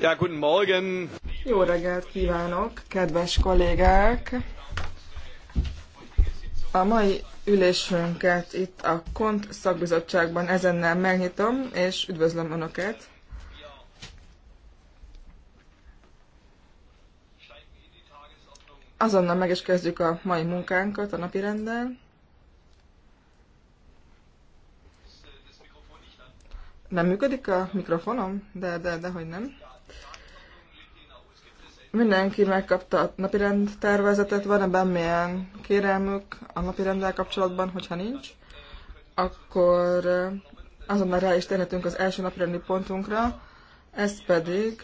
Ja, guten Morgen. Jó reggelt kívánok, kedves kollégák! A mai ülésünket itt a KONT szakbizottságban ezennel megnyitom, és üdvözlöm Önöket! Azonnal meg is kezdjük a mai munkánkat a napirenden. Nem működik a mikrofonom? De, de, de, hogy nem. Mindenki megkapta a napirend tervezetet, van-e bármilyen kérelmük a napirenddel kapcsolatban, hogyha nincs, akkor eh, azonnal rá is térhetünk az első napirendi pontunkra, ez pedig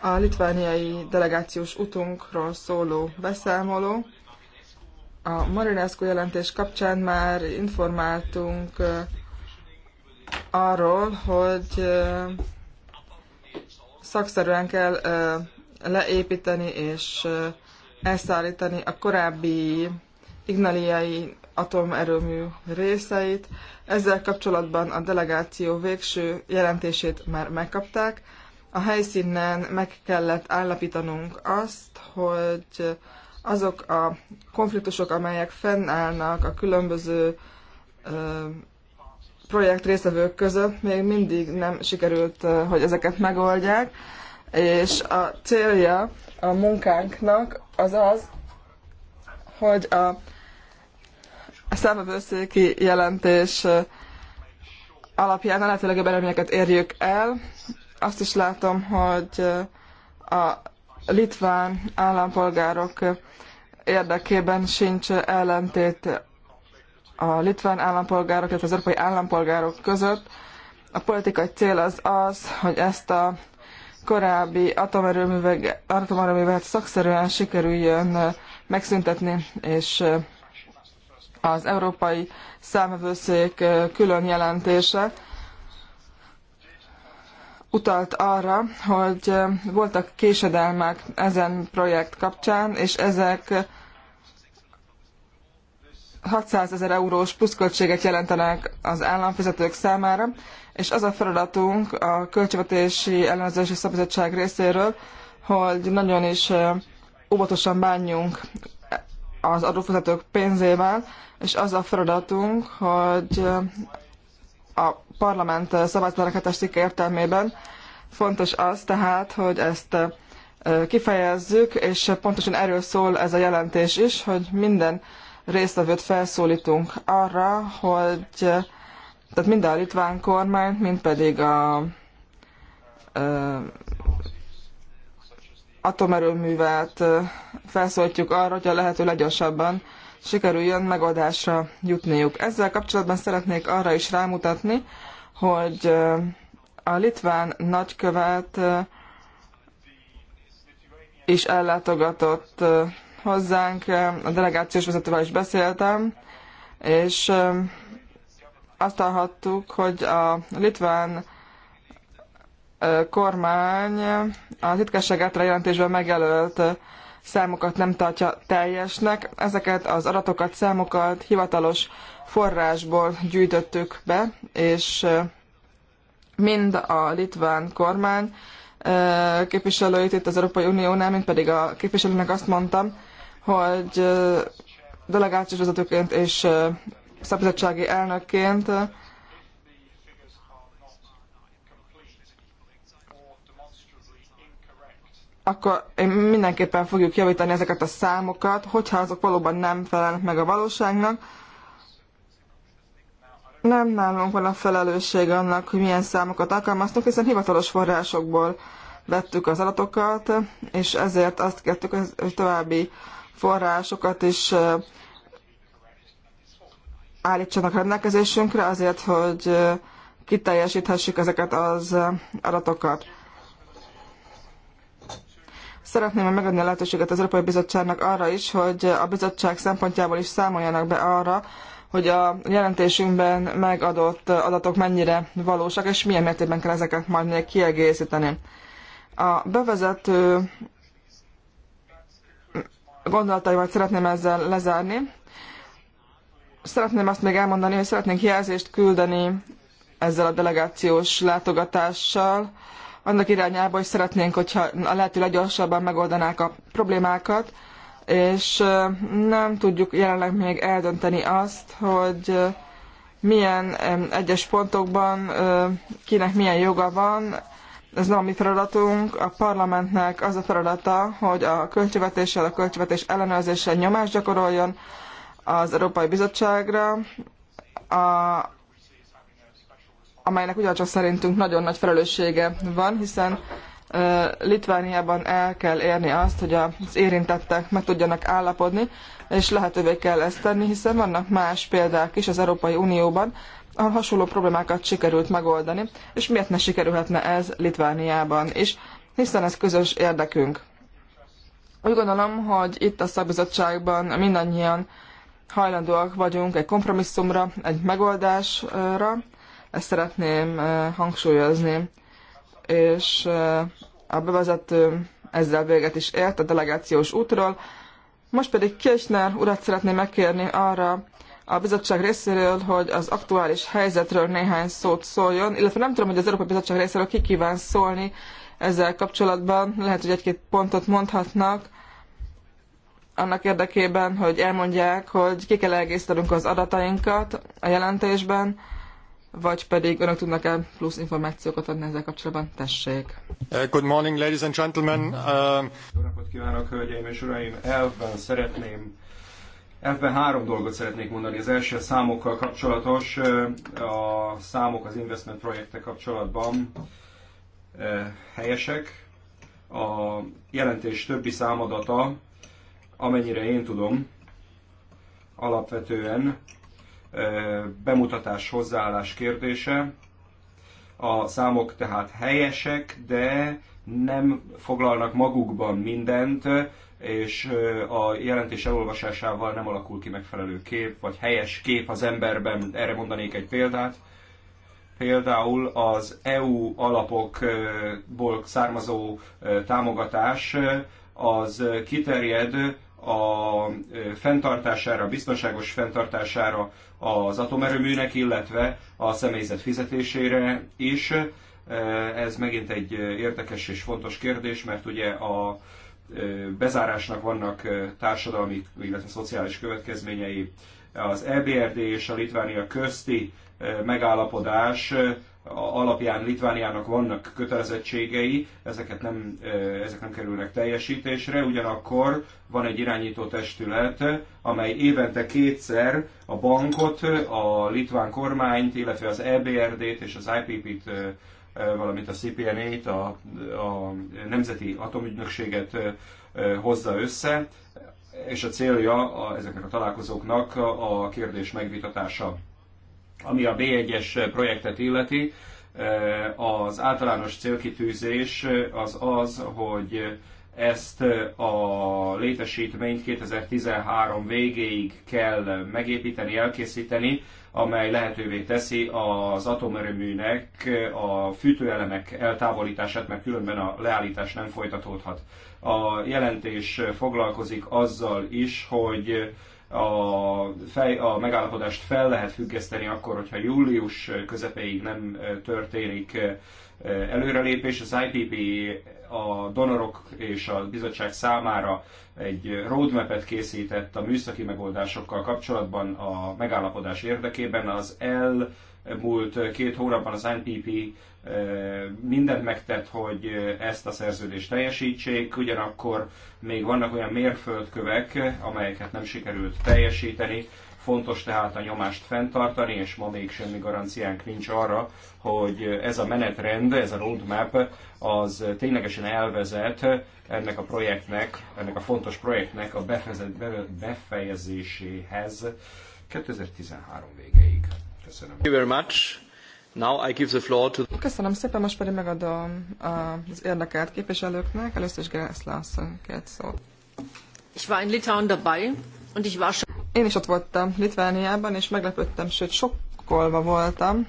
eh, a litvániai delegációs utunkról szóló beszámoló. A Marinescu jelentés kapcsán már informáltunk eh, arról, hogy szakszerűen kell leépíteni és elszállítani a korábbi ignaliai atomerőmű részeit. Ezzel kapcsolatban a delegáció végső jelentését már megkapták. A helyszínen meg kellett állapítanunk azt, hogy azok a konfliktusok, amelyek fennállnak a különböző projekt részevők között még mindig nem sikerült, eh, hogy ezeket megoldják, és a célja a munkánknak az az, hogy a, a számvevőszéki jelentés eh, alapján a lehető legjobb eredményeket érjük el. Azt is látom, hogy eh, a litván állampolgárok érdekében sincs ellentét a litván állampolgárok, illetve az európai állampolgárok között. A politikai cél az az, hogy ezt a korábbi atomerőművet atomerőműveket szakszerűen sikerüljön megszüntetni, és az Európai Számövőszék külön jelentése utalt arra, hogy voltak késedelmek ezen projekt kapcsán, és ezek 600 ezer eurós pluszköltséget jelentenek az államfizetők számára, és az a feladatunk a Költségvetési Ellenőrzési Szabadság részéről, hogy nagyon is óvatosan bánjunk az adófizetők pénzével, és az a feladatunk, hogy a parlament szabálytalan hetes értelmében fontos az tehát, hogy ezt kifejezzük, és pontosan erről szól ez a jelentés is, hogy minden résztvevőt felszólítunk arra, hogy tehát mind a litván kormányt, mind pedig a ö, atomerőművet felszólítjuk arra, hogy a lehető leggyorsabban sikerüljön megoldásra jutniuk. Ezzel kapcsolatban szeretnék arra is rámutatni, hogy a litván nagykövet is ellátogatott hozzánk, eh, a delegációs vezetővel is beszéltem, és eh, azt hallhattuk, hogy a litván eh, kormány a titkesség által jelentésben megjelölt számokat nem tartja teljesnek. Ezeket az adatokat, számokat hivatalos forrásból gyűjtöttük be, és mind a litván kormány képviselőit itt az Európai Uniónál, mint pedig a képviselőnek azt mondtam, hogy delegációs vezetőként és szabadsági elnökként akkor mindenképpen fogjuk javítani ezeket a számokat, hogyha azok valóban nem felelnek meg a valóságnak. Nem nálunk van a felelősség annak, hogy milyen számokat alkalmaztunk, hiszen hivatalos forrásokból vettük az adatokat, és ezért azt kértük, hogy további forrásokat is állítsanak rendelkezésünkre azért, hogy kiteljesíthessük ezeket az adatokat. Szeretném -e megadni a lehetőséget az Európai Bizottságnak arra is, hogy a bizottság szempontjából is számoljanak be arra, hogy a jelentésünkben megadott adatok mennyire valósak, és milyen mértékben kell ezeket majd még kiegészíteni. A bevezető gondolataimat szeretném ezzel lezárni. Szeretném azt még elmondani, hogy szeretnénk jelzést küldeni ezzel a delegációs látogatással, annak irányába, hogy szeretnénk, hogyha a lehető leggyorsabban megoldanák a problémákat, és nem tudjuk jelenleg még eldönteni azt, hogy milyen egyes pontokban kinek milyen joga van, ez nem a mi feladatunk, a parlamentnek az a feladata, hogy a költségvetéssel, a költségvetés ellenőrzéssel nyomást gyakoroljon az Európai Bizottságra, a, amelynek ugyancsak szerintünk nagyon nagy felelőssége van, hiszen Litvániában el kell érni azt, hogy az érintettek meg tudjanak állapodni, és lehetővé kell ezt tenni, hiszen vannak más példák is az Európai Unióban, hasonló problémákat sikerült megoldani, és miért ne sikerülhetne ez Litvániában is, hiszen ez közös érdekünk. Úgy gondolom, hogy itt a szakbizottságban mindannyian hajlandóak vagyunk egy kompromisszumra, egy megoldásra, ezt szeretném eh, hangsúlyozni, és eh, a bevezető ezzel véget is ért a delegációs útról. Most pedig Kirchner urat szeretném megkérni arra, a bizottság részéről, hogy az aktuális helyzetről néhány szót szóljon, illetve nem tudom, hogy az Európai Bizottság részéről ki kíván szólni ezzel kapcsolatban. Lehet, hogy egy-két pontot mondhatnak annak érdekében, hogy elmondják, hogy ki kell egészítenünk az adatainkat a jelentésben, vagy pedig önök tudnak-e plusz információkat adni ezzel kapcsolatban? Tessék! Uh, good morning, ladies and gentlemen! Jó napot kívánok, hölgyeim és uraim! Elvben szeretném Ebben három dolgot szeretnék mondani. Az első a számokkal kapcsolatos, a számok az investment projektek kapcsolatban helyesek. A jelentés többi számadata, amennyire én tudom, alapvetően bemutatás hozzáállás kérdése. A számok tehát helyesek, de nem foglalnak magukban mindent, és a jelentés elolvasásával nem alakul ki megfelelő kép, vagy helyes kép az emberben, erre mondanék egy példát. Például az EU alapokból származó támogatás az kiterjed a fenntartására, biztonságos fenntartására az atomerőműnek, illetve a személyzet fizetésére is. Ez megint egy érdekes és fontos kérdés, mert ugye a bezárásnak vannak társadalmi, illetve szociális következményei. Az EBRD és a Litvánia közti megállapodás alapján Litvániának vannak kötelezettségei, ezeket nem, ezek nem kerülnek teljesítésre, ugyanakkor van egy irányító testület, amely évente kétszer a bankot, a litván kormányt, illetve az EBRD-t és az IPP-t valamint a CPNA-t, a, a Nemzeti Atomügynökséget hozza össze, és a célja a, ezeknek a találkozóknak a kérdés megvitatása. Ami a B1-es projektet illeti, az általános célkitűzés az az, hogy ezt a létesítményt 2013 végéig kell megépíteni, elkészíteni, amely lehetővé teszi az atomerőműnek a fűtőelemek eltávolítását, mert különben a leállítás nem folytatódhat. A jelentés foglalkozik azzal is, hogy a, fej, a megállapodást fel lehet függeszteni akkor, hogyha július közepéig nem történik előrelépés. Az IPP a donorok és a bizottság számára egy roadmap-et készített a műszaki megoldásokkal kapcsolatban a megállapodás érdekében. Az elmúlt két hónapban az NPP eh, mindent megtett, hogy ezt a szerződést teljesítsék, ugyanakkor még vannak olyan mérföldkövek, amelyeket nem sikerült teljesíteni, Fontos tehát a nyomást fenntartani, és ma még semmi garanciánk nincs arra, hogy ez a menetrend, ez a roadmap, az ténylegesen elvezet ennek a projektnek, ennek a fontos projektnek a befejezéséhez 2013 végéig. Köszönöm. Thank you very much. Now I give the floor to... Köszönöm szépen, most pedig megadom az érdekelt képviselőknek. Először is Gerász László két szót. Ich war in Litauen dabei, und ich war schon... Én is ott voltam Litvániában, és meglepődtem, sőt sokkolva voltam,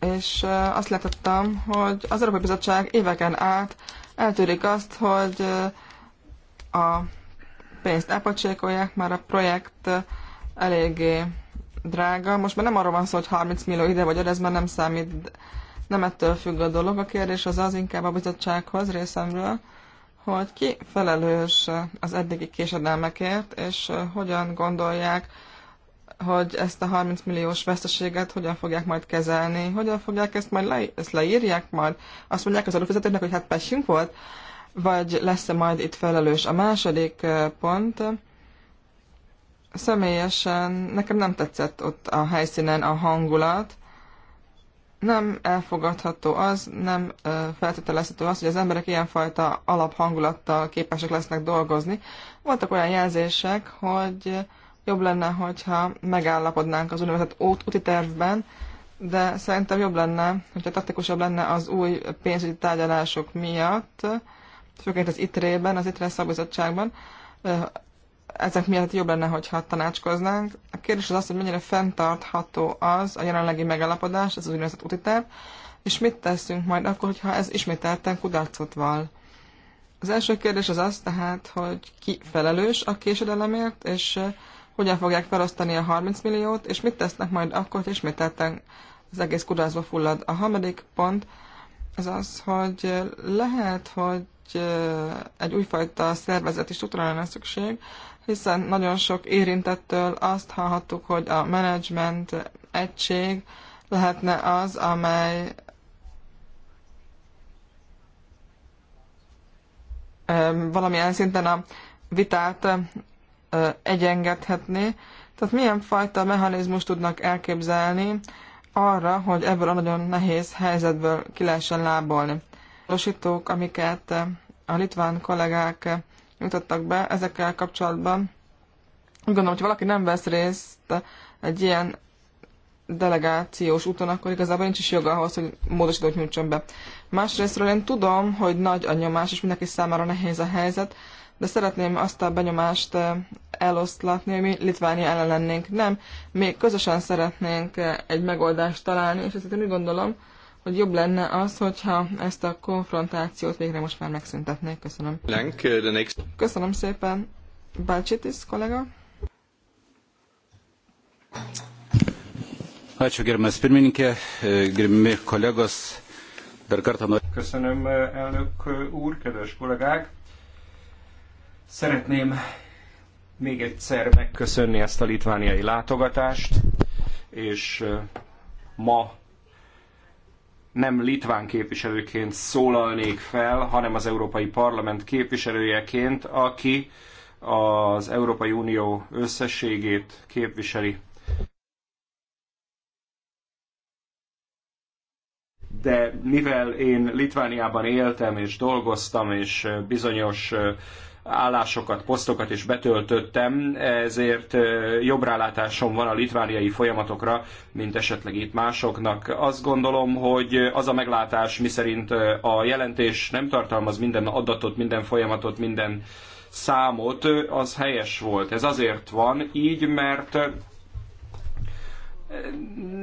és azt látottam, hogy az Európai Bizottság éveken át eltűrik azt, hogy a pénzt elpocsékolják, már a projekt eléggé drága. Most már nem arról van szó, hogy 30 millió ide vagy ez már nem számít, nem ettől függ a dolog. A kérdés az az inkább a bizottsághoz részemről, hogy ki felelős az eddigi késedelmekért, és hogyan gondolják, hogy ezt a 30 milliós veszteséget hogyan fogják majd kezelni, hogyan fogják ezt majd le, ezt leírják majd, azt mondják az adófizetőknek, hogy hát pesünk volt, vagy lesz-e majd itt felelős a második pont. Személyesen nekem nem tetszett ott a helyszínen a hangulat, nem elfogadható az, nem feltételezhető az, hogy az emberek ilyenfajta alaphangulattal képesek lesznek dolgozni. Voltak olyan jelzések, hogy jobb lenne, hogyha megállapodnánk az úgynevezett úti tervben, de szerintem jobb lenne, hogyha taktikusabb lenne az új pénzügyi tárgyalások miatt, főként az ITRE-ben, az ITRE szabizottságban, ezek miatt jobb lenne, hogyha tanácskoznánk. A kérdés az az, hogy mennyire fenntartható az a jelenlegi megállapodás, ez az úgynevezett utiterv, és mit teszünk majd akkor, hogyha ez ismételten kudarcot val. Az első kérdés az az tehát, hogy ki felelős a késedelemért, és eh, hogyan fogják felosztani a 30 milliót, és mit tesznek majd akkor, hogy ismételten az egész kudarcba fullad. A harmadik pont az az, hogy eh, lehet, hogy eh, egy újfajta szervezeti struktúrára lenne szükség, hiszen nagyon sok érintettől azt hallhattuk, hogy a menedzsment egység lehetne az, amely valamilyen szinten a vitát egyengedhetné. Tehát milyen fajta mechanizmus tudnak elképzelni arra, hogy ebből a nagyon nehéz helyzetből ki lehessen lábolni. Losítók, amiket a litván kollégák nyújtottak be ezekkel kapcsolatban. Úgy gondolom, hogy valaki nem vesz részt egy ilyen delegációs úton, akkor igazából nincs is joga ahhoz, hogy módosítót nyújtson be. Másrésztről én tudom, hogy nagy a nyomás, és mindenki számára nehéz a helyzet, de szeretném azt a benyomást eh, eloszlatni, hogy mi Litvánia ellen lennénk. Nem, mi közösen szeretnénk eh, egy megoldást találni, és ezt én úgy gondolom, hogy jobb lenne az, hogyha ezt a konfrontációt végre most már megszüntetnék. Köszönöm. Uh, Köszönöm szépen. Balcsitis kollega. Ačiū gerbiamas pirmininkė, uh, gerbiami kolegos. Dar kartą noriu. Köszönöm, uh, elnök úr, kedves kollégák. Szeretném még egyszer megköszönni ezt a litvániai látogatást, és ma nem litván képviselőként szólalnék fel, hanem az Európai Parlament képviselőjeként, aki az Európai Unió összességét képviseli. De mivel én Litvániában éltem és dolgoztam, és bizonyos állásokat, posztokat is betöltöttem, ezért jobb rálátásom van a litvániai folyamatokra, mint esetleg itt másoknak. Azt gondolom, hogy az a meglátás, miszerint a jelentés nem tartalmaz minden adatot, minden folyamatot, minden számot, az helyes volt. Ez azért van így, mert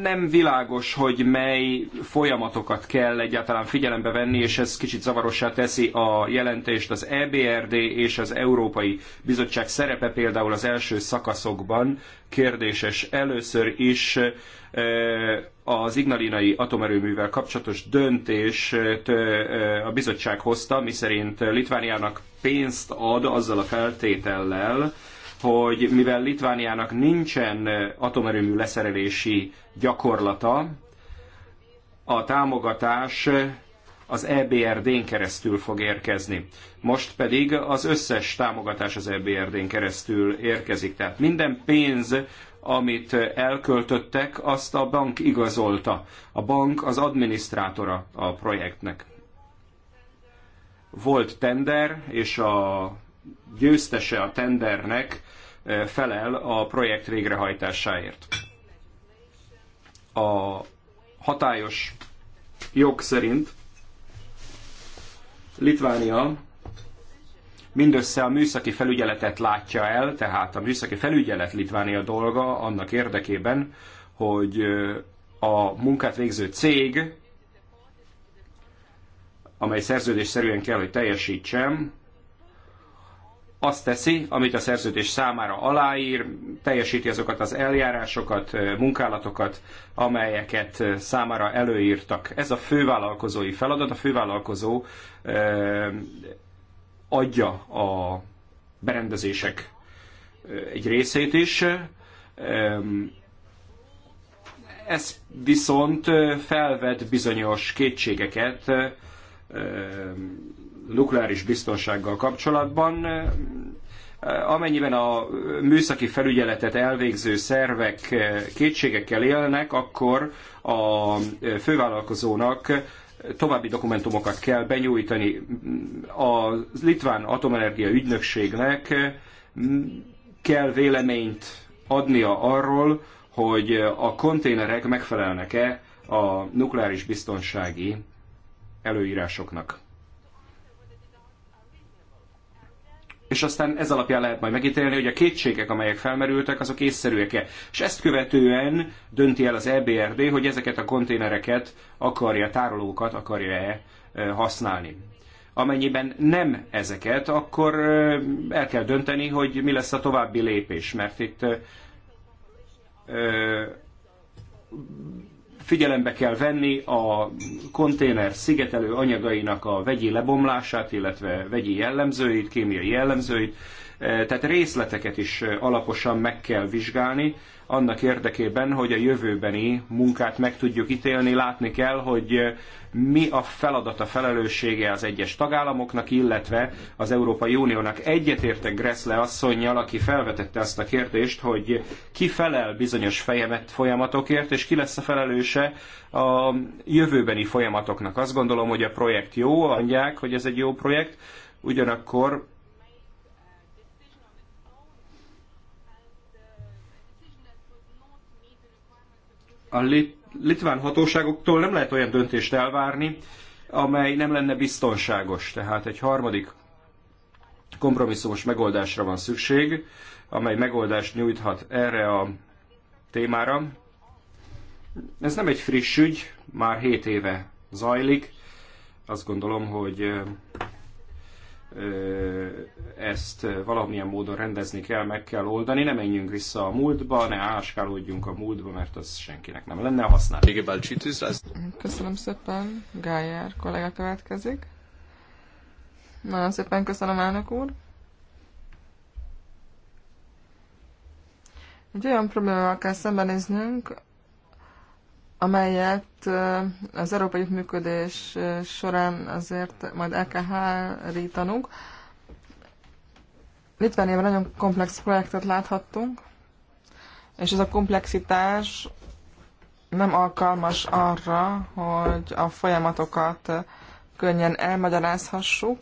nem világos, hogy mely folyamatokat kell egyáltalán figyelembe venni, és ez kicsit zavarossá teszi a jelentést az EBRD és az Európai Bizottság szerepe például az első szakaszokban kérdéses. Először is az ignalinai atomerőművel kapcsolatos döntést a bizottság hozta, miszerint Litvániának pénzt ad azzal a feltétellel, hogy mivel Litvániának nincsen atomerőmű leszerelési gyakorlata, a támogatás az EBRD-n keresztül fog érkezni. Most pedig az összes támogatás az EBRD-n keresztül érkezik. Tehát minden pénz, amit elköltöttek, azt a bank igazolta. A bank az adminisztrátora a projektnek. Volt tender, és a győztese a tendernek felel a projekt végrehajtásáért. A hatályos jog szerint Litvánia mindössze a műszaki felügyeletet látja el, tehát a műszaki felügyelet Litvánia dolga annak érdekében, hogy a munkát végző cég, amely szerződésszerűen kell, hogy teljesítsem, azt teszi, amit a szerződés számára aláír, teljesíti azokat az eljárásokat, munkálatokat, amelyeket számára előírtak. Ez a fővállalkozói feladat, a fővállalkozó adja a berendezések egy részét is. Ez viszont felvet bizonyos kétségeket nukleáris biztonsággal kapcsolatban, amennyiben a műszaki felügyeletet elvégző szervek kétségekkel élnek, akkor a fővállalkozónak további dokumentumokat kell benyújtani. A Litván Atomenergia Ügynökségnek kell véleményt adnia arról, hogy a konténerek megfelelnek-e a nukleáris biztonsági előírásoknak. és aztán ez alapján lehet majd megítélni, hogy a kétségek, amelyek felmerültek, azok észszerűek-e. És ezt követően dönti el az EBRD, hogy ezeket a konténereket akarja, tárolókat akarja-e e, használni. Amennyiben nem ezeket, akkor e, el kell dönteni, hogy mi lesz a további lépés, mert itt e, Figyelembe kell venni a konténer szigetelő anyagainak a vegyi lebomlását, illetve vegyi jellemzőit, kémiai jellemzőit, tehát részleteket is alaposan meg kell vizsgálni, annak érdekében, hogy a jövőbeni munkát meg tudjuk ítélni, látni kell, hogy mi a feladata, felelőssége az egyes tagállamoknak, illetve az Európai Uniónak. Egyetértek Gressle asszonynal, aki felvetette azt a kérdést, hogy ki felel bizonyos fejemet folyamatokért, és ki lesz a felelőse a jövőbeni folyamatoknak. Azt gondolom, hogy a projekt jó, mondják, hogy ez egy jó projekt, ugyanakkor a lit litván hatóságoktól nem lehet olyan döntést elvárni, amely nem lenne biztonságos. Tehát egy harmadik kompromisszumos megoldásra van szükség, amely megoldást nyújthat erre a témára. Ez nem egy friss ügy, már 7 éve zajlik. Azt gondolom, hogy ezt valamilyen módon rendezni kell, meg kell oldani, ne menjünk vissza a múltba, ne áskálódjunk a múltba, mert az senkinek nem lenne használ. Köszönöm szépen, Gájár kollega következik. Nagyon szépen köszönöm, elnök úr. Egy olyan problémával kell szembenéznünk, amelyet az európai működés során azért majd el kell hárítanunk. Litvánében nagyon komplex projektet láthattunk, és ez a komplexitás nem alkalmas arra, hogy a folyamatokat könnyen elmagyarázhassuk,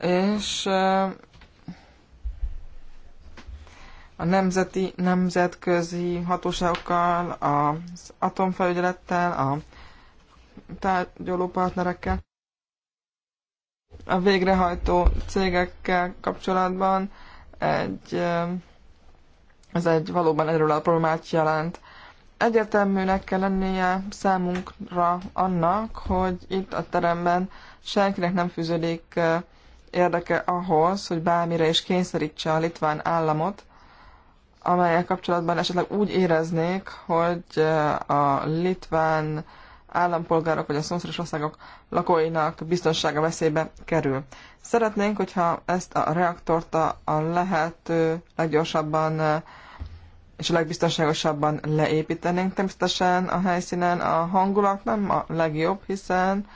és a nemzeti, nemzetközi hatóságokkal, az atomfelügyelettel, a tárgyaló partnerekkel, a végrehajtó cégekkel kapcsolatban egy, eh, ez egy valóban erről a problémát jelent. Egyértelműnek kell lennie számunkra annak, hogy itt a teremben senkinek nem fűződik eh, érdeke ahhoz, hogy bármire is kényszerítse a litván államot, amelyek kapcsolatban esetleg úgy éreznék, hogy eh, a litván állampolgárok vagy a szomszédos országok lakóinak biztonsága veszélybe kerül. Szeretnénk, hogyha ezt a reaktort a, lehető leggyorsabban eh, és a legbiztonságosabban leépítenénk. Természetesen a helyszínen a hangulat nem a legjobb, hiszen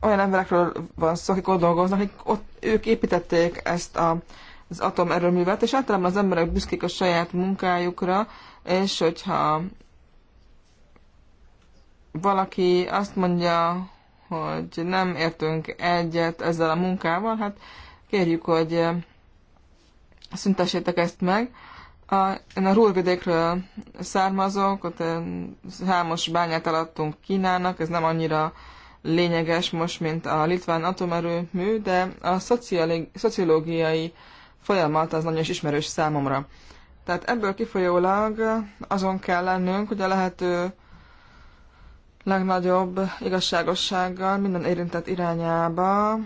olyan emberekről van szó, akik ott dolgoznak, akik ott, ők építették ezt a az atomerőművet, és általában az emberek büszkék a saját munkájukra, és hogyha valaki azt mondja, hogy nem értünk egyet ezzel a munkával, hát kérjük, hogy eh, szüntessétek ezt meg. A, én a Rúrvidékről származok, ott eh, számos bányát alattunk Kínának, ez nem annyira lényeges most, mint a litván atomerőmű, de a szociológiai folyamat az nagyon is ismerős számomra. Tehát ebből kifolyólag azon kell lennünk, hogy a lehető legnagyobb igazságossággal minden érintett irányába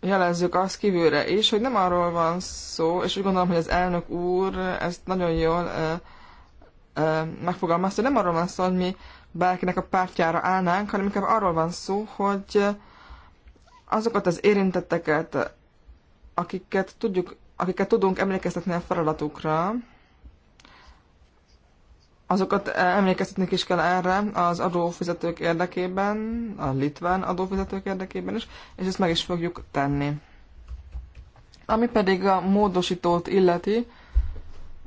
jelezzük azt kívülre is, hogy nem arról van szó, és úgy gondolom, hogy az elnök úr ezt nagyon jól ö, ö, megfogalmazta, hogy nem arról van szó, hogy mi bárkinek a pártjára állnánk, hanem inkább arról van szó, hogy azokat az érintetteket, akiket, tudjuk, akiket tudunk emlékeztetni a feladatukra, azokat emlékeztetni is kell erre az adófizetők érdekében, a litván adófizetők érdekében is, és ezt meg is fogjuk tenni. Ami pedig a módosítót illeti,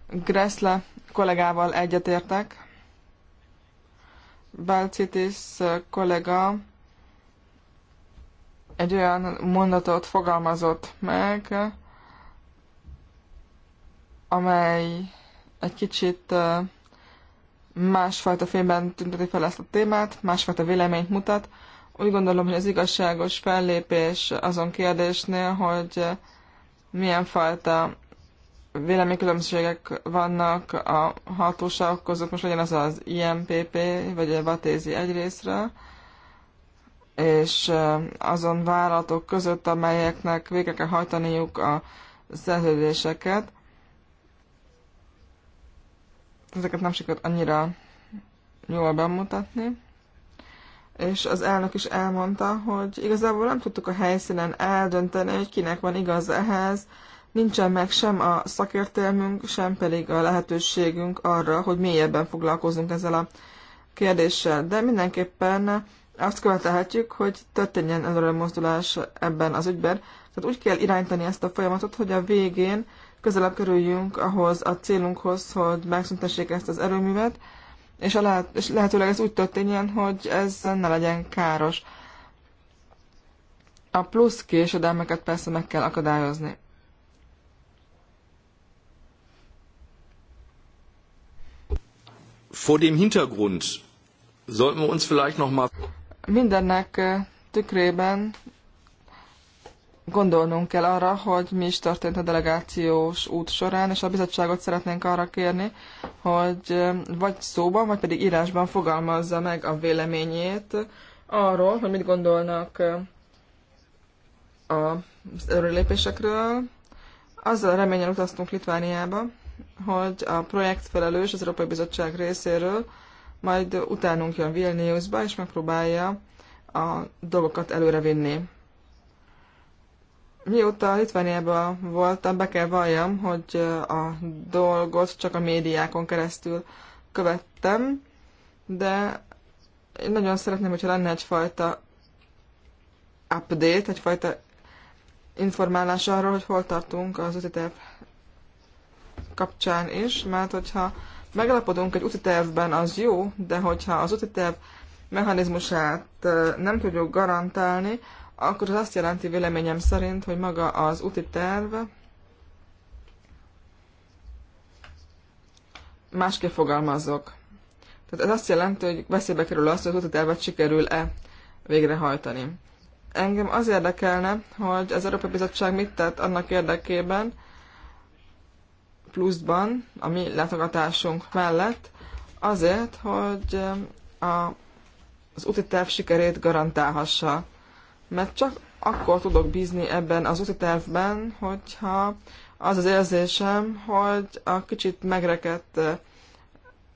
Gressle kollégával egyetértek, Balcitis kollega egy olyan mondatot fogalmazott meg, amely egy kicsit másfajta fényben tünteti fel ezt a témát, másfajta véleményt mutat. Úgy gondolom, hogy az igazságos fellépés azon kérdésnél, hogy milyen fajta véleménykülönbségek vannak a hatóságok között, most legyen az az IMPP, vagy a Vatézi egyrésztről, és azon vállalatok között, amelyeknek végre kell hajtaniuk a szerződéseket. Ezeket nem sikerült annyira jól bemutatni. És az elnök is elmondta, hogy igazából nem tudtuk a helyszínen eldönteni, hogy kinek van igaz ehhez. Nincsen meg sem a szakértelmünk, sem pedig a lehetőségünk arra, hogy mélyebben foglalkozunk ezzel a kérdéssel. De mindenképpen azt követelhetjük, hogy történjen előre mozdulás ebben az ügyben. Tehát úgy kell irányítani ezt a folyamatot, hogy a végén közelebb kerüljünk ahhoz a célunkhoz, hogy megszüntessék ezt az erőművet, és, a lehet, és lehetőleg ez úgy történjen, hogy ez ne legyen káros. A plusz késedelmeket persze meg kell akadályozni. Vor dem Hintergrund sollten wir uns vielleicht noch mal Mindennek tükrében gondolnunk kell arra, hogy mi is történt a delegációs út során, és a bizottságot szeretnénk arra kérni, hogy vagy szóban, vagy pedig írásban fogalmazza meg a véleményét arról, hogy mit gondolnak az előrelépésekről. Azzal a reményen utaztunk Litvániába, hogy a projektfelelős az Európai Bizottság részéről majd utánunk jön Vilniusba, és megpróbálja a dolgokat előrevinni. Mióta Litvániában voltam, be kell valljam, hogy a dolgot csak a médiákon keresztül követtem, de én nagyon szeretném, hogyha lenne egyfajta update, egyfajta informálás arról, hogy hol tartunk az UTTF kapcsán is, mert hogyha megalapodunk egy úti tervben, az jó, de hogyha az úti terv mechanizmusát nem tudjuk garantálni, akkor az azt jelenti véleményem szerint, hogy maga az úti terv másképp fogalmazok. Tehát ez azt jelenti, hogy veszélybe kerül azt, hogy az úti tervet sikerül-e végrehajtani. Engem az érdekelne, hogy az Európai Bizottság mit tett annak érdekében, pluszban, a mi látogatásunk mellett, azért, hogy a, az úti terv sikerét garantálhassa. Mert csak akkor tudok bízni ebben az úti tervben, hogyha az az érzésem, hogy a kicsit megrekedt eh,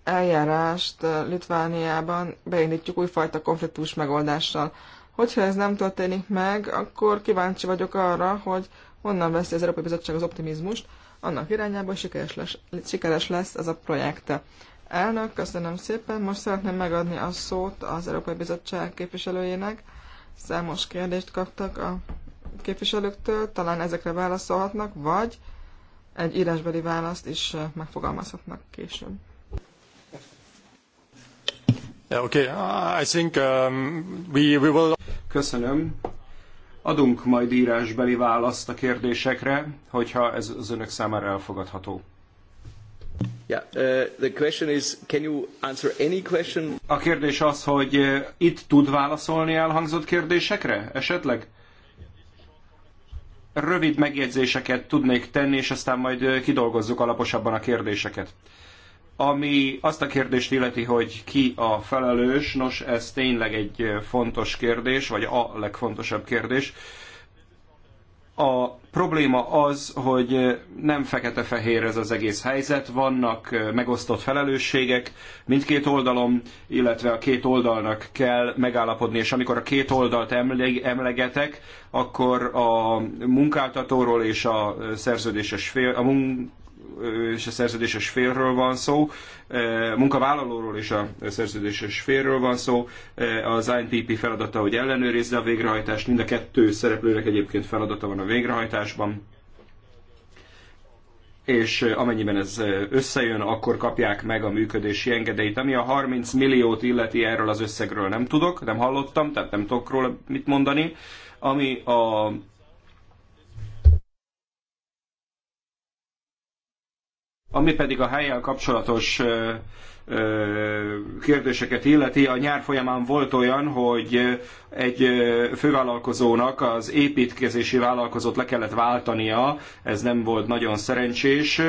eljárást eh, Litvániában beindítjuk újfajta konfliktus megoldással. Hogyha ez nem történik meg, akkor kíváncsi vagyok arra, hogy honnan veszi az Európai Bizottság az optimizmust, annak irányába sikeres lesz, sikeres lesz ez a projekt. Elnök, köszönöm szépen. Most szeretném megadni a szót az Európai Bizottság képviselőjének. Számos kérdést kaptak a képviselőktől, talán ezekre válaszolhatnak, vagy egy írásbeli választ is megfogalmazhatnak később. Yeah, okay. I think um, we, we will... Köszönöm. Adunk majd írásbeli választ a kérdésekre, hogyha ez az önök számára elfogadható. Yeah, uh, the question is, can you answer any question? A kérdés az, hogy uh, itt tud válaszolni elhangzott kérdésekre esetleg? Rövid megjegyzéseket tudnék tenni, és aztán majd uh, kidolgozzuk alaposabban a kérdéseket. Ami azt a kérdést illeti, hogy ki a felelős, nos ez tényleg egy fontos kérdés, vagy a legfontosabb kérdés. A probléma az, hogy nem fekete-fehér ez az egész helyzet, vannak megosztott felelősségek mindkét oldalon, illetve a két oldalnak kell megállapodni, és amikor a két oldalt emlegetek, akkor a munkáltatóról és a szerződéses fél, a munk és a szerződéses félről van szó, e, munkavállalóról és a szerződéses félről van szó. E, az INPP feladata, hogy ellenőrizze a végrehajtást, mind a kettő szereplőnek egyébként feladata van a végrehajtásban és amennyiben ez összejön, akkor kapják meg a működési engedélyt. Ami a 30 milliót illeti, erről az összegről nem tudok, nem hallottam, tehát nem tudok róla mit mondani. Ami a Ami pedig a helyel kapcsolatos kérdéseket illeti, a nyár folyamán volt olyan, hogy egy fővállalkozónak az építkezési vállalkozót le kellett váltania, ez nem volt nagyon szerencsés,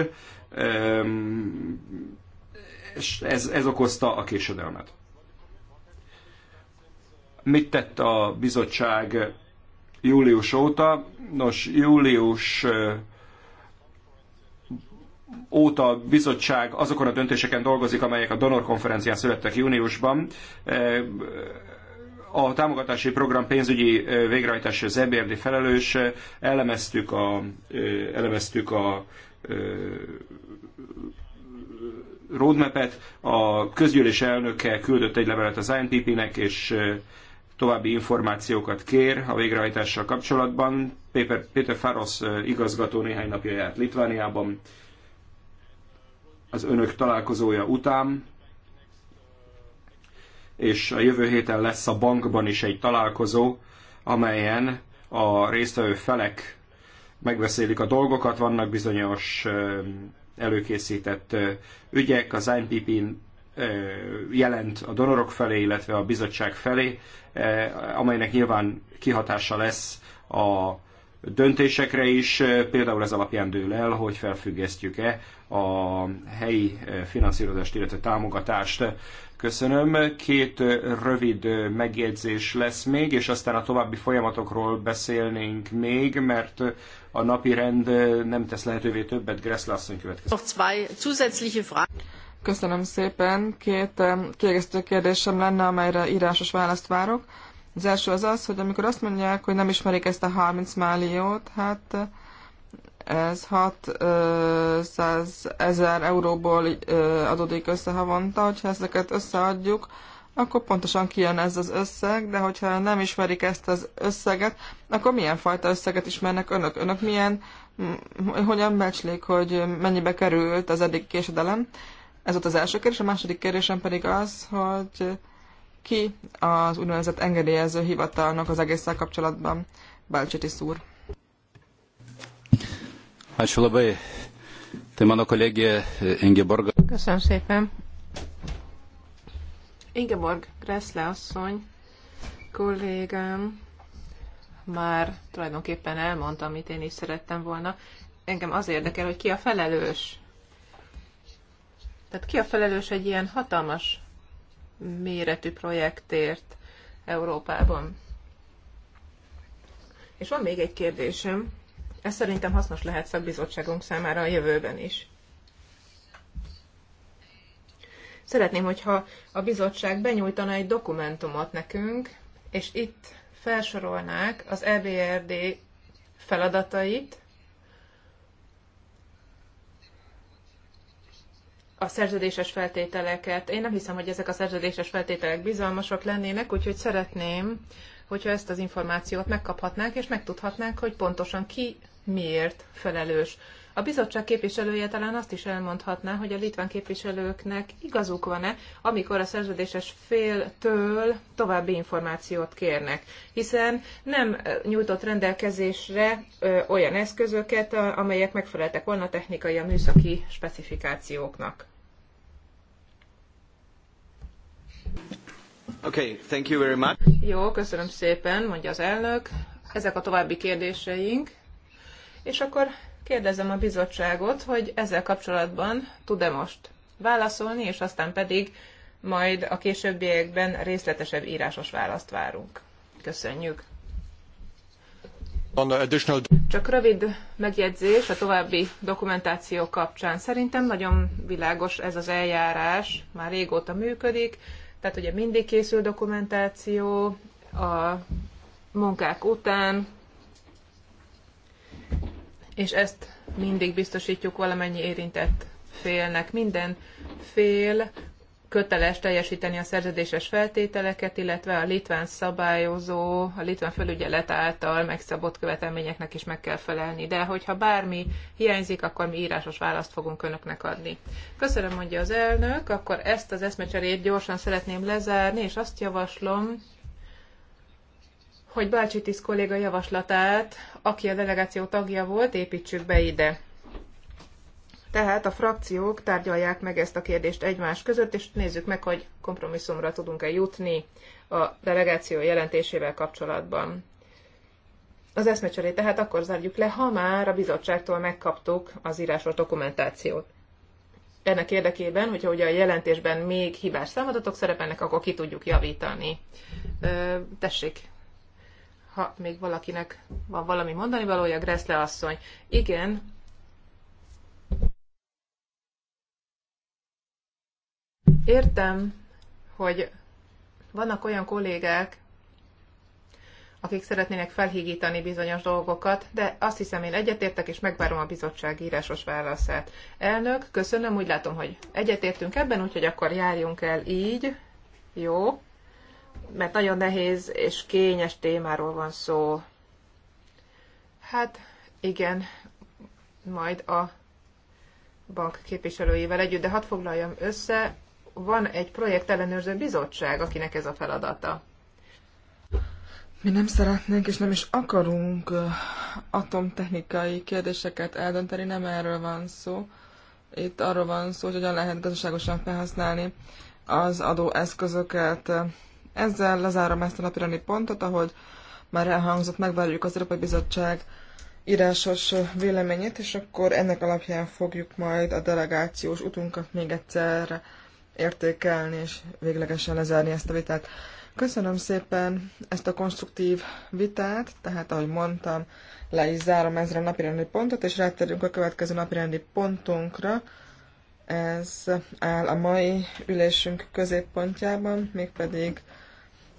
és ez, ez okozta a késedelmet. Mit tett a bizottság július óta? Nos, július óta a bizottság azokon a döntéseken dolgozik, amelyek a donor konferencián születtek júniusban. E, a támogatási program pénzügyi e, végrehajtása az EBRD felelős, e, elemeztük a, elemeztük a roadmap-et, a közgyűlés elnöke küldött egy levelet az INPP-nek, és további információkat kér a végrehajtással kapcsolatban. Péter, Péter Faros igazgató néhány napja járt Litvániában, az önök találkozója után, és a jövő héten lesz a bankban is egy találkozó, amelyen a résztvevő felek megbeszélik a dolgokat, vannak bizonyos előkészített ügyek, az INPP jelent a donorok felé, illetve a bizottság felé, amelynek nyilván kihatása lesz a döntésekre is, eh, például ez alapján dől el, hogy felfüggesztjük-e a helyi eh, finanszírozást, illetve támogatást. Köszönöm. Két eh, rövid megjegyzés lesz még, és aztán a további folyamatokról beszélnénk még, mert a napi rend nem tesz lehetővé többet. Gressler asszony következik. Köszönöm szépen. Két kiegészítő kérdésem lenne, amelyre írásos választ várok. Az első az az, hogy amikor azt mondják, hogy nem ismerik ezt a 30 milliót, hát ez 600 ezer euróból adódik össze havonta, hogyha ezeket összeadjuk, akkor pontosan kijön ez az összeg, de hogyha nem ismerik ezt az összeget, akkor milyen fajta összeget ismernek önök? Önök milyen, hm, hogyan becslik, hogy mennyibe került az eddig késedelem? Ez volt az első kérdés, a második kérdésem pedig az, hogy ki az úgynevezett engedélyező hivatalnak az egésszel kapcsolatban, Balcsitis úr. Eh, Köszönöm szépen. Ingeborg Gressle asszony, kollégám, már tulajdonképpen elmondta, amit én is szerettem volna. Engem az érdekel, hogy ki a felelős. Tehát ki a felelős egy ilyen hatalmas méretű projektért Európában. És van még egy kérdésem, ez szerintem hasznos lehet szakbizottságunk számára a jövőben is. Szeretném, hogyha a bizottság benyújtana egy dokumentumot nekünk, és itt felsorolnák az EBRD feladatait, a szerződéses feltételeket. Én nem hiszem, hogy ezek a szerződéses feltételek bizalmasak lennének, úgyhogy szeretném, hogyha ezt az információt megkaphatnánk, és megtudhatnánk, hogy pontosan ki miért felelős. A bizottság képviselője talán azt is elmondhatná, hogy a litván képviselőknek igazuk van-e, amikor a szerződéses féltől további információt kérnek, hiszen nem nyújtott rendelkezésre olyan eszközöket, amelyek megfeleltek volna technikai, a műszaki specifikációknak. Okay, thank you very much. Jó, köszönöm szépen, mondja az elnök. Ezek a további kérdéseink. És akkor kérdezem a bizottságot, hogy ezzel kapcsolatban tud-e most válaszolni, és aztán pedig majd a későbbiekben részletesebb írásos választ várunk. Köszönjük. Csak rövid megjegyzés a további dokumentáció kapcsán. Szerintem nagyon világos ez az eljárás, már régóta működik, tehát ugye mindig készül dokumentáció a munkák után, és ezt mindig biztosítjuk valamennyi érintett félnek. Minden fél köteles teljesíteni a szerződéses feltételeket, illetve a litván szabályozó, a litván felügyelet által megszabott követelményeknek is meg kell felelni. De hogyha bármi hiányzik, akkor mi írásos választ fogunk önöknek adni. Köszönöm, mondja az elnök, akkor ezt az eszmecserét gyorsan szeretném lezárni, és azt javaslom, hogy Bácsi tiszt kolléga javaslatát, aki a delegáció tagja volt, építsük be ide. Tehát a frakciók tárgyalják meg ezt a kérdést egymás között, és nézzük meg, hogy kompromisszumra tudunk-e jutni a delegáció jelentésével kapcsolatban. Az eszmecserét tehát akkor zárjuk le, ha már a bizottságtól megkaptuk az írásos dokumentációt. Ennek érdekében, hogyha ugye a jelentésben még hibás számadatok szerepelnek, akkor ki tudjuk javítani. Ö, tessék, ha még valakinek van valami mondani valója, Greszle asszony. Igen, Értem, hogy vannak olyan kollégák, akik szeretnének felhígítani bizonyos dolgokat, de azt hiszem én egyetértek, és megvárom a bizottság írásos válaszát. Elnök, köszönöm, úgy látom, hogy egyetértünk ebben, úgyhogy akkor járjunk el így. Jó. Mert nagyon nehéz és kényes témáról van szó. Hát igen, majd a bank képviselőivel együtt, de hadd foglaljam össze, van egy projektellenőrző bizottság, akinek ez a feladata. Mi nem szeretnénk és nem is akarunk atomtechnikai kérdéseket eldönteni, nem erről van szó. Itt arról van szó, hogy hogyan lehet gazdaságosan felhasználni az adóeszközöket. Ezzel lezárom ezt a napirani pontot, ahogy már elhangzott, megvárjuk az Európai Bizottság írásos véleményét, és akkor ennek alapján fogjuk majd a delegációs utunkat még egyszer értékelni és véglegesen lezárni ezt a vitát. Köszönöm szépen ezt a konstruktív vitát, tehát ahogy mondtam, le is zárom ezre a napirendi pontot, és rátérünk a következő napirendi pontunkra. Ez áll a mai ülésünk középpontjában, mégpedig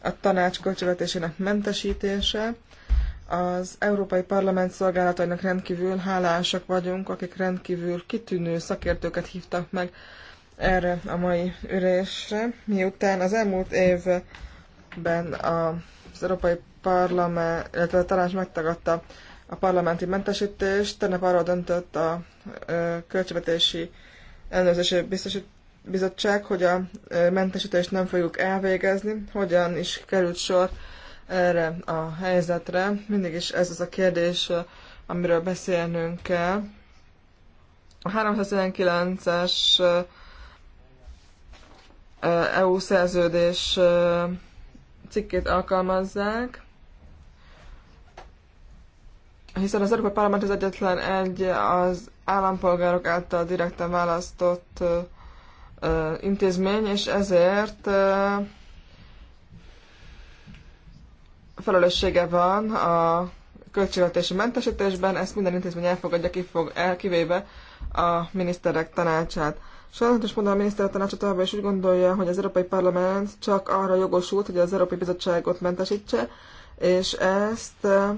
a tanács költségvetésének mentesítése. Az Európai Parlament szolgálatainak rendkívül hálásak vagyunk, akik rendkívül kitűnő szakértőket hívtak meg erre a mai ülésre, miután az elmúlt évben az Európai Parlament, illetve a tanács megtagadta a parlamenti mentesítést, tegnap arról döntött a Költségvetési Ellenőrzési Biztosít Bizottság, hogy a mentesítést nem fogjuk elvégezni, hogyan is került sor erre a helyzetre. Mindig is ez az a kérdés, amiről beszélnünk kell. A 319-es EU e szerződés e, cikkét alkalmazzák, hiszen az Európai Parlament az egyetlen egy az állampolgárok által direkten választott e, intézmény, és ezért felelőssége van a költségvetési mentesítésben, ezt minden intézmény elfogadja, kivéve a miniszterek tanácsát. Sajnálatos mondom, a miniszter tanácsa továbbá is úgy gondolja, hogy az Európai Parlament csak arra jogosult, hogy az Európai Bizottságot mentesítse, és ezt eh,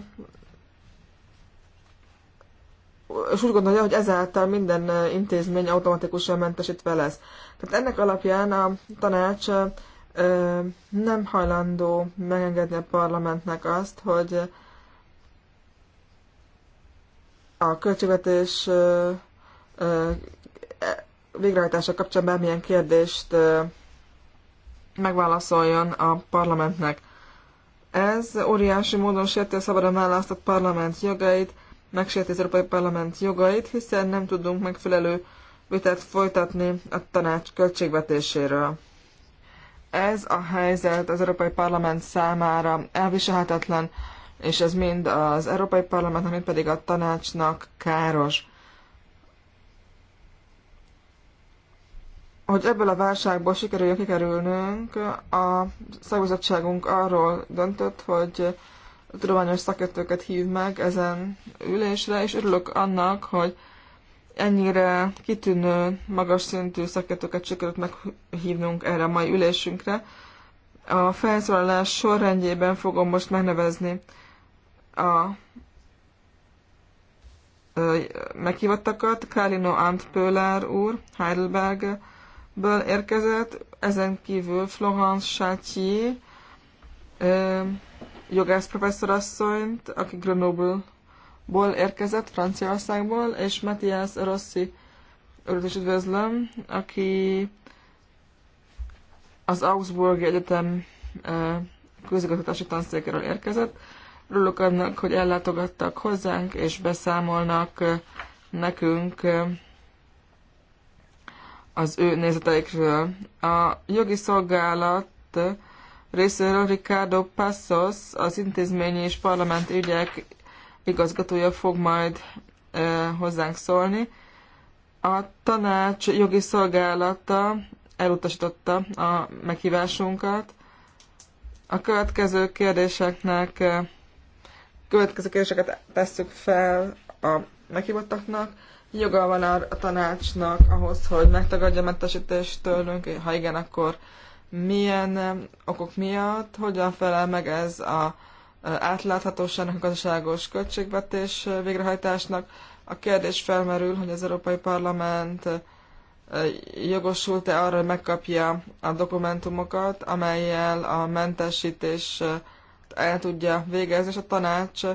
és úgy gondolja, hogy ezáltal minden eh, intézmény automatikusan mentesítve lesz. Tehát ennek alapján a tanács eh, nem hajlandó megengedni a parlamentnek azt, hogy a költségvetés végrehajtása kapcsán bármilyen kérdést megválaszoljon a parlamentnek. Ez óriási módon sérti a szabadon választott parlament jogait, megsérti az Európai Parlament jogait, hiszen nem tudunk megfelelő vitát folytatni a tanács költségvetéséről. Ez a helyzet az Európai Parlament számára elviselhetetlen, és ez mind az Európai Parlamentnek, mind pedig a tanácsnak káros. hogy ebből a válságból sikerüljön kikerülnünk, a szakbizottságunk arról döntött, hogy tudományos szakértőket hív meg ezen ülésre, és örülök annak, hogy ennyire kitűnő, magas szintű szakértőket sikerült meghívnunk erre a mai ülésünkre. A felszólalás sorrendjében fogom most megnevezni a meghívottakat. Kálino Ant Pöler úr, Heidelberg ből érkezett, ezen kívül Florence Chatier, jogász professzorasszonyt, aki Grenoble-ból érkezett, Franciaországból, és Matthias Rossi őt is üdvözlöm, aki az Augsburg Egyetem közigazgatási tanszékéről érkezett. Örülök annak, hogy ellátogattak hozzánk, és beszámolnak nekünk az ő nézeteikről. A jogi szolgálat részéről Ricardo Passos, az intézményi és parlamenti ügyek igazgatója fog majd e, hozzánk szólni. A tanács jogi szolgálata elutasította a meghívásunkat. A következő kérdéseknek következő kérdéseket tesszük fel a meghívottaknak joga van a tanácsnak ahhoz, hogy megtagadja a mentesítést tőlünk, ha igen, akkor milyen eh, okok miatt, hogyan felel meg ez a eh, átláthatóságnak, a gazdaságos költségvetés eh, végrehajtásnak. A kérdés felmerül, hogy az Európai Parlament jogosult-e arra, hogy megkapja a dokumentumokat, amelyel a mentesítés el tudja végezni, és a tanács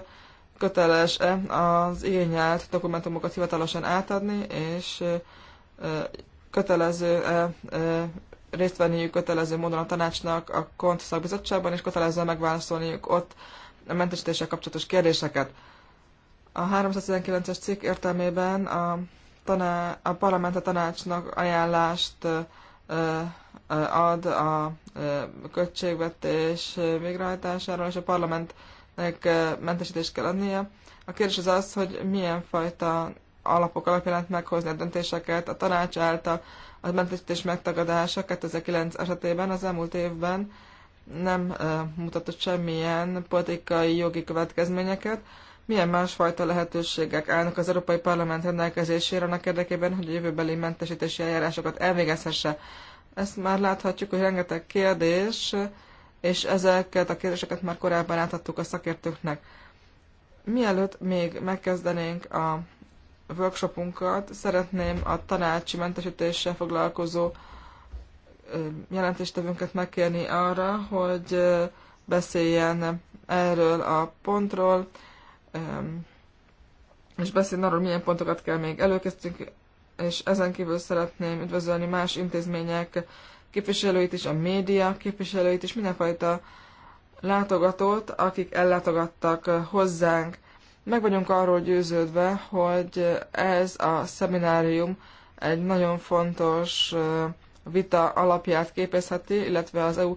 köteles-e az igényelt dokumentumokat hivatalosan átadni, és kötelező-e részt venniük kötelező módon a tanácsnak a KONT szakbizottságban, és kötelező megválaszolniuk ott a mentesítéssel kapcsolatos kérdéseket. A 319-es cikk értelmében a, taná- a parlament a tanácsnak ajánlást ad a költségvetés végrehajtásáról, és a parlament mentesítést kell adnia. A kérdés az az, hogy milyen fajta alapok alapján lehet meghozni a döntéseket a tanács által, a mentesítés megtagadása 2009 esetében az elmúlt évben nem mutatott semmilyen politikai jogi következményeket. Milyen másfajta lehetőségek állnak az Európai Parlament rendelkezésére annak érdekében, hogy a jövőbeli mentesítési eljárásokat elvégezhesse? Ezt már láthatjuk, hogy rengeteg kérdés és ezeket a kérdéseket már korábban átadtuk a szakértőknek. Mielőtt még megkezdenénk a workshopunkat, szeretném a tanácsi mentesítéssel foglalkozó jelentéstevőnket megkérni arra, hogy beszéljen erről a pontról, és beszéljen arról, milyen pontokat kell még előkezdtünk, és ezen kívül szeretném üdvözölni más intézmények képviselőit is, a média képviselőit is, mindenfajta látogatót, akik ellátogattak eh, hozzánk. Meg vagyunk arról győződve, hogy ez a szeminárium egy nagyon fontos eh, vita alapját képezheti, illetve az EU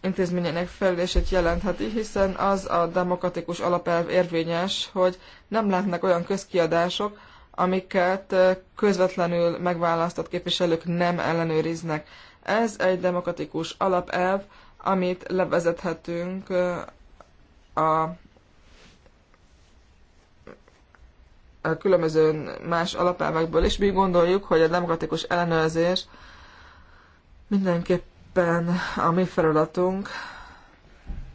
intézményének felelését jelentheti, hiszen az a demokratikus alapelv érvényes, hogy nem lehetnek olyan közkiadások, amiket közvetlenül megválasztott képviselők nem ellenőriznek. Ez egy demokratikus alapelv, amit levezethetünk a különböző más alapelvekből is. Mi gondoljuk, hogy a demokratikus ellenőrzés mindenképpen a mi feladatunk,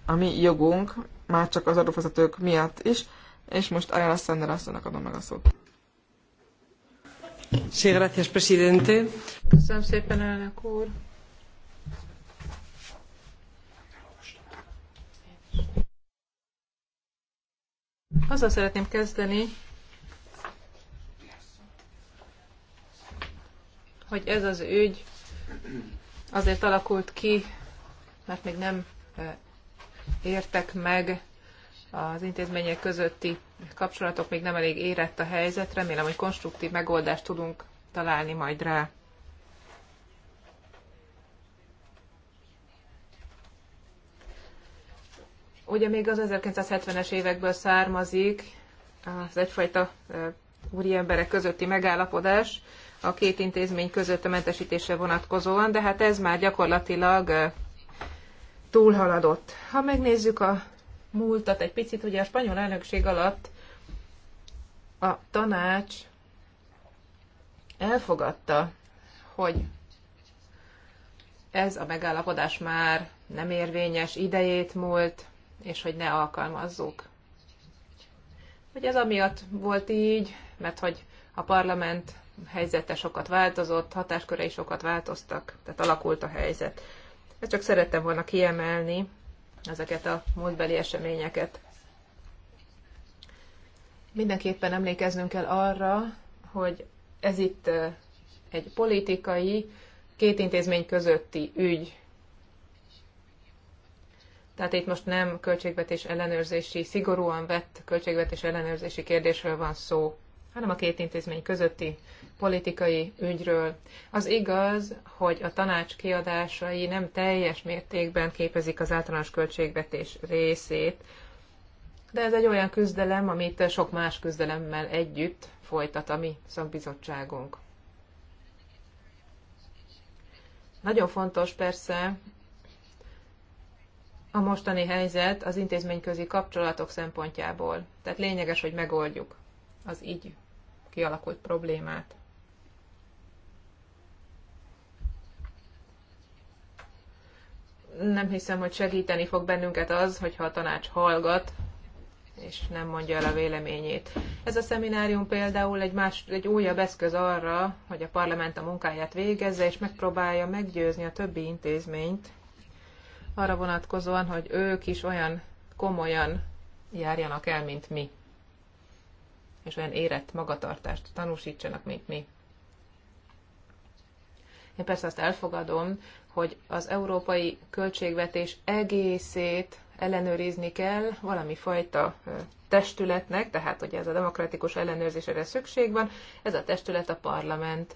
a mi jogunk, már csak az adófizetők miatt is, és most Ayala Sander asszonynak adom meg a szót. Köszönöm szépen, elnök úr. Azzal szeretném kezdeni, hogy ez az ügy azért alakult ki, mert még nem eh, értek meg az intézmények közötti kapcsolatok még nem elég érett a helyzet. Remélem, hogy konstruktív megoldást tudunk találni majd rá. Ugye még az 1970-es évekből származik az egyfajta emberek közötti megállapodás a két intézmény között a mentesítésre vonatkozóan, de hát ez már gyakorlatilag túlhaladott. Ha megnézzük a múltat egy picit. Ugye a spanyol elnökség alatt a tanács elfogadta, hogy ez a megállapodás már nem érvényes, idejét múlt, és hogy ne alkalmazzuk. Hogy ez amiatt volt így, mert hogy a parlament helyzete sokat változott, hatáskörei sokat változtak, tehát alakult a helyzet. Ezt csak szerettem volna kiemelni, ezeket a múltbeli eseményeket. Mindenképpen emlékeznünk kell arra, hogy ez itt egy politikai, két intézmény közötti ügy. Tehát itt most nem költségvetés ellenőrzési, szigorúan vett költségvetés ellenőrzési kérdésről van szó, hanem a két intézmény közötti politikai ügyről. Az igaz, hogy a tanács kiadásai nem teljes mértékben képezik az általános költségvetés részét, de ez egy olyan küzdelem, amit sok más küzdelemmel együtt folytat a mi szakbizottságunk. Nagyon fontos persze a mostani helyzet az intézményközi kapcsolatok szempontjából. Tehát lényeges, hogy megoldjuk az így kialakult problémát. nem hiszem, hogy segíteni fog bennünket az, hogyha a tanács hallgat, és nem mondja el a véleményét. Ez a szeminárium például egy, más, egy újabb eszköz arra, hogy a parlament a munkáját végezze, és megpróbálja meggyőzni a többi intézményt arra vonatkozóan, hogy ők is olyan komolyan járjanak el, mint mi. És olyan érett magatartást tanúsítsanak, mint mi. Én persze azt elfogadom, hogy az európai költségvetés egészét ellenőrizni kell valami fajta testületnek, tehát hogy ez a demokratikus ellenőrzésre szükség van, ez a testület a parlament,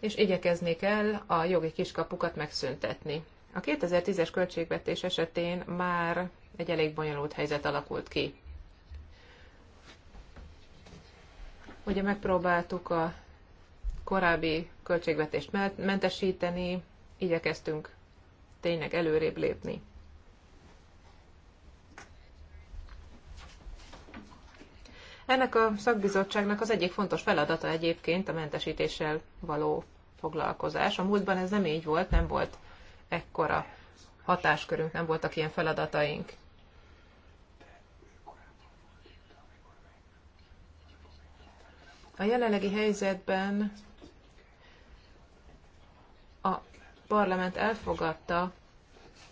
és igyekezni kell a jogi kiskapukat megszüntetni. A 2010-es költségvetés esetén már egy elég bonyolult helyzet alakult ki. Ugye megpróbáltuk a korábbi költségvetést mentesíteni, igyekeztünk tényleg előrébb lépni. Ennek a szakbizottságnak az egyik fontos feladata egyébként a mentesítéssel való foglalkozás. A múltban ez nem így volt, nem volt ekkora hatáskörünk, nem voltak ilyen feladataink. A jelenlegi helyzetben parlament elfogadta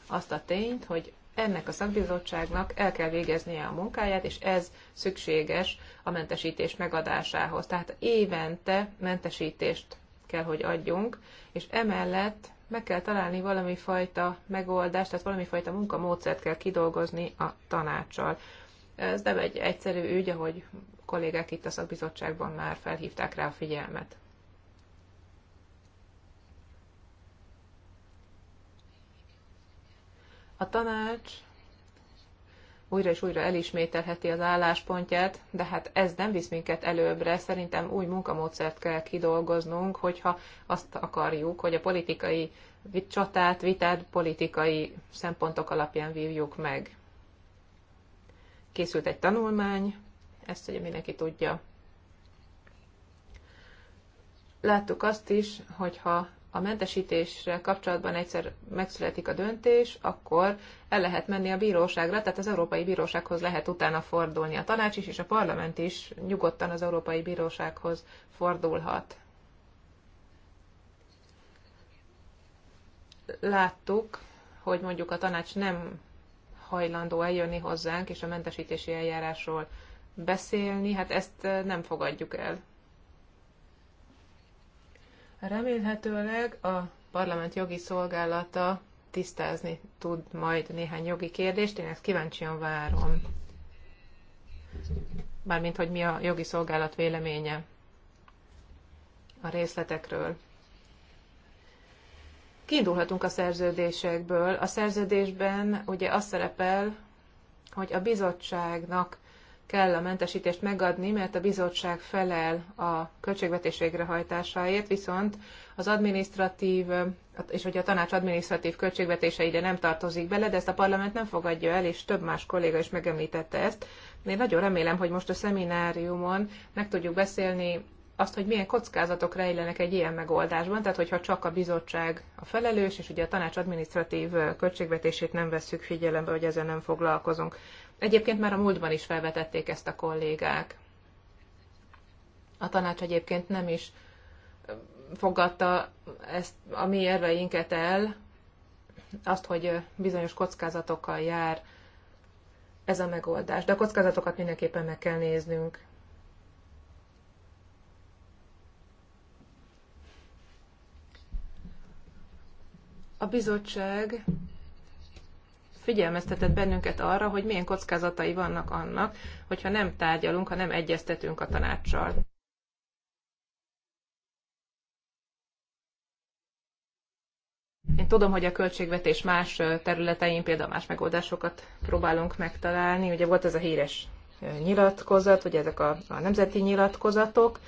azt a tényt, hogy ennek a szakbizottságnak el kell végeznie a munkáját, és ez szükséges a mentesítés megadásához. Tehát évente mentesítést kell, hogy adjunk, és emellett meg kell találni valami fajta megoldást, tehát valami fajta munkamódszert kell kidolgozni a tanácssal. Ez nem egy egyszerű ügy, ahogy kollégák itt a szakbizottságban már felhívták rá a figyelmet. A tanács újra és újra elismételheti az álláspontját, de hát ez nem visz minket előbbre. Szerintem új munkamódszert kell kidolgoznunk, hogyha azt akarjuk, hogy a politikai csatát, vitát politikai szempontok alapján vívjuk meg. Készült egy tanulmány, ezt ugye mindenki tudja. Láttuk azt is, hogyha a mentesítésre kapcsolatban egyszer megszületik a döntés, akkor el lehet menni a bíróságra, tehát az Európai Bírósághoz lehet utána fordulni. A tanács is és a parlament is nyugodtan az Európai Bírósághoz fordulhat. Láttuk, hogy mondjuk a tanács nem hajlandó eljönni hozzánk és a mentesítési eljárásról beszélni, hát ezt nem fogadjuk el. Remélhetőleg a parlament jogi szolgálata tisztázni tud majd néhány jogi kérdést, én ezt kíváncsian várom. Mármint, hogy mi a jogi szolgálat véleménye a részletekről. Kiindulhatunk a szerződésekből. A szerződésben ugye az szerepel, hogy a bizottságnak kell a mentesítést megadni, mert a bizottság felel a költségvetés végrehajtásáért, viszont az adminisztratív, és hogy a tanács adminisztratív költségvetése ide nem tartozik bele, de ezt a parlament nem fogadja el, és több más kolléga is megemlítette ezt. Én nagyon remélem, hogy most a szemináriumon meg tudjuk beszélni azt, hogy milyen kockázatok rejlenek egy ilyen megoldásban, tehát hogyha csak a bizottság a felelős, és ugye a tanács adminisztratív költségvetését nem vesszük figyelembe, hogy ezzel nem foglalkozunk. Egyébként már a múltban is felvetették ezt a kollégák. A tanács egyébként nem is fogadta ezt a mi érveinket el, azt, hogy bizonyos kockázatokkal jár ez a megoldás. De a kockázatokat mindenképpen meg kell néznünk. A bizottság figyelmeztetett bennünket arra, hogy milyen kockázatai vannak annak, hogyha nem tárgyalunk, ha nem egyeztetünk a tanácssal. Én tudom, hogy a költségvetés más területein például más megoldásokat próbálunk megtalálni. Ugye volt ez a híres nyilatkozat, vagy ezek a, a nemzeti nyilatkozatok,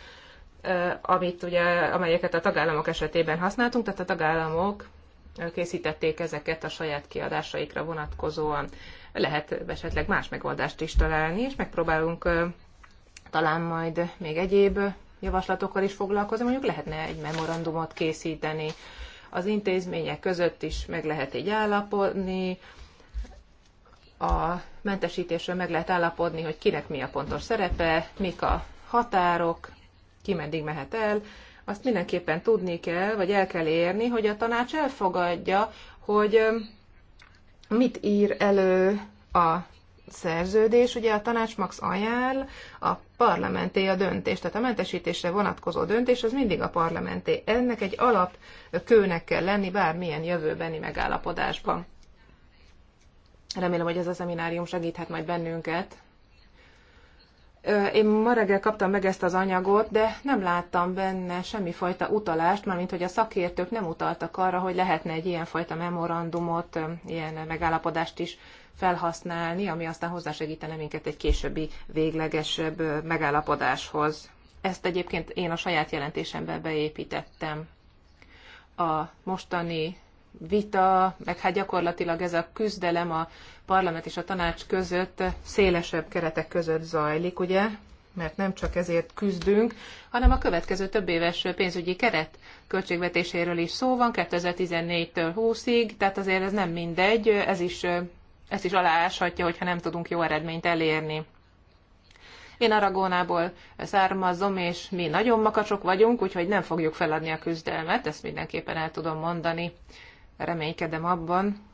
amit ugye, amelyeket a tagállamok esetében használtunk, tehát a tagállamok készítették ezeket a saját kiadásaikra vonatkozóan. Lehet esetleg más megoldást is találni, és megpróbálunk talán majd még egyéb javaslatokkal is foglalkozni. Mondjuk lehetne egy memorandumot készíteni, az intézmények között is meg lehet így állapodni, a mentesítésről meg lehet állapodni, hogy kinek mi a pontos szerepe, mik a határok, ki meddig mehet el, azt mindenképpen tudni kell, vagy el kell érni, hogy a tanács elfogadja, hogy mit ír elő a szerződés, ugye a tanács max ajánl, a parlamenté a döntés, tehát a mentesítésre vonatkozó döntés az mindig a parlamenté. Ennek egy alapkőnek kell lenni bármilyen jövőbeni megállapodásban. Remélem, hogy ez a szeminárium segíthet majd bennünket én ma reggel kaptam meg ezt az anyagot, de nem láttam benne semmifajta utalást, mármint hogy a szakértők nem utaltak arra, hogy lehetne egy ilyenfajta memorandumot, ilyen megállapodást is felhasználni, ami aztán hozzásegítene minket egy későbbi véglegesebb megállapodáshoz. Ezt egyébként én a saját jelentésembe beépítettem. A mostani vita, meg hát gyakorlatilag ez a küzdelem a parlament és a tanács között szélesebb keretek között zajlik, ugye? mert nem csak ezért küzdünk, hanem a következő több éves pénzügyi keret költségvetéséről is szó van, 2014-től 20-ig, tehát azért ez nem mindegy, ez is, ez is alááshatja, hogyha nem tudunk jó eredményt elérni. Én Aragónából származom, és mi nagyon makacsok vagyunk, úgyhogy nem fogjuk feladni a küzdelmet, ezt mindenképpen el tudom mondani. Reménykedem abban,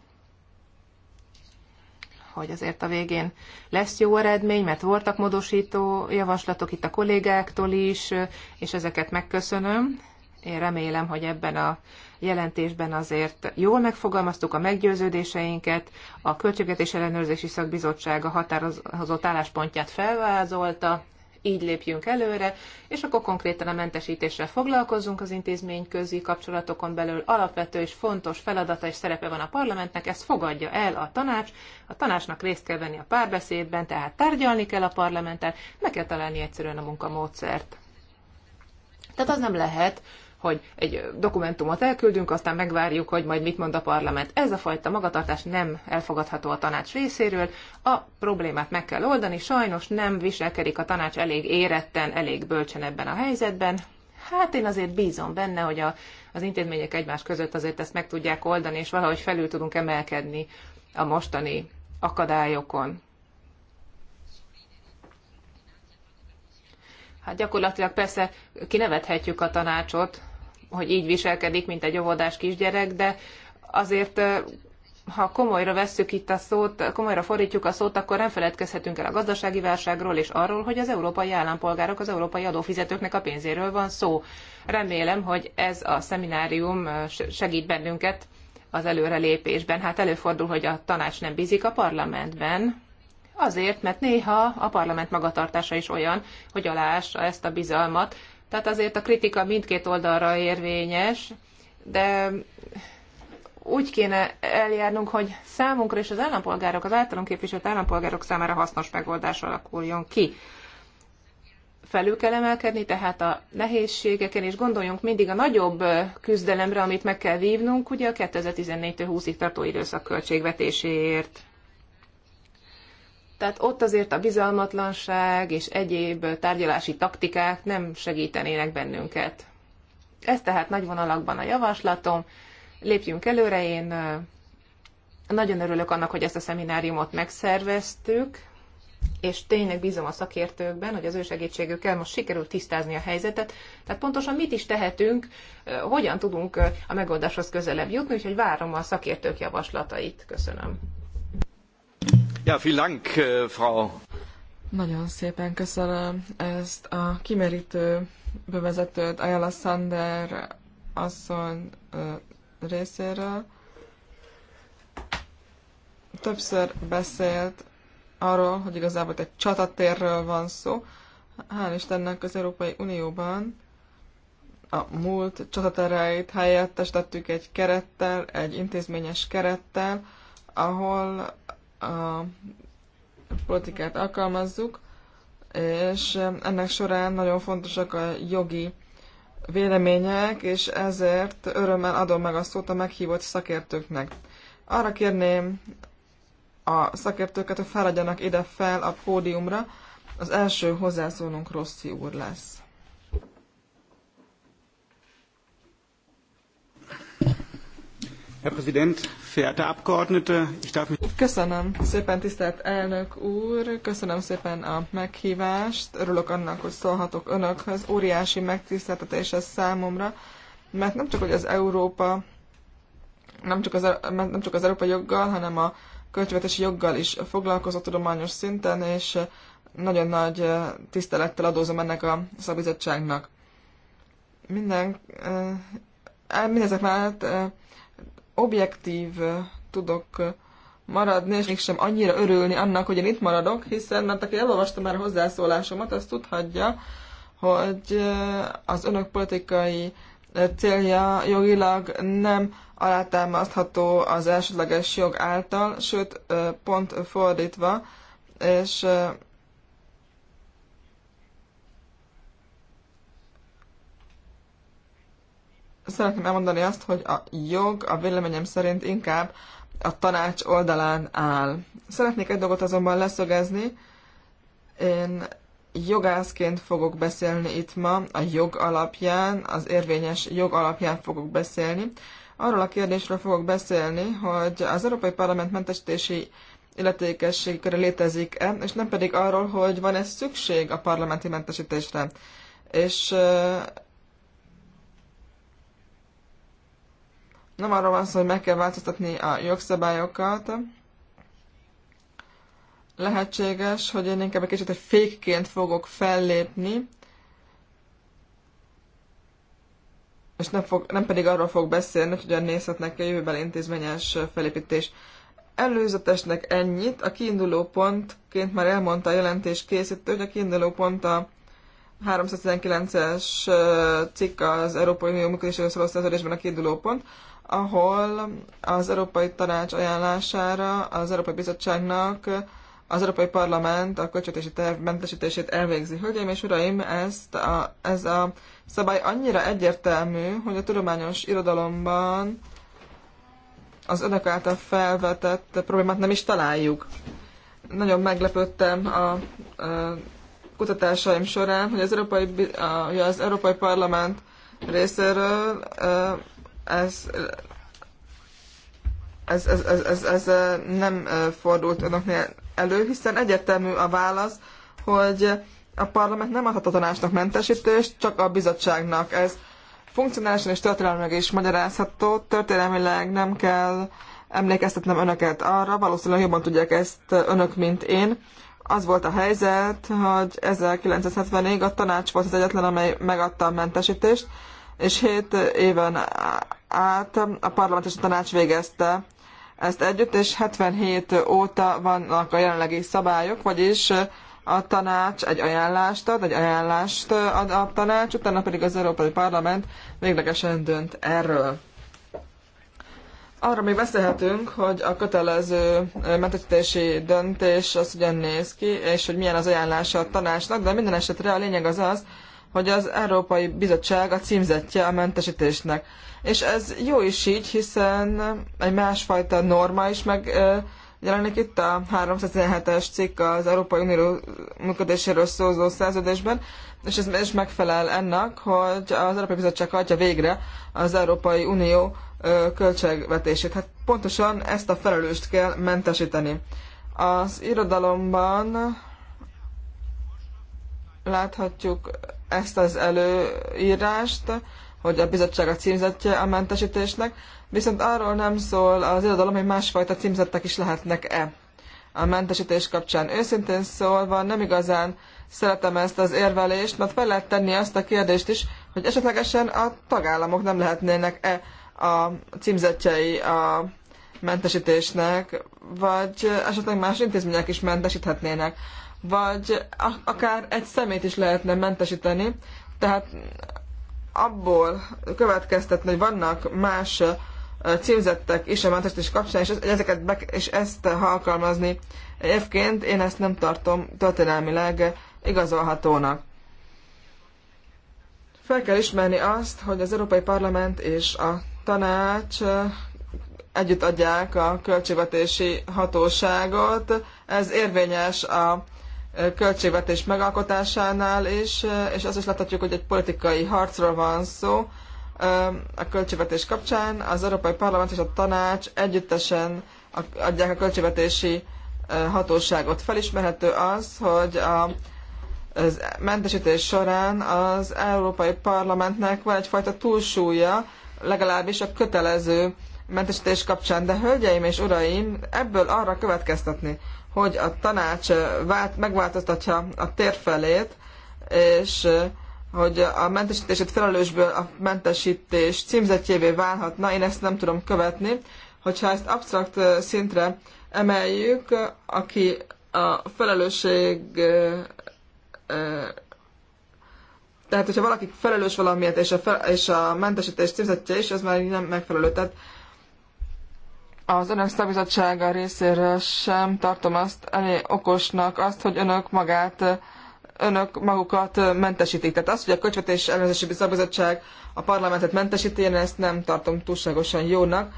hogy azért a végén lesz jó eredmény, mert voltak módosító javaslatok itt a kollégáktól is, és ezeket megköszönöm. Én remélem, hogy ebben a jelentésben azért jól megfogalmaztuk a meggyőződéseinket, a Költségvetés Ellenőrzési Szakbizottság a határozott álláspontját felvázolta, így lépjünk előre, és akkor konkrétan a mentesítéssel foglalkozunk az intézmény közi kapcsolatokon belül. Alapvető és fontos feladata és szerepe van a parlamentnek, ezt fogadja el a tanács. A tanácsnak részt kell venni a párbeszédben, tehát tárgyalni kell a parlamenttel, meg kell találni egyszerűen a munkamódszert. Tehát az nem lehet, hogy egy dokumentumot elküldünk, aztán megvárjuk, hogy majd mit mond a parlament. Ez a fajta magatartás nem elfogadható a tanács részéről, a problémát meg kell oldani, sajnos nem viselkedik a tanács elég éretten, elég bölcsen ebben a helyzetben. Hát én azért bízom benne, hogy a, az intézmények egymás között azért ezt meg tudják oldani, és valahogy felül tudunk emelkedni a mostani akadályokon. Hát gyakorlatilag persze kinevethetjük a tanácsot, hogy így viselkedik, mint egy óvodás kisgyerek, de azért ha komolyra vesszük itt a szót, komolyra fordítjuk a szót, akkor nem feledkezhetünk el a gazdasági válságról és arról, hogy az európai állampolgárok, az európai adófizetőknek a pénzéről van szó. Remélem, hogy ez a szeminárium segít bennünket az előrelépésben. Hát előfordul, hogy a tanács nem bízik a parlamentben, Azért, mert néha a parlament magatartása is olyan, hogy aláássa ezt a bizalmat, tehát azért a kritika mindkét oldalra érvényes, de úgy kéne eljárnunk, hogy számunkra és az állampolgárok, az általunk képviselt állampolgárok számára hasznos megoldás alakuljon ki. Felül kell emelkedni, tehát a nehézségeken, és gondoljunk mindig a nagyobb küzdelemre, amit meg kell vívnunk, ugye a 2014-20-ig tartó időszak költségvetéséért. Tehát ott azért a bizalmatlanság és egyéb tárgyalási taktikák nem segítenének bennünket. Ez tehát nagy vonalakban a javaslatom. Lépjünk előre, én nagyon örülök annak, hogy ezt a szemináriumot megszerveztük, és tényleg bízom a szakértőkben, hogy az ő segítségükkel most sikerült tisztázni a helyzetet. Tehát pontosan mit is tehetünk, hogyan tudunk a megoldáshoz közelebb jutni, úgyhogy várom a szakértők javaslatait. Köszönöm. Ja, vielen Dank, äh, Frau. Nagyon szépen köszönöm ezt a kimerítő bevezetőt Ayala Sander asszony részéről. Többször beszélt arról, hogy igazából egy csatatérről van szó. Hál' Istennek az Európai Unióban a múlt csatatereit helyettestettük egy kerettel, egy intézményes kerettel, ahol a politikát alkalmazzuk, és ennek során nagyon fontosak a jogi vélemények, és ezért örömmel adom meg a szót a meghívott szakértőknek. Arra kérném a szakértőket, hogy feladjanak ide fel a pódiumra. Az első hozzászólónk Rossi úr lesz. Herr Präsident, verehrte Abgeordnete, ich darf mich... Köszönöm szépen, tisztelt elnök úr, köszönöm szépen a meghívást, örülök annak, hogy szólhatok önökhöz, óriási megtiszteltetés ez számomra, mert nem csak, hogy az Európa, nem csak az, nem csak az Európa joggal, hanem a költségvetési joggal is foglalkozott tudományos szinten, és nagyon nagy tisztelettel adózom ennek a szabizottságnak. Minden, eh, mindezek mellett eh, objektív tudok maradni, és mégsem annyira örülni annak, hogy én itt maradok, hiszen mert aki elolvasta már a hozzászólásomat, az tudhatja, hogy az önök politikai célja jogilag nem alátámasztható az elsődleges jog által, sőt, pont fordítva, és szeretném elmondani azt, hogy a jog a véleményem szerint inkább a tanács oldalán áll. Szeretnék egy dolgot azonban leszögezni. Én jogászként fogok beszélni itt ma, a jog alapján, az érvényes jog alapján fogok beszélni. Arról a kérdésről fogok beszélni, hogy az Európai Parlament mentesítési köre létezik-e, és nem pedig arról, hogy van-e szükség a parlamenti mentesítésre. És Nem arról van szó, hogy meg kell változtatni a jogszabályokat. Lehetséges, hogy én inkább egy kicsit egy fékként fogok fellépni, és nem, fog, nem pedig arról fog beszélni, hogy hogyan nézhetnek a jövőben intézményes felépítés. Előzetesnek ennyit, a kiinduló pontként már elmondta a jelentés készítő, hogy a kiinduló pont a 319-es cikk az Európai Unió működésével szóló szerződésben a kiinduló pont ahol az Európai Tanács ajánlására az Európai Bizottságnak az Európai Parlament a költségvetési terv mentesítését elvégzi. Hölgyeim és uraim, ezt a, ez a szabály annyira egyértelmű, hogy a tudományos irodalomban az önök által felvetett problémát nem is találjuk. Nagyon meglepődtem a, a kutatásaim során, hogy az Európai, az Európai Parlament részéről ez, ez, ez, ez, ez, ez nem fordult önöknél elő, hiszen egyértelmű a válasz, hogy a parlament nem adhat a tanácsnak mentesítést, csak a bizottságnak. Ez funkcionálisan és történelmileg is magyarázható, történelmileg nem kell emlékeztetnem önöket arra, valószínűleg jobban tudják ezt önök, mint én. Az volt a helyzet, hogy 1970-ig a tanács volt az egyetlen, amely megadta a mentesítést, és hét éven át a parlament és a tanács végezte ezt együtt, és 77 óta vannak a jelenlegi szabályok, vagyis a tanács egy ajánlást ad, egy ajánlást ad a tanács, utána pedig az Európai Parlament véglegesen dönt erről. Arra még beszélhetünk, hogy a kötelező mentesítési döntés az ugyan néz ki, és hogy milyen az ajánlása a tanácsnak, de minden esetre a lényeg az az, hogy az Európai Bizottság a címzetje a mentesítésnek. És ez jó is így, hiszen egy másfajta norma is megjelenik itt a 317-es cikk az Európai Unió működéséről szózó szerződésben, és ez is megfelel ennek, hogy az Európai Bizottság adja végre az Európai Unió költségvetését. Hát pontosan ezt a felelőst kell mentesíteni. Az irodalomban láthatjuk ezt az előírást, hogy a bizottság a címzetje a mentesítésnek, viszont arról nem szól az irodalom, hogy másfajta címzettek is lehetnek-e a mentesítés kapcsán. Őszintén szólva nem igazán szeretem ezt az érvelést, mert fel lehet tenni azt a kérdést is, hogy esetlegesen a tagállamok nem lehetnének-e a címzetjei a mentesítésnek, vagy esetleg más intézmények is mentesíthetnének vagy akár egy szemét is lehetne mentesíteni, tehát abból következtetni, hogy vannak más címzettek is a mentesítés kapcsán, és ezeket be, és ezt alkalmazni évként, én ezt nem tartom történelmileg igazolhatónak. Fel kell ismerni azt, hogy az Európai Parlament és a tanács együtt adják a költségvetési hatóságot. Ez érvényes a költségvetés megalkotásánál is, és azt is láthatjuk, hogy egy politikai harcról van szó a költségvetés kapcsán. Az Európai Parlament és a Tanács együttesen adják a költségvetési hatóságot. Felismerhető az, hogy a az mentesítés során az Európai Parlamentnek van egyfajta túlsúlya, legalábbis a kötelező mentesítés kapcsán. De hölgyeim és uraim, ebből arra következtetni, hogy a tanács vált, megváltoztatja a térfelét, és hogy a mentesítését felelősből a mentesítés címzetjévé válhatna, én ezt nem tudom követni. Hogyha ezt absztrakt szintre emeljük, aki a felelősség tehát, hogyha valaki felelős valamiért, és a, fel, és a mentesítés címzetje is, az már nem megfelelő. Tehát az önök szabizottsága részéről sem tartom azt elég okosnak azt, hogy önök magát önök magukat mentesítik. Tehát az, hogy a Kötvetés ellenzési Szabizottság a parlamentet mentesíti, én ezt nem tartom túlságosan jónak,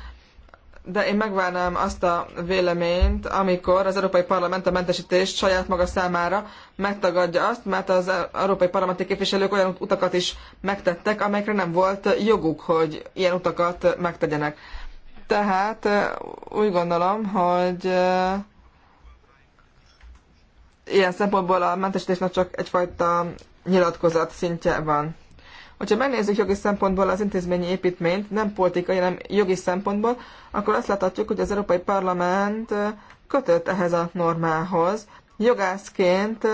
de én megvárnám azt a véleményt, amikor az Európai Parlament a mentesítést saját maga számára megtagadja azt, mert az Európai Parlamenti képviselők olyan utakat is megtettek, amelyekre nem volt joguk, hogy ilyen utakat megtegyenek. Tehát úgy gondolom, hogy ilyen szempontból a mentesítésnek csak egyfajta nyilatkozat szintje van. Hogyha megnézzük jogi szempontból az intézményi építményt, nem politikai, hanem jogi szempontból, akkor azt láthatjuk, hogy az Európai Parlament kötött ehhez a normához. Jogászként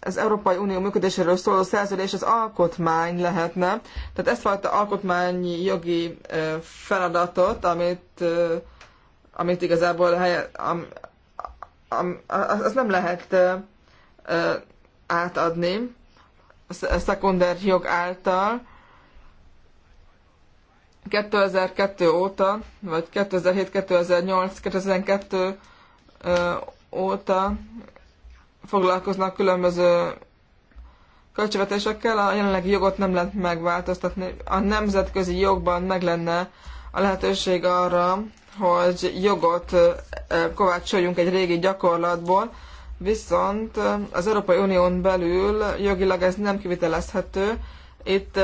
az Európai Unió működéséről szóló szerződés az alkotmány lehetne. Tehát ezt fajta alkotmányi jogi feladatot, amit, amit igazából helye, am, am, az nem lehet átadni szekunder jog által. 2002 óta, vagy 2007, 2008, 2012 óta foglalkoznak különböző költségvetésekkel, a jelenlegi jogot nem lehet megváltoztatni. A nemzetközi jogban meg lenne a lehetőség arra, hogy jogot kovácsoljunk egy régi gyakorlatból, viszont az Európai Unión belül jogilag ez nem kivitelezhető. Itt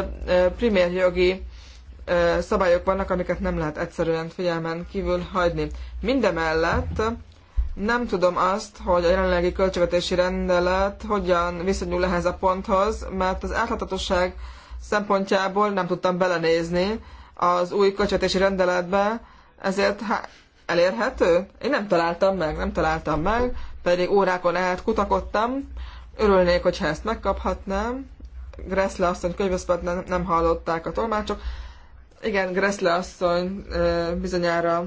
primér jogi szabályok vannak, amiket nem lehet egyszerűen figyelmen kívül hagyni. Mindemellett nem tudom azt, hogy a jelenlegi költségvetési rendelet hogyan viszonyul ehhez a ponthoz, mert az átláthatóság szempontjából nem tudtam belenézni az új költségvetési rendeletbe, ezért há- elérhető? Én nem találtam meg, nem találtam meg, pedig órákon át kutakodtam. Örülnék, hogyha ezt megkaphatnám. Gressle asszony könyvözpet nem, nem hallották a tolmácsok. Igen, Gressle asszony bizonyára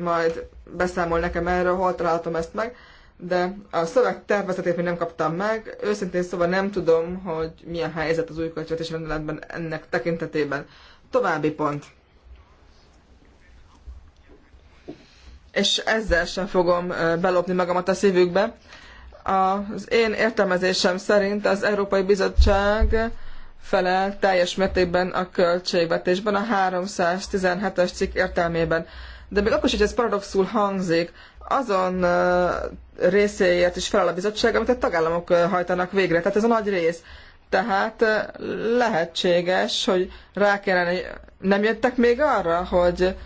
majd beszámol nekem erről, hol találtam ezt meg, de a szöveg tervezetét még nem kaptam meg. Őszintén szóval nem tudom, hogy mi a helyzet az új költségvetés rendeletben ennek tekintetében. További pont. És ezzel sem fogom belopni magamat a szívükbe. Az én értelmezésem szerint az Európai Bizottság felel teljes mértékben a költségvetésben, a 317-es cikk értelmében de még akkor is, hogy ez paradoxul hangzik, azon részéért is feláll a bizottság, amit a tagállamok hajtanak végre. Tehát ez a nagy rész. Tehát lehetséges, hogy rá kellene, nem jöttek még arra, hogy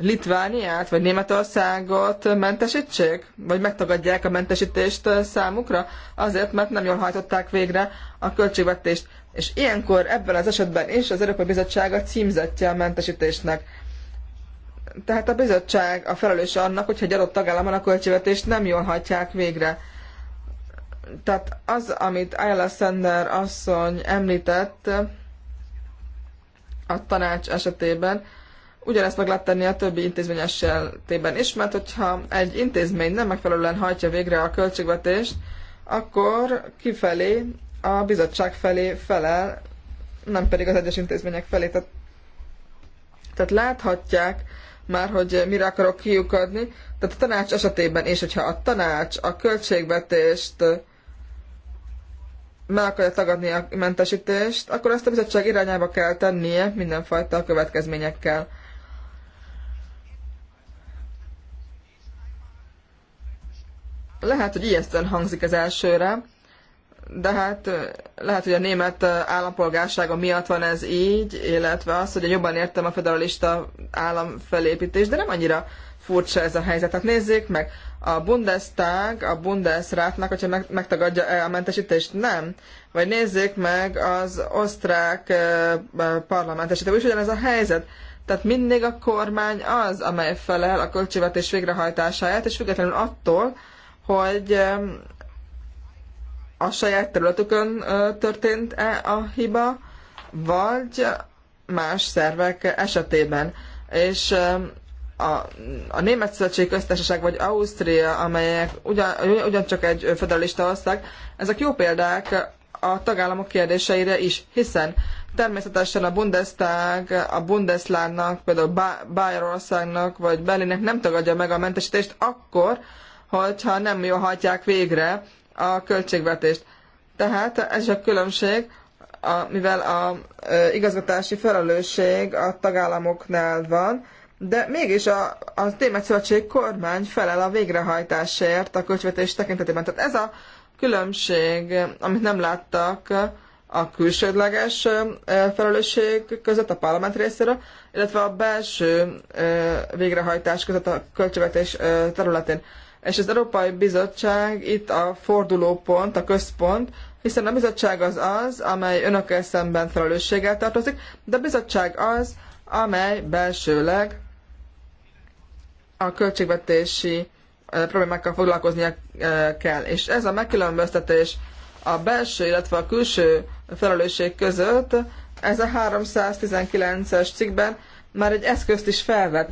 Litvániát vagy Németországot mentesítsék? Vagy megtagadják a mentesítést számukra? Azért, mert nem jól hajtották végre a költségvetést. És ilyenkor ebben az esetben is az Európai Bizottság a címzetje a mentesítésnek. Tehát a bizottság a felelős annak, hogyha egy adott tagállamon a költségvetést nem jól hajtják végre. Tehát az, amit Ayala Sender asszony említett a tanács esetében, ugyanezt meg lehet tenni a többi intézmény esetében is, mert hogyha egy intézmény nem megfelelően hajtja végre a költségvetést, akkor kifelé, a bizottság felé felel, nem pedig az egyes intézmények felé. Tehát, tehát láthatják már hogy mire akarok kiukadni. Tehát a tanács esetében is, hogyha a tanács a költségvetést eh, meg akarja tagadni a mentesítést, akkor ezt a bizottság irányába kell tennie mindenfajta következményekkel. Lehet, hogy ijesztően hangzik az elsőre, de hát lehet, hogy a német állampolgársága miatt van ez így, illetve az, hogy jobban értem a federalista állam felépítést, de nem annyira furcsa ez a helyzet. tehát nézzék meg, a Bundestag, a Bundesrátnak, hogyha megtagadja a mentesítést, nem. Vagy nézzék meg az osztrák parlamentesítést, és ez a helyzet. Tehát mindig a kormány az, amely felel a költségvetés végrehajtásáját, és függetlenül attól, hogy a saját területükön történt-e a hiba, vagy más szervek esetében. És a, a Német Szövetség Köztársaság vagy Ausztria, amelyek ugyan, ugyancsak egy federalista ország, ezek jó példák a tagállamok kérdéseire is, hiszen természetesen a Bundestag, a Bundeslandnak, például Bajorországnak vagy Berlinnek nem tagadja meg a mentesítést akkor, hogyha nem jól hajtják végre a költségvetést. Tehát ez is a különbség, a, mivel a e, igazgatási felelősség a tagállamoknál van, de mégis a, a Szövetség kormány felel a végrehajtásért a költségvetés tekintetében. Tehát ez a különbség, amit nem láttak a külsődleges felelősség között a parlament részéről, illetve a belső végrehajtás között a költségvetés területén és az Európai Bizottság itt a fordulópont, a központ, hiszen a bizottság az az, amely önökkel szemben felelősséggel tartozik, de a bizottság az, amely belsőleg a költségvetési eh, problémákkal foglalkoznia eh, kell. És ez a megkülönböztetés a belső, illetve a külső felelősség között, ez a 319-es cikkben már egy eszközt is felvet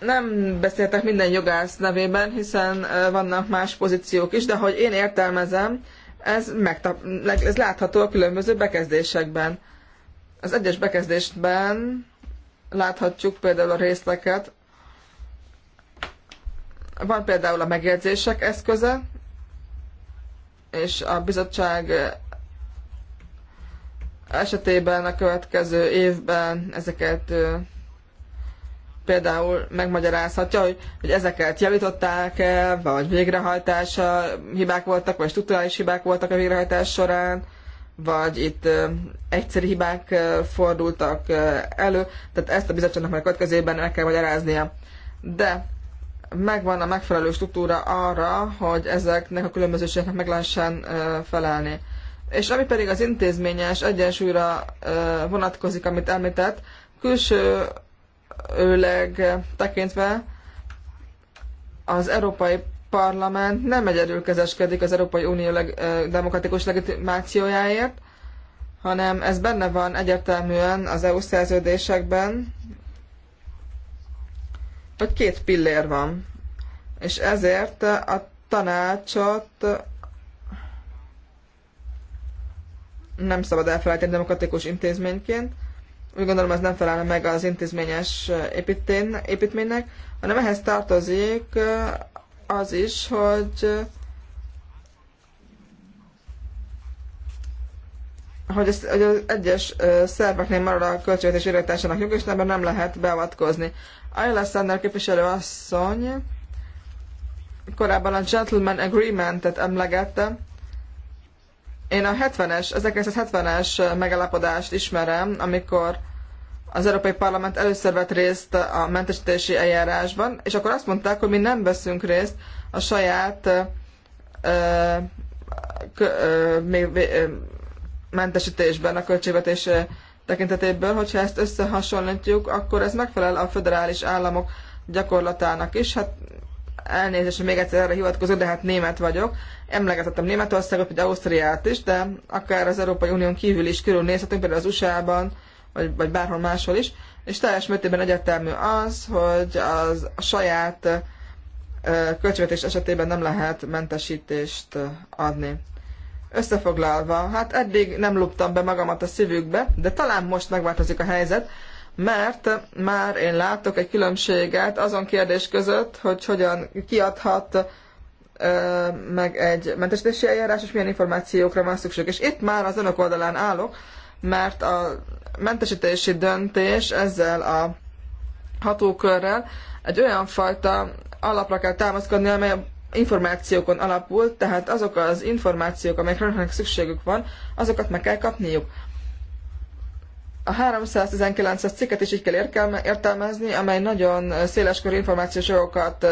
nem beszéltek minden jogász nevében, hiszen vannak más pozíciók is, de hogy én értelmezem, ez, megtap, ez látható a különböző bekezdésekben. Az egyes bekezdésben láthatjuk például a részleket. Van például a megjegyzések eszköze, és a bizottság esetében a következő évben ezeket például megmagyarázhatja, hogy, hogy ezeket javították-e, vagy végrehajtása hibák voltak, vagy struktúrális hibák voltak a végrehajtás során, vagy itt egyszerű hibák fordultak elő, tehát ezt a bizottságnak majd a meg kell magyaráznia. De megvan a megfelelő struktúra arra, hogy ezeknek a különbözőségeknek meg lehessen felelni. És ami pedig az intézményes egyensúlyra vonatkozik, amit említett, külső őleg tekintve az Európai Parlament nem egyedül kezeskedik az Európai Unió leg, demokratikus legitimációjáért, hanem ez benne van egyértelműen az EU szerződésekben, hogy két pillér van. És ezért a tanácsot nem szabad elfelejteni demokratikus intézményként, úgy gondolom ez nem felelne meg az intézményes építén, építménynek, hanem ehhez tartozik az is, hogy hogy az, hogy az egyes szerveknél marad a költségvetés irányításának jog, és ebben nem lehet beavatkozni. Ayla Sander képviselő asszony korábban a Gentleman Agreement-et emlegette, én a 70-es, 1970-es megállapodást ismerem, amikor az Európai Parlament először vett részt a mentesítési eljárásban, és akkor azt mondták, hogy mi nem veszünk részt a saját ö, kö, ö, még, ö, mentesítésben a költségvetés tekintetéből, hogyha ezt összehasonlítjuk, akkor ez megfelel a föderális államok gyakorlatának is. Hát elnézést, hogy még egyszer erre hivatkozok, de hát német vagyok. Emlegetettem Németországot, vagy Ausztriát is, de akár az Európai Unión kívül is körülnézhetünk, például az USA-ban, vagy, vagy bárhol máshol is. És teljes mértékben egyetelmű az, hogy az a saját költségvetés esetében nem lehet mentesítést adni. Összefoglalva, hát eddig nem loptam be magamat a szívükbe, de talán most megváltozik a helyzet, mert már én látok egy különbséget azon kérdés között, hogy hogyan kiadhat meg egy mentesítési eljárás, és milyen információkra van szükség. És itt már az önök oldalán állok, mert a mentesítési döntés ezzel a hatókörrel egy olyan fajta alapra kell támaszkodni, amely információkon alapul, tehát azok az információk, amelyekre szükségük van, azokat meg kell kapniuk. A 319-es cikket is így kell értelmezni, amely nagyon széleskörű információs jogokat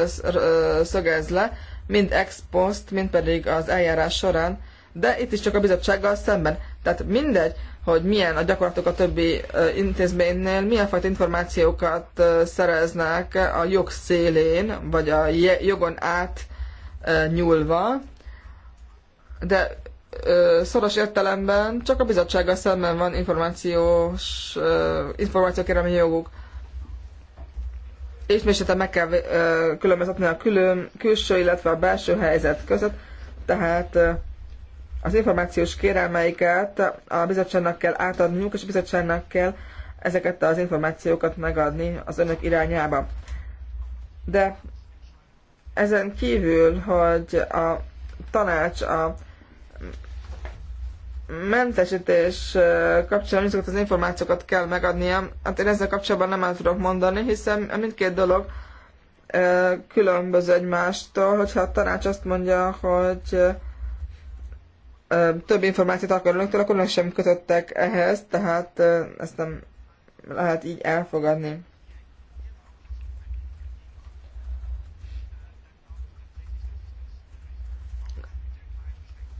szögez le, mind ex post, mind pedig az eljárás során, de itt is csak a bizottsággal szemben. Tehát mindegy, hogy milyen a gyakorlatok a többi intézménynél, milyen fajta információkat szereznek a jog szélén, vagy a jogon át nyúlva, de szoros értelemben csak a bizottsággal szemben van információs, információkérelmi joguk. Ismételten meg kell különböztetni a külön, külső, illetve a belső helyzet között, tehát az információs kérelmeiket a bizottságnak kell átadniuk, és a bizottságnak kell ezeket az információkat megadni az önök irányába. De ezen kívül, hogy a tanács a mentesítés kapcsán azokat az információkat kell megadnia. Hát én ezzel kapcsolatban nem el tudok mondani, hiszen mindkét dolog különböző egymástól, hogyha a tanács azt mondja, hogy több információt akarunk önöktől, akkor nem sem kötöttek ehhez, tehát ezt nem lehet így elfogadni.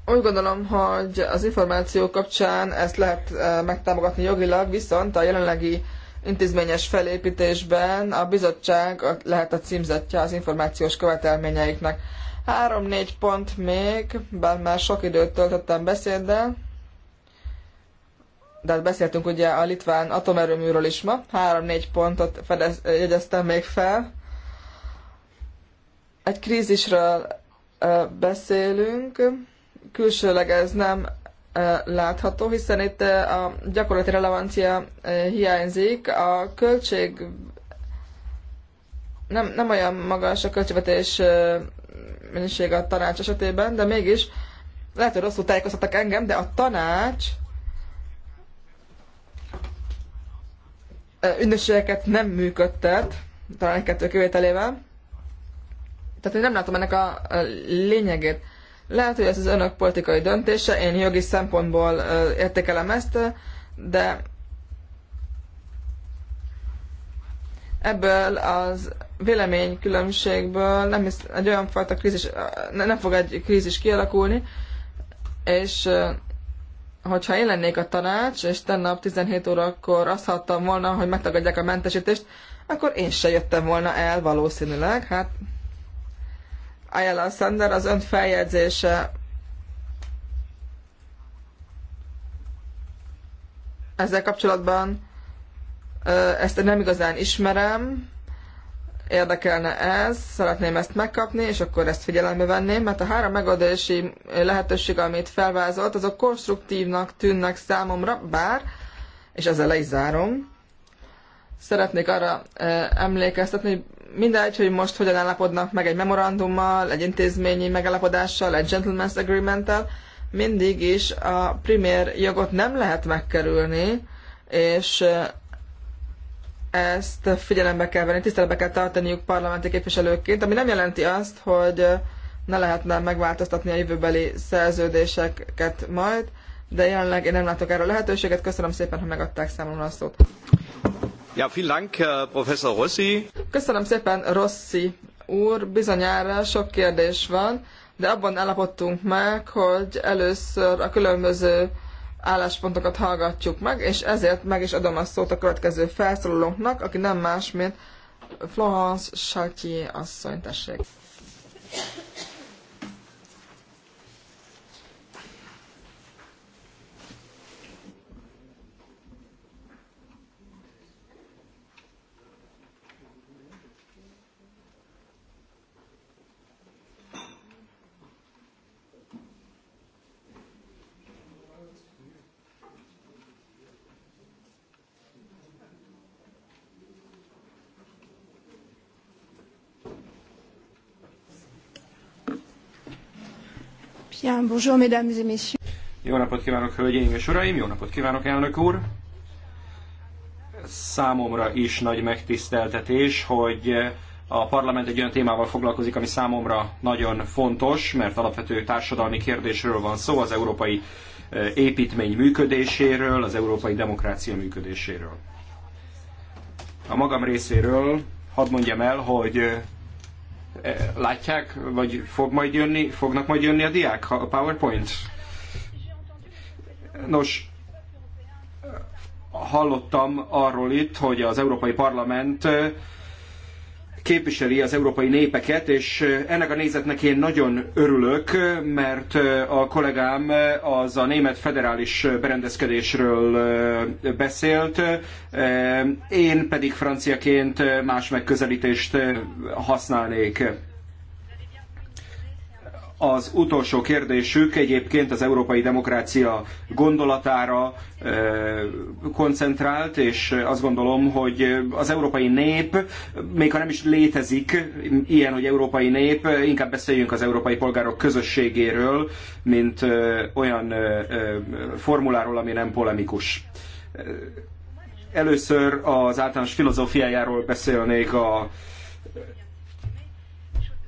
Úgy gondolom, hogy az információ kapcsán ezt lehet eh, megtámogatni jogilag, viszont a jelenlegi intézményes felépítésben a bizottság lehet a címzetje az információs követelményeiknek. Három-négy pont még, bár már sok időt töltöttem beszéddel, de hát beszéltünk ugye a litván atomerőműről is ma, három-négy pontot fedez, jegyeztem még fel. Egy krízisről eh, beszélünk, külsőleg ez nem e, látható, hiszen itt e, a gyakorlati relevancia e, hiányzik. A költség nem, nem olyan magas a költségvetés minőség a tanács esetében, de mégis lehet, hogy rosszul tájékoztattak engem, de a tanács ügynökségeket nem működtet, talán egy-kettő kivételével. Tehát én nem látom ennek a lényegét. Lehet, hogy ez az önök politikai döntése, én jogi szempontból értékelem ezt, de ebből az véleménykülönbségből nem hisz, egy olyan fajta krízis, nem fog egy krízis kialakulni, és hogyha én lennék a tanács, és tennap 17 órakor azt hattam volna, hogy megtagadják a mentesítést, akkor én se jöttem volna el valószínűleg, hát Ayala Sander, az ön feljegyzése ezzel kapcsolatban ezt nem igazán ismerem, érdekelne ez, szeretném ezt megkapni, és akkor ezt figyelembe venném, mert a három megoldási lehetőség, amit felvázolt, azok konstruktívnak tűnnek számomra, bár, és ezzel le is zárom, szeretnék arra emlékeztetni, hogy mindegy, hogy most hogyan állapodnak meg egy memorandummal, egy intézményi megállapodással, egy gentleman's agreementtel, mindig is a primér jogot nem lehet megkerülni, és ezt figyelembe kell venni, tiszteletbe kell tartaniuk parlamenti képviselőként, ami nem jelenti azt, hogy ne lehetne megváltoztatni a jövőbeli szerződéseket majd, de jelenleg én nem látok erre lehetőséget. Köszönöm szépen, ha megadták számomra a szót. Ja, vielen Dank, Professor Rossi. Köszönöm szépen, Rossi úr. Bizonyára sok kérdés van, de abban állapodtunk meg, hogy először a különböző álláspontokat hallgatjuk meg, és ezért meg is adom a szót a következő felszólalónknak, aki nem más, mint Florence Chartier asszony, tessék. Bien, bonjour, mesdames et messieurs. Jó napot kívánok, hölgyeim és uraim! Jó napot kívánok, elnök úr! Számomra is nagy megtiszteltetés, hogy a parlament egy olyan témával foglalkozik, ami számomra nagyon fontos, mert alapvető társadalmi kérdésről van szó, az európai eh, építmény működéséről, az európai demokrácia működéséről. A magam részéről hadd mondjam el, hogy eh, Eh, látják, vagy fog majd jönni, fognak majd jönni a diák, a PowerPoint? Nos, hallottam arról itt, hogy az Európai Parlament eh, képviseli az európai népeket, és ennek a nézetnek én nagyon örülök, mert a kollégám az a német federális berendezkedésről beszélt, én pedig franciaként más megközelítést használnék. Az utolsó kérdésük egyébként az európai demokrácia gondolatára koncentrált, és azt gondolom, hogy az európai nép, még ha nem is létezik ilyen, hogy európai nép, inkább beszéljünk az európai polgárok közösségéről, mint olyan formuláról, ami nem polemikus. Először az általános filozófiájáról beszélnék a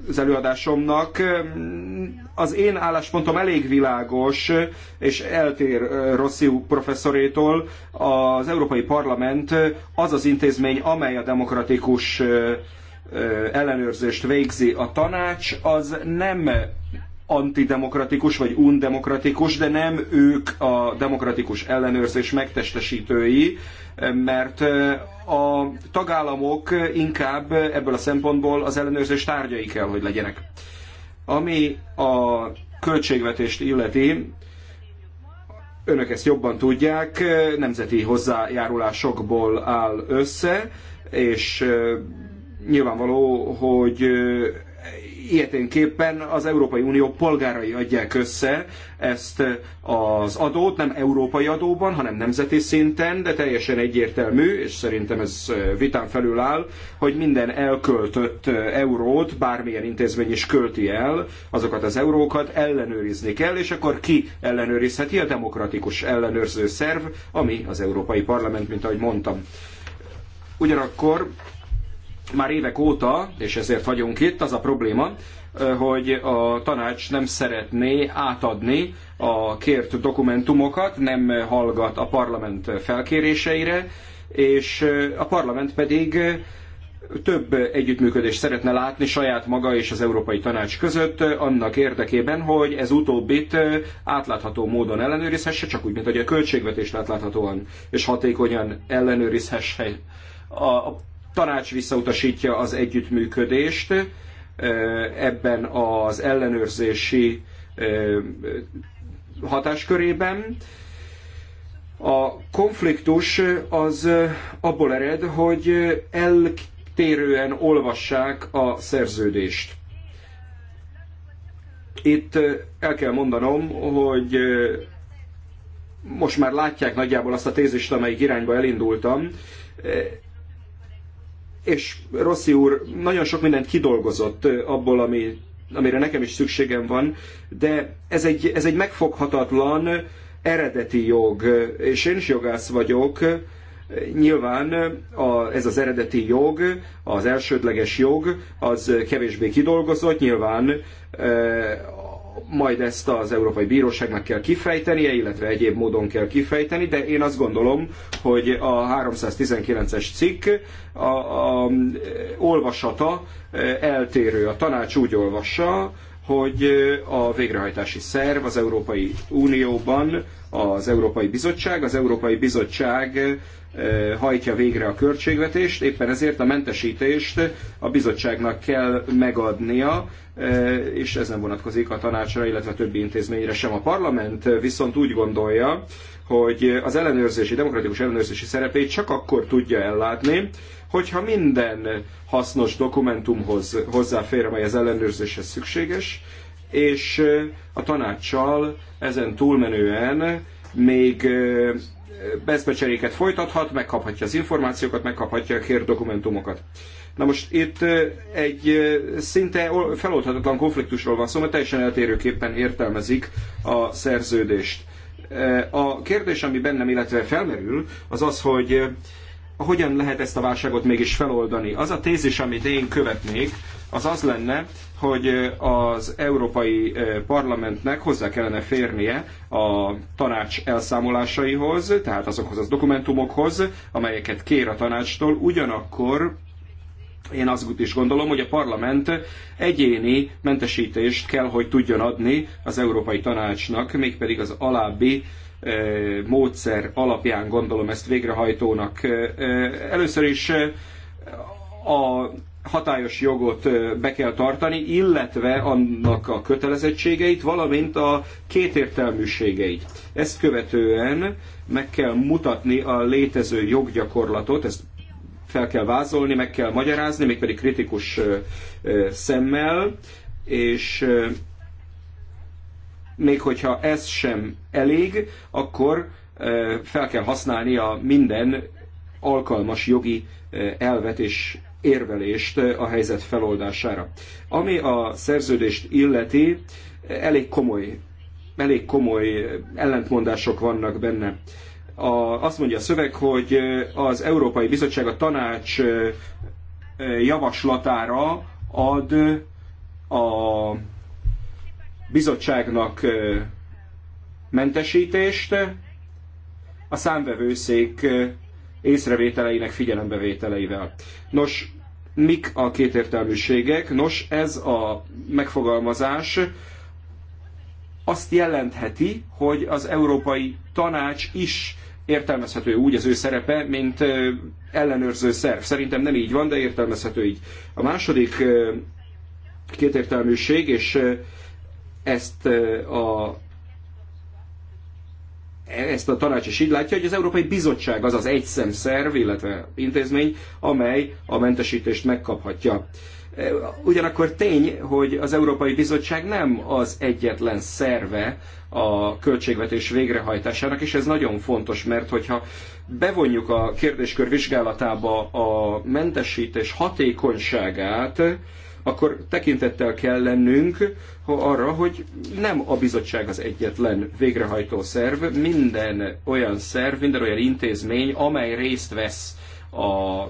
az előadásomnak. Az én álláspontom elég világos, és eltér Rossi professzorétól. Az Európai Parlament az az intézmény, amely a demokratikus ellenőrzést végzi. A tanács az nem antidemokratikus vagy undemokratikus, de nem ők a demokratikus ellenőrzés megtestesítői, mert a tagállamok inkább ebből a szempontból az ellenőrzés tárgyai kell, hogy legyenek. Ami a költségvetést illeti, önök ezt jobban tudják, nemzeti hozzájárulásokból áll össze, és nyilvánvaló, hogy ilyeténképpen az Európai Unió polgárai adják össze ezt eh, az adót, nem európai adóban, hanem nemzeti szinten, de teljesen egyértelmű, és szerintem ez eh, vitán felül áll, hogy minden elköltött eh, eurót, bármilyen intézmény is költi el, azokat az eurókat ellenőrizni kell, és akkor ki ellenőrizheti a demokratikus ellenőrző szerv, ami az Európai Parlament, mint ahogy mondtam. Ugyanakkor már évek óta, és ezért vagyunk itt, az a probléma, hogy a tanács nem szeretné átadni a kért dokumentumokat, nem hallgat a parlament felkéréseire, és a parlament pedig több együttműködést szeretne látni saját maga és az Európai Tanács között annak érdekében, hogy ez utóbbit átlátható módon ellenőrizhesse, csak úgy, mint hogy a költségvetést átláthatóan és hatékonyan ellenőrizhesse. A tanács visszautasítja az együttműködést ebben az ellenőrzési hatáskörében. A konfliktus az abból ered, hogy eltérően olvassák a szerződést. Itt el kell mondanom, hogy most már látják nagyjából azt a tézist, amelyik irányba elindultam. És Rossi úr nagyon sok mindent kidolgozott abból, ami, amire nekem is szükségem van, de ez egy, ez egy megfoghatatlan eredeti jog, és én is jogász vagyok, nyilván a, ez az eredeti jog, az elsődleges jog, az kevésbé kidolgozott, nyilván majd ezt az Európai Bíróságnak kell kifejtenie, illetve egyéb módon kell kifejteni, de én azt gondolom, hogy a 319-es cikk a, a olvasata e, eltérő. A tanács úgy olvassa, hogy e, a végrehajtási szerv az Európai Unióban az Európai Bizottság. Az Európai Bizottság eh, hajtja végre a költségvetést, éppen ezért a mentesítést a bizottságnak kell megadnia, eh, és ez nem vonatkozik a tanácsra, illetve a többi intézményre sem. A parlament viszont úgy gondolja, hogy az ellenőrzési, demokratikus ellenőrzési szerepét csak akkor tudja ellátni, hogyha minden hasznos dokumentumhoz hozzáfér, amely az ellenőrzéshez szükséges, és a tanácssal ezen túlmenően még beszbecseréket folytathat, megkaphatja az információkat, megkaphatja a kér dokumentumokat. Na most itt egy szinte feloldhatatlan konfliktusról van szó, mert teljesen eltérőképpen értelmezik a szerződést. A kérdés, ami bennem, illetve felmerül, az az, hogy hogyan lehet ezt a válságot mégis feloldani. Az a tézis, amit én követnék, az az lenne, hogy az Európai Parlamentnek hozzá kellene férnie a tanács elszámolásaihoz, tehát azokhoz az dokumentumokhoz, amelyeket kér a tanácstól, ugyanakkor én azt is gondolom, hogy a parlament egyéni mentesítést kell, hogy tudjon adni az Európai Tanácsnak, mégpedig az alábbi módszer alapján gondolom ezt végrehajtónak. Először is a hatályos jogot be kell tartani, illetve annak a kötelezettségeit, valamint a kétértelműségeit. Ezt követően meg kell mutatni a létező joggyakorlatot, ezt fel kell vázolni, meg kell magyarázni, mégpedig kritikus szemmel, és még hogyha ez sem elég, akkor fel kell használni a minden alkalmas jogi elvet és érvelést a helyzet feloldására. Ami a szerződést illeti, elég komoly, elég komoly ellentmondások vannak benne. A, azt mondja a szöveg, hogy az Európai Bizottság a tanács javaslatára ad a bizottságnak mentesítést a számvevőszék észrevételeinek figyelembevételeivel. Nos, mik a kétértelműségek? Nos, ez a megfogalmazás azt jelentheti, hogy az Európai Tanács is értelmezhető úgy az ő szerepe, mint ellenőrző szerv. Szerintem nem így van, de értelmezhető így. A második kétértelműség, és ezt a ezt a tanács is így látja, hogy az Európai Bizottság az az egyszemszerv, illetve intézmény, amely a mentesítést megkaphatja. Ugyanakkor tény, hogy az Európai Bizottság nem az egyetlen szerve a költségvetés végrehajtásának, és ez nagyon fontos, mert hogyha bevonjuk a kérdéskör vizsgálatába a mentesítés hatékonyságát, akkor tekintettel kell lennünk arra, hogy nem a bizottság az egyetlen végrehajtó szerv, minden olyan szerv, minden olyan intézmény, amely részt vesz a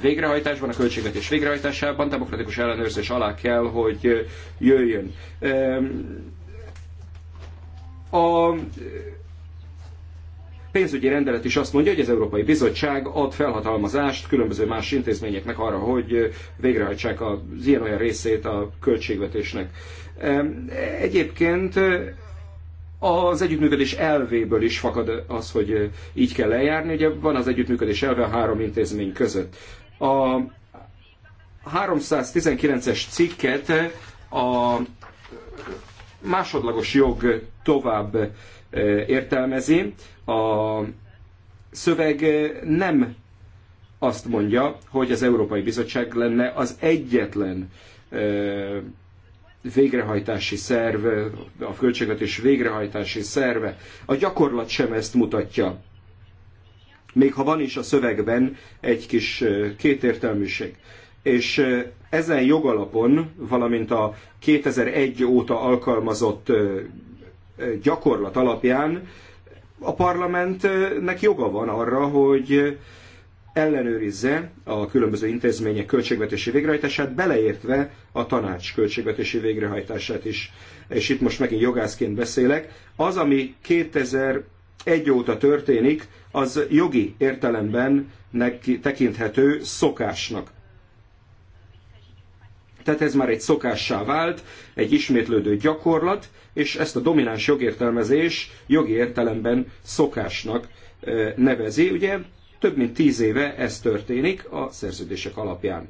végrehajtásban, a költségvetés végrehajtásában, demokratikus ellenőrzés alá kell, hogy jöjjön. A pénzügyi rendelet is azt mondja, hogy az Európai Bizottság ad felhatalmazást különböző más intézményeknek arra, hogy végrehajtsák az ilyen-olyan részét a költségvetésnek. Egyébként az együttműködés elvéből is fakad az, hogy így kell eljárni. Ugye van az együttműködés elve a három intézmény között. A 319-es cikket a másodlagos jog tovább értelmezi. A szöveg nem azt mondja, hogy az Európai Bizottság lenne az egyetlen végrehajtási szerv, a költségvetés végrehajtási szerve. A gyakorlat sem ezt mutatja. Még ha van is a szövegben egy kis kétértelműség. És ezen jogalapon, valamint a 2001 óta alkalmazott gyakorlat alapján a parlamentnek joga van arra, hogy ellenőrizze a különböző intézmények költségvetési végrehajtását, beleértve a tanács költségvetési végrehajtását is. És itt most megint jogászként beszélek. Az, ami 2001 óta történik, az jogi értelemben neki tekinthető szokásnak. Tehát ez már egy szokássá vált, egy ismétlődő gyakorlat, és ezt a domináns jogértelmezés jogi értelemben szokásnak nevezi. Ugye több mint tíz éve ez történik a szerződések alapján.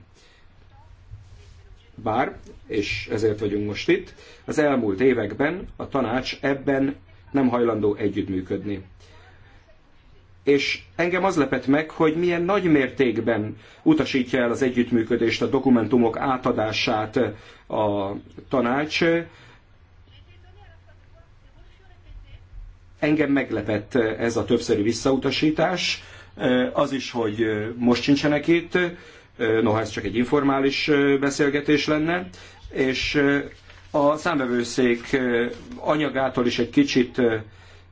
Bár, és ezért vagyunk most itt, az elmúlt években a tanács ebben nem hajlandó együttműködni és engem az lepett meg, hogy milyen nagy mértékben utasítja el az együttműködést, a dokumentumok átadását a tanács. Engem meglepett ez a többszörű visszautasítás, az is, hogy most sincsenek itt, noha ez csak egy informális beszélgetés lenne, és a számvevőszék anyagától is egy kicsit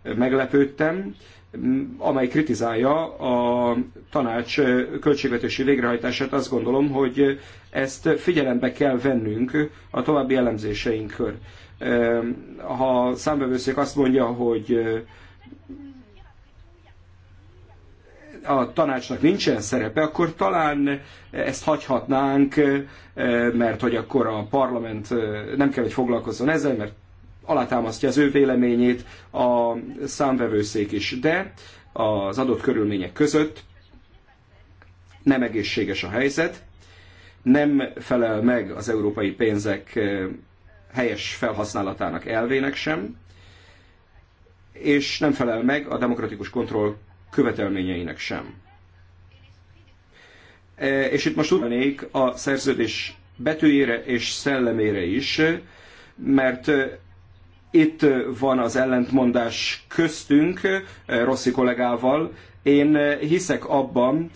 meglepődtem, amely kritizálja a tanács költségvetési végrehajtását, azt gondolom, hogy ezt figyelembe kell vennünk a további elemzéseinkkor. Ehm, ha a számbevőszék azt mondja, hogy ehm, a tanácsnak nincsen szerepe, akkor talán ezt hagyhatnánk, ehm, mert hogy akkor a parlament nem kell, hogy foglalkozzon ezzel, mert alátámasztja az ő véleményét a számvevőszék is, de az adott körülmények között nem egészséges a helyzet, nem felel meg az európai pénzek eh, helyes felhasználatának elvének sem, és nem felel meg a demokratikus kontroll követelményeinek sem. Eh, és itt most utalnék a szerződés betűjére és szellemére is, mert eh, itt van az ellentmondás köztünk, Rossi kollégával. Én hiszek abban,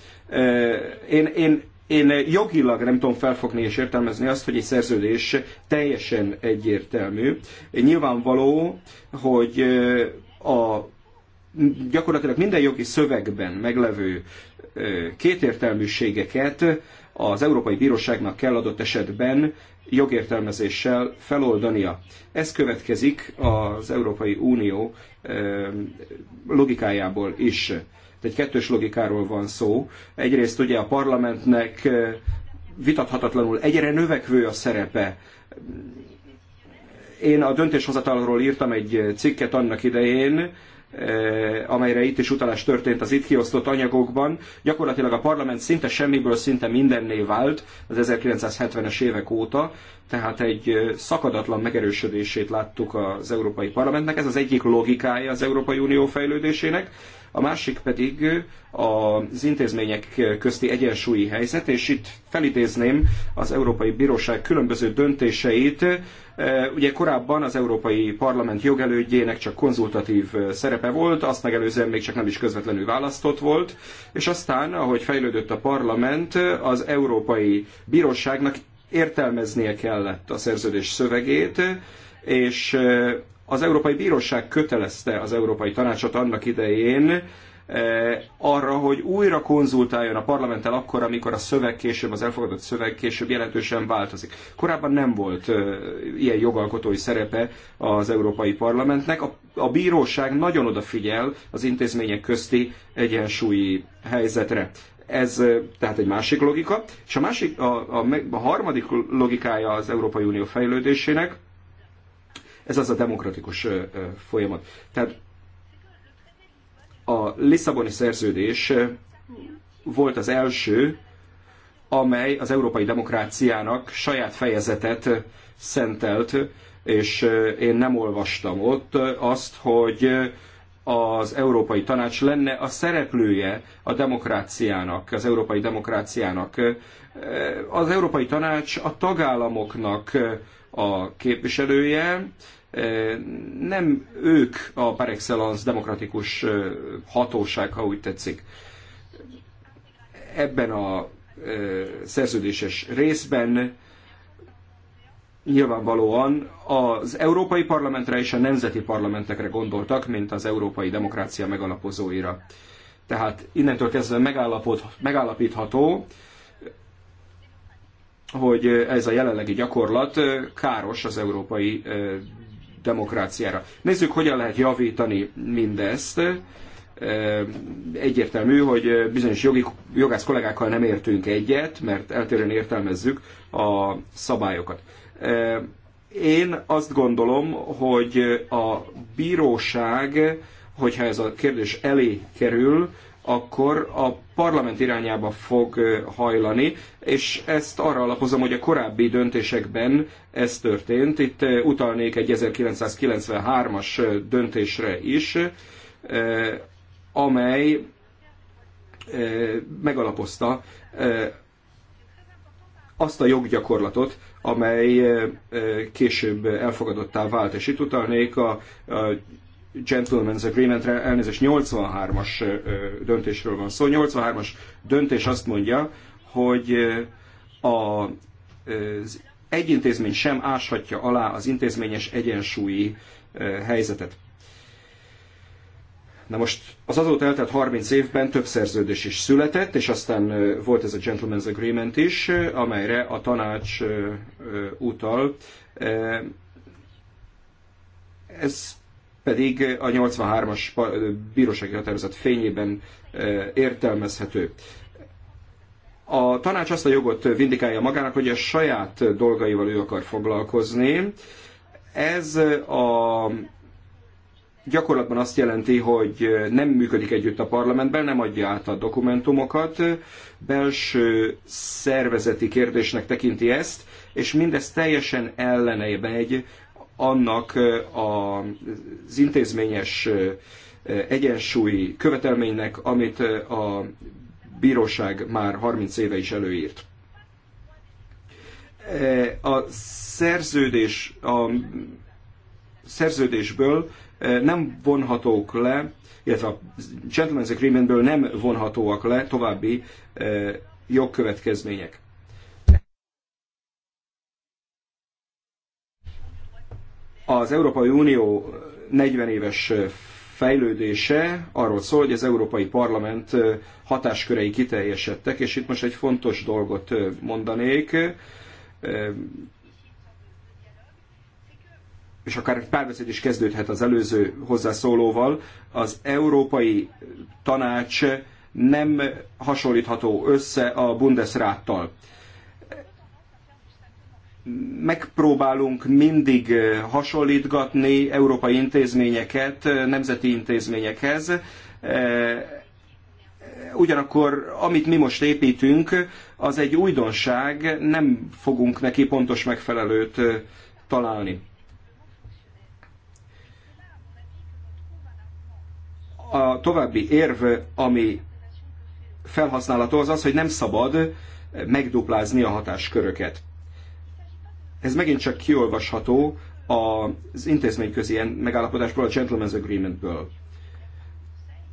én, én, én jogilag nem tudom felfogni és értelmezni azt, hogy egy szerződés teljesen egyértelmű. Nyilvánvaló, hogy a gyakorlatilag minden jogi szövegben meglevő kétértelműségeket az Európai Bíróságnak kell adott esetben jogértelmezéssel feloldania. Ez következik az Európai Unió logikájából is. Egy kettős logikáról van szó. Egyrészt ugye a parlamentnek vitathatatlanul egyre növekvő a szerepe. Én a döntéshozatalról írtam egy cikket annak idején, Eh, amelyre itt is utalás történt az itt kiosztott anyagokban, gyakorlatilag a parlament szinte semmiből szinte mindenné vált az 1970-es évek óta, tehát egy eh, szakadatlan megerősödését láttuk az Európai Parlamentnek, ez az egyik logikája az Európai Unió fejlődésének, a másik pedig az intézmények közti egyensúlyi helyzet, és itt felidézném az Európai Bíróság különböző döntéseit. E, ugye korábban az Európai Parlament jogelődjének csak konzultatív szerepe volt, azt megelőzően még csak nem is közvetlenül választott volt, és aztán, ahogy fejlődött a parlament, az Európai Bíróságnak értelmeznie kellett a szerződés szövegét, és az Európai Bíróság kötelezte az Európai Tanácsot annak idején eh, arra, hogy újra konzultáljon a parlamenttel akkor, amikor a szöveg később, az elfogadott szöveg később jelentősen változik. Korábban nem volt eh, ilyen jogalkotói szerepe az Európai Parlamentnek. A, bíróság nagyon odafigyel az intézmények közti egyensúlyi helyzetre ez eh, tehát egy másik logika. És a, másik, a, a, a harmadik logikája az Európai Unió fejlődésének, ez az a demokratikus folyamat. Tehát a Lisszaboni szerződés volt az első, amely az európai demokráciának saját fejezetet szentelt, és én nem olvastam ott azt, hogy az Európai Tanács lenne a szereplője a demokráciának, az európai demokráciának. Az Európai Tanács a tagállamoknak a képviselője, nem ők a par excellence demokratikus hatóság, ha úgy tetszik. Ebben a szerződéses részben nyilvánvalóan az Európai Parlamentre és a nemzeti parlamentekre gondoltak, mint az európai demokrácia megalapozóira. Tehát innentől kezdve megállapítható, hogy ez a jelenlegi gyakorlat káros az európai demokráciára. Nézzük, hogyan lehet javítani mindezt. Egyértelmű, hogy bizonyos jogi, jogász kollégákkal nem értünk egyet, mert eltérően értelmezzük a szabályokat. Én azt gondolom, hogy a bíróság, hogyha ez a kérdés elé kerül, akkor a parlament irányába fog hajlani, és ezt arra alapozom, hogy a korábbi döntésekben ez történt. Itt utalnék egy 1993-as döntésre is, amely megalapozta azt a joggyakorlatot, amely később elfogadottá vált. És itt utalnék a, a Gentleman's Agreement, elnézés 83-as döntésről van szó. Szóval 83-as döntés azt mondja, hogy a, az egy intézmény sem áshatja alá az intézményes egyensúlyi helyzetet. Na most az azóta eltelt 30 évben több szerződés is született, és aztán volt ez a Gentleman's Agreement is, amelyre a tanács utal. Ez pedig a 83-as bírósági határozat fényében e, értelmezhető. A tanács azt a jogot vindikálja magának, hogy a saját dolgaival ő akar foglalkozni. Ez a gyakorlatban azt jelenti, hogy nem működik együtt a parlamentben, nem adja át a dokumentumokat, belső szervezeti kérdésnek tekinti ezt, és mindez teljesen ellene megy annak az intézményes egyensúlyi követelménynek, amit a bíróság már 30 éve is előírt. A szerződés, a szerződésből nem vonhatók le, illetve a Gentleman's Agreementből nem vonhatóak le további jogkövetkezmények. Az Európai Unió 40 éves fejlődése arról szól, hogy az Európai Parlament hatáskörei kiteljesedtek, és itt most egy fontos dolgot mondanék, és akár egy párbeszéd is kezdődhet az előző hozzászólóval, az Európai Tanács nem hasonlítható össze a Bundesráttal megpróbálunk mindig eh, hasonlítgatni európai intézményeket eh, nemzeti intézményekhez. Eh, ugyanakkor, amit mi most építünk, az egy újdonság, nem fogunk neki pontos megfelelőt találni. A további érv, ami felhasználható, az az, hogy nem szabad megduplázni a hatásköröket ez megint csak kiolvasható az intézményközi megállapodásból, a Gentleman's Agreementből.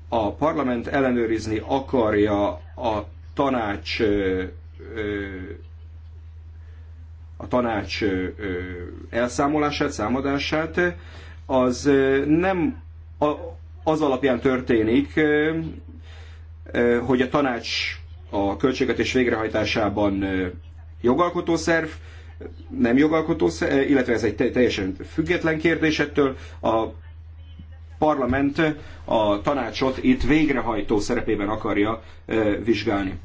A parlament ellenőrizni akarja a tanács a tanács elszámolását, számadását, az nem az alapján történik, hogy a tanács a költségvetés végrehajtásában jogalkotó szerv, nem jogalkotó, eh, illetve ez egy teljesen független kérdés ettől. A parlament a tanácsot itt végrehajtó szerepében akarja eh, vizsgálni.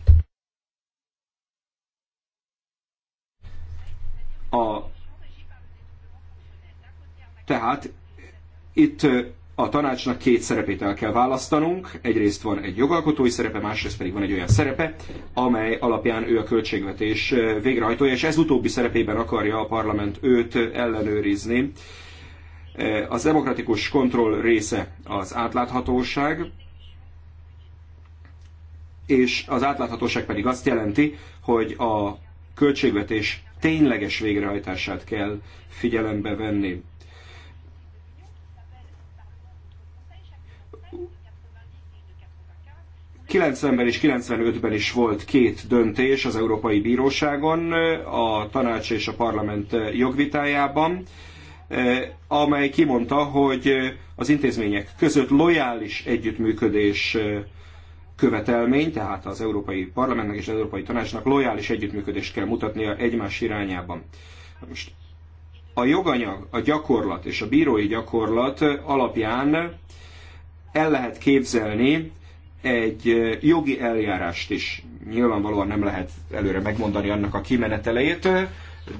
A, tehát itt eh, a tanácsnak két szerepét el kell választanunk. Egyrészt van egy jogalkotói szerepe, másrészt pedig van egy olyan szerepe, amely alapján ő a költségvetés végrehajtója, és ez utóbbi szerepében akarja a parlament őt ellenőrizni. Az demokratikus kontroll része az átláthatóság, és az átláthatóság pedig azt jelenti, hogy a költségvetés tényleges végrehajtását kell figyelembe venni 90-ben és 95-ben is volt két döntés az Európai Bíróságon, a tanács és a parlament jogvitájában, eh, amely kimondta, hogy az intézmények között lojális együttműködés eh, követelmény, tehát az Európai Parlamentnek és az Európai Tanácsnak lojális együttműködést kell mutatnia egymás irányában. Most a joganyag, a gyakorlat és a bírói gyakorlat alapján el lehet képzelni egy jogi eljárást is nyilvánvalóan nem lehet előre megmondani annak a kimeneteleit,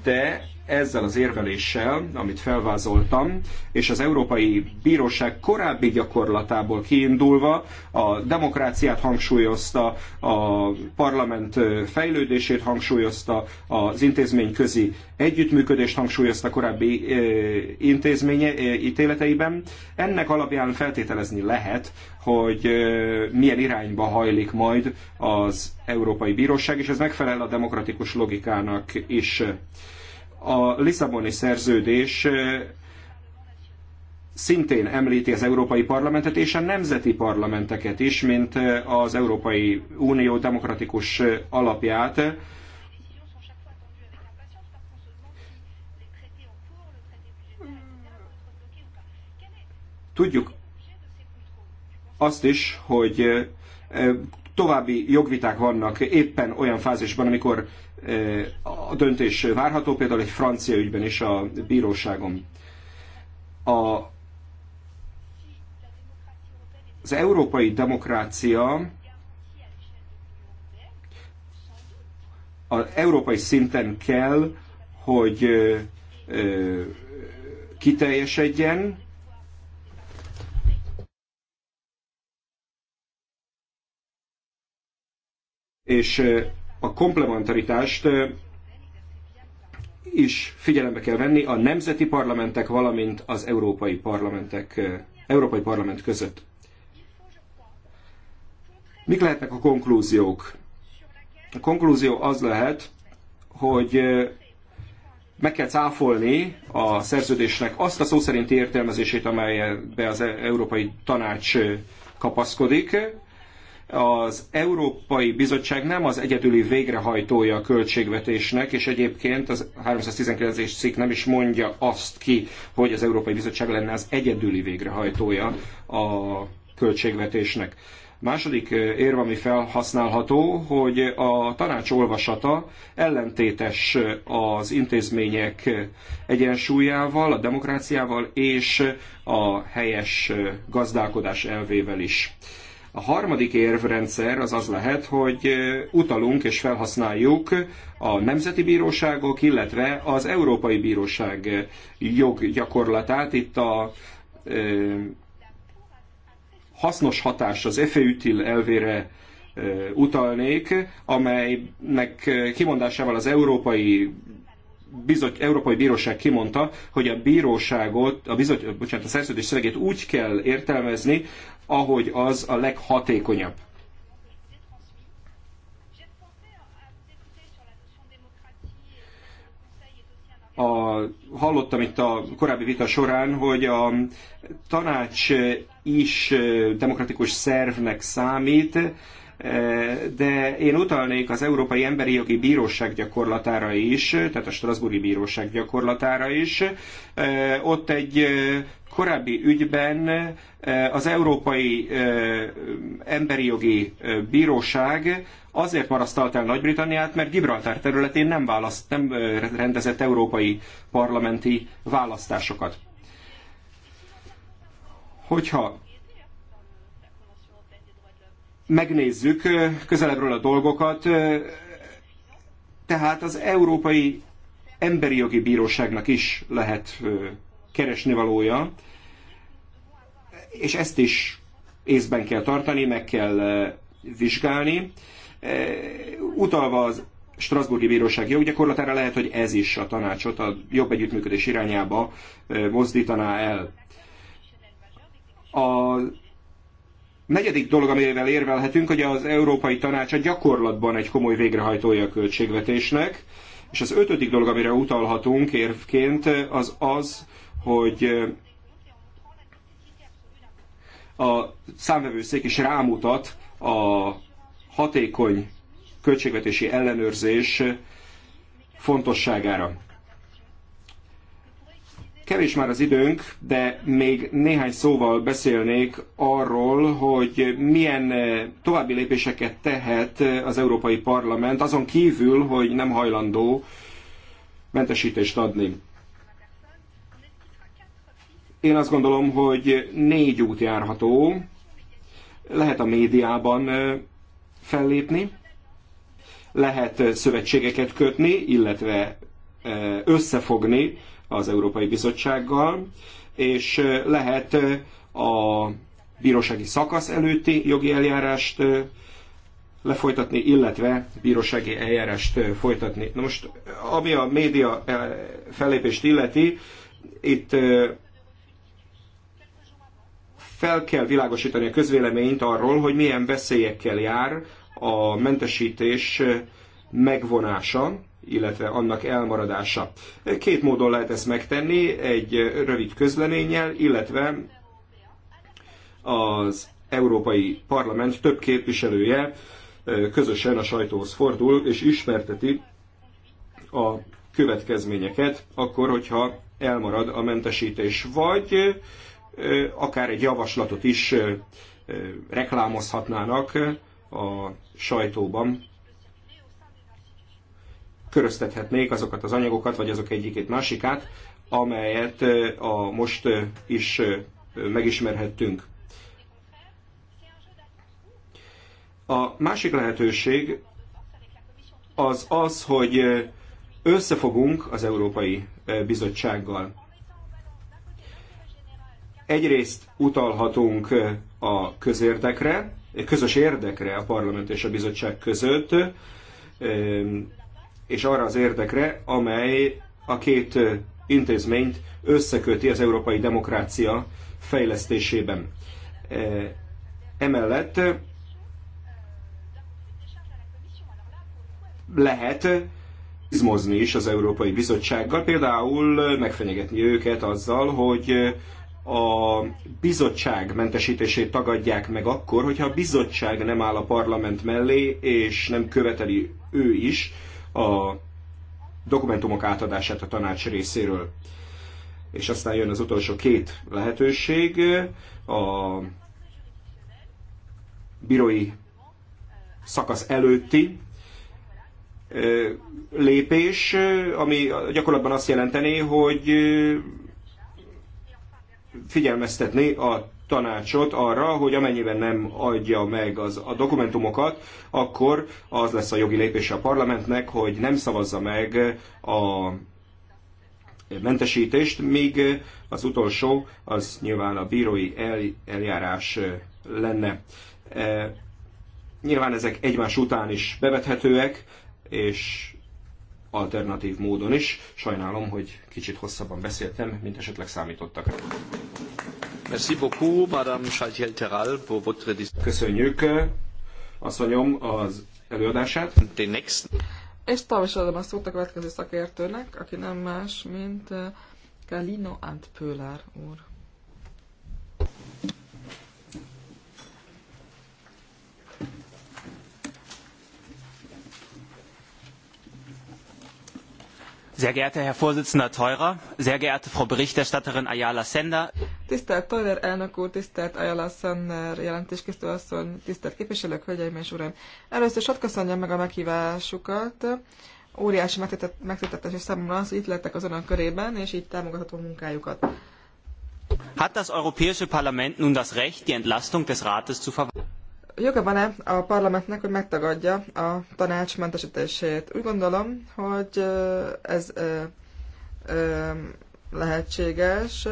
de ezzel az érveléssel, amit felvázoltam, és az Európai Bíróság korábbi gyakorlatából kiindulva a demokráciát hangsúlyozta, a parlament fejlődését hangsúlyozta, az intézményközi együttműködést hangsúlyozta korábbi intézménye, ítéleteiben. Ennek alapján feltételezni lehet, hogy milyen irányba hajlik majd az Európai Bíróság, és ez megfelel a demokratikus logikának is. A Lisszaboni szerződés szintén említi az Európai Parlamentet és a nemzeti parlamenteket is, mint az Európai Unió demokratikus alapját. Tudjuk azt is, hogy további jogviták vannak éppen olyan fázisban, amikor a döntés várható például egy francia ügyben is a bíróságon. A, az európai demokrácia az európai szinten kell, hogy ö, ö, kiteljesedjen. És a komplementaritást is figyelembe kell venni a nemzeti parlamentek, valamint az európai parlamentek, európai parlament között. Mik lehetnek a konklúziók? A konklúzió az lehet, hogy meg kell cáfolni a szerződésnek azt a szó szerinti értelmezését, amelybe az Európai Tanács kapaszkodik, az Európai Bizottság nem az egyedüli végrehajtója a költségvetésnek, és egyébként az 319-es cikk nem is mondja azt ki, hogy az Európai Bizottság lenne az egyedüli végrehajtója a költségvetésnek. Második érv, ami felhasználható, hogy a tanács olvasata ellentétes az intézmények egyensúlyával, a demokráciával és a helyes gazdálkodás elvével is. A harmadik érvrendszer az az lehet, hogy utalunk és felhasználjuk a nemzeti bíróságok, illetve az Európai Bíróság joggyakorlatát. Itt a hasznos hatás az EFE ütil elvére utalnék, amelynek kimondásával az Európai bizot, Európai Bíróság kimondta, hogy a bíróságot, a, bizot, bocsánat, a szerződés szövegét úgy kell értelmezni, ahogy az a leghatékonyabb. A, hallottam itt a korábbi vita során, hogy a tanács is demokratikus szervnek számít, de én utalnék az Európai Emberi Jogi Bíróság gyakorlatára is, tehát a Strasbourgi Bíróság gyakorlatára is. Ott egy korábbi ügyben az Európai Emberi Jogi Bíróság azért marasztalt el Nagy-Britanniát, mert Gibraltár területén nem, választ, nem rendezett európai parlamenti választásokat. Hogyha megnézzük közelebbről a dolgokat, tehát az Európai Emberi Jogi Bíróságnak is lehet keresni valója, és ezt is észben kell tartani, meg kell vizsgálni. Utalva az Strasburgi Bíróság joggyakorlatára lehet, hogy ez is a tanácsot a jobb együttműködés irányába mozdítaná el. A negyedik dolog, amivel érvelhetünk, hogy az Európai Tanács a gyakorlatban egy komoly végrehajtója a költségvetésnek, és az ötödik dolog, amire utalhatunk érvként, az az, hogy a számvevőszék is rámutat a hatékony költségvetési ellenőrzés fontosságára. Kevés már az időnk, de még néhány szóval beszélnék arról, hogy milyen eh, további lépéseket tehet eh, az Európai Parlament, azon kívül, hogy nem hajlandó mentesítést adni. Én azt gondolom, hogy négy út járható. Lehet a médiában eh, fellépni, lehet szövetségeket kötni, illetve összefogni, az Európai Bizottsággal, és lehet a bírósági szakasz előtti jogi eljárást lefolytatni, illetve bírósági eljárást folytatni. Na most, ami a média fellépést illeti, itt fel kell világosítani a közvéleményt arról, hogy milyen veszélyekkel jár a mentesítés megvonása, illetve annak elmaradása. Két módon lehet ezt megtenni, egy rövid közleménnyel, illetve az Európai Parlament több képviselője közösen a sajtóhoz fordul, és ismerteti a következményeket, akkor, hogyha elmarad a mentesítés, vagy akár egy javaslatot is reklámozhatnának a sajtóban köröztethetnék azokat az anyagokat, vagy azok egyikét másikát, amelyet a most is megismerhettünk. A másik lehetőség az az, hogy összefogunk az Európai Bizottsággal. Egyrészt utalhatunk a közérdekre, közös érdekre a parlament és a bizottság között, és arra az érdekre, amely a két intézményt összeköti az európai demokrácia fejlesztésében. Emellett lehet izmozni is az Európai Bizottsággal, például megfenyegetni őket azzal, hogy a bizottság mentesítését tagadják meg akkor, hogyha a bizottság nem áll a parlament mellé, és nem követeli ő is a dokumentumok átadását a tanács részéről. És aztán jön az utolsó két lehetőség, a bírói szakasz előtti lépés, ami gyakorlatban azt jelenteni, hogy figyelmeztetni a tanácsot arra, hogy amennyiben nem adja meg az, a dokumentumokat, akkor az lesz a jogi lépése a parlamentnek, hogy nem szavazza meg a mentesítést, míg az utolsó az nyilván a bírói el, eljárás lenne. E, nyilván ezek egymás után is bevethetőek, és alternatív módon is. Sajnálom, hogy kicsit hosszabban beszéltem, mint esetleg számítottak. Merci beaucoup, Madame terral pour votre... Köszönjük, asszonyom, az előadását. The next. És tovább adom a szót a következő szakértőnek, aki nem más, mint uh, Kalino Antpöler úr. Sehr geehrter Herr Vorsitzender Theurer, sehr geehrte Frau Berichterstatterin Ayala Sender, Tisztelt Toller elnök úr, tisztelt Ayala Szenner jelentéskészítő asszony, tisztelt képviselők, hölgyeim és uraim! Először sok köszönjem meg a meghívásukat. Óriási megtetetés és számomra az, hogy itt lettek az önök körében, és így támogatható munkájukat. Hát az Európai Parlament nun das Recht, die Entlastung des Rates zu Joga van-e a parlamentnek, hogy megtagadja a tanács mentesítését? Úgy gondolom, hogy ez lehetséges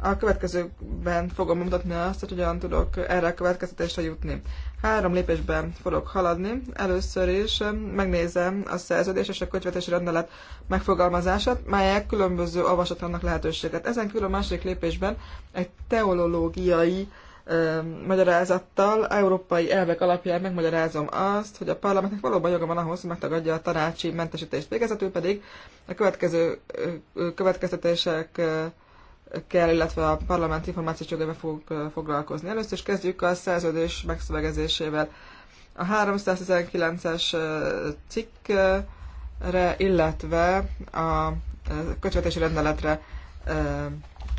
a következőben fogom mutatni azt, hogy hogyan tudok erre a következtetésre jutni. Három lépésben fogok haladni. Először is megnézem a szerződés és a kötvetési rendelet megfogalmazását, melyek különböző olvasatlannak lehetőséget. Ezen külön második lépésben egy teológiai magyarázattal, európai elvek alapján megmagyarázom azt, hogy a parlamentnek valóban joga van ahhoz, hogy megtagadja a tanácsi mentesítést. Végezetül pedig a következő következtetések kell, illetve a parlament információs jogával fog foglalkozni. Először is kezdjük a szerződés megszövegezésével. A 319-es cikkre, illetve a kötvetési rendeletre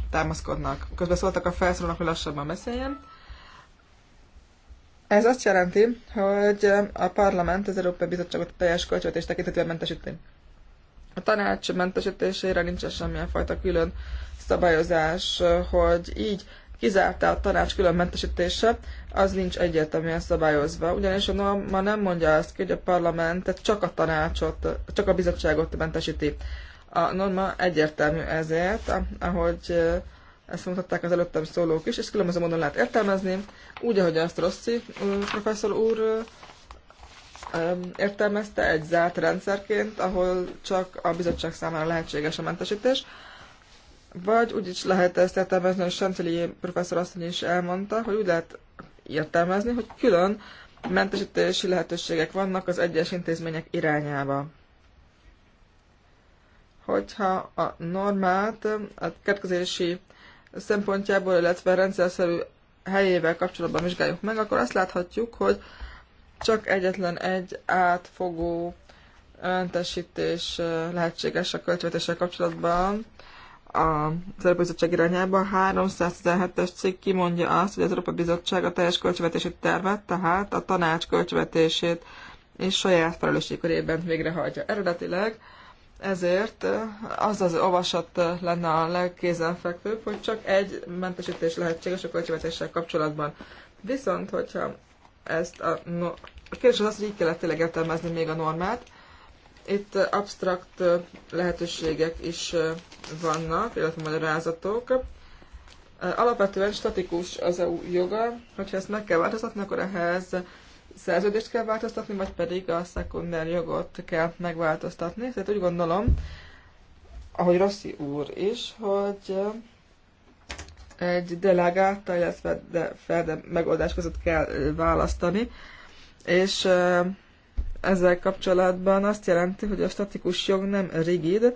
támaszkodnak. Közben szóltak a felszólónak, hogy lassabban beszéljen. Ez azt jelenti, hogy a parlament az Európai Bizottságot teljes költségvetés tekintetően mentesíti. A tanács mentesítésére nincsen semmilyen fajta külön szabályozás, hogy így kizárta a tanács különmentesítése, az nincs egyértelműen szabályozva, ugyanis a norma nem mondja azt ki, hogy a parlamentet csak a tanácsot, csak a bizottságot mentesíti. A norma egyértelmű ezért, ahogy eh, ezt mutatták az előttem szólók is, és különböző módon lehet értelmezni, úgy, ahogy azt Rossi eh, professzor úr eh, értelmezte egy zárt rendszerként, ahol csak a bizottság számára lehetséges a mentesítés, vagy úgy is lehet ezt értelmezni, hogy Chantelier professzor asszony is elmondta, hogy úgy lehet értelmezni, hogy külön mentesítési lehetőségek vannak az egyes intézmények irányába. Hogyha a normát a kertkezési szempontjából, illetve rendszerszerű helyével kapcsolatban vizsgáljuk meg, akkor azt láthatjuk, hogy csak egyetlen egy átfogó mentesítés lehetséges a költvetéssel kapcsolatban, az Európai Bizottság irányába. A 317-es cikk kimondja azt, hogy az Európai Bizottság a teljes költségvetési tervet, tehát a tanács költségvetését és saját felelősség körében végrehajtja. Eredetileg ezért az az olvasat lenne a legkézenfekvőbb, hogy csak egy mentesítés lehetséges a költségvetéssel kapcsolatban. Viszont, hogyha ezt a, no, a kérdés az az, hogy így kellett tényleg értelmezni még a normát, itt abstrakt lehetőségek is vannak, illetve magyarázatok. Alapvetően statikus az EU joga, hogyha ezt meg kell változtatni, akkor ehhez szerződést kell változtatni, vagy pedig a szekunder jogot kell megváltoztatni. Tehát úgy gondolom, ahogy Rossi úr is, hogy egy delegáta, illetve de megoldás között kell választani, és ezzel kapcsolatban azt jelenti, hogy a statikus jog nem rigid,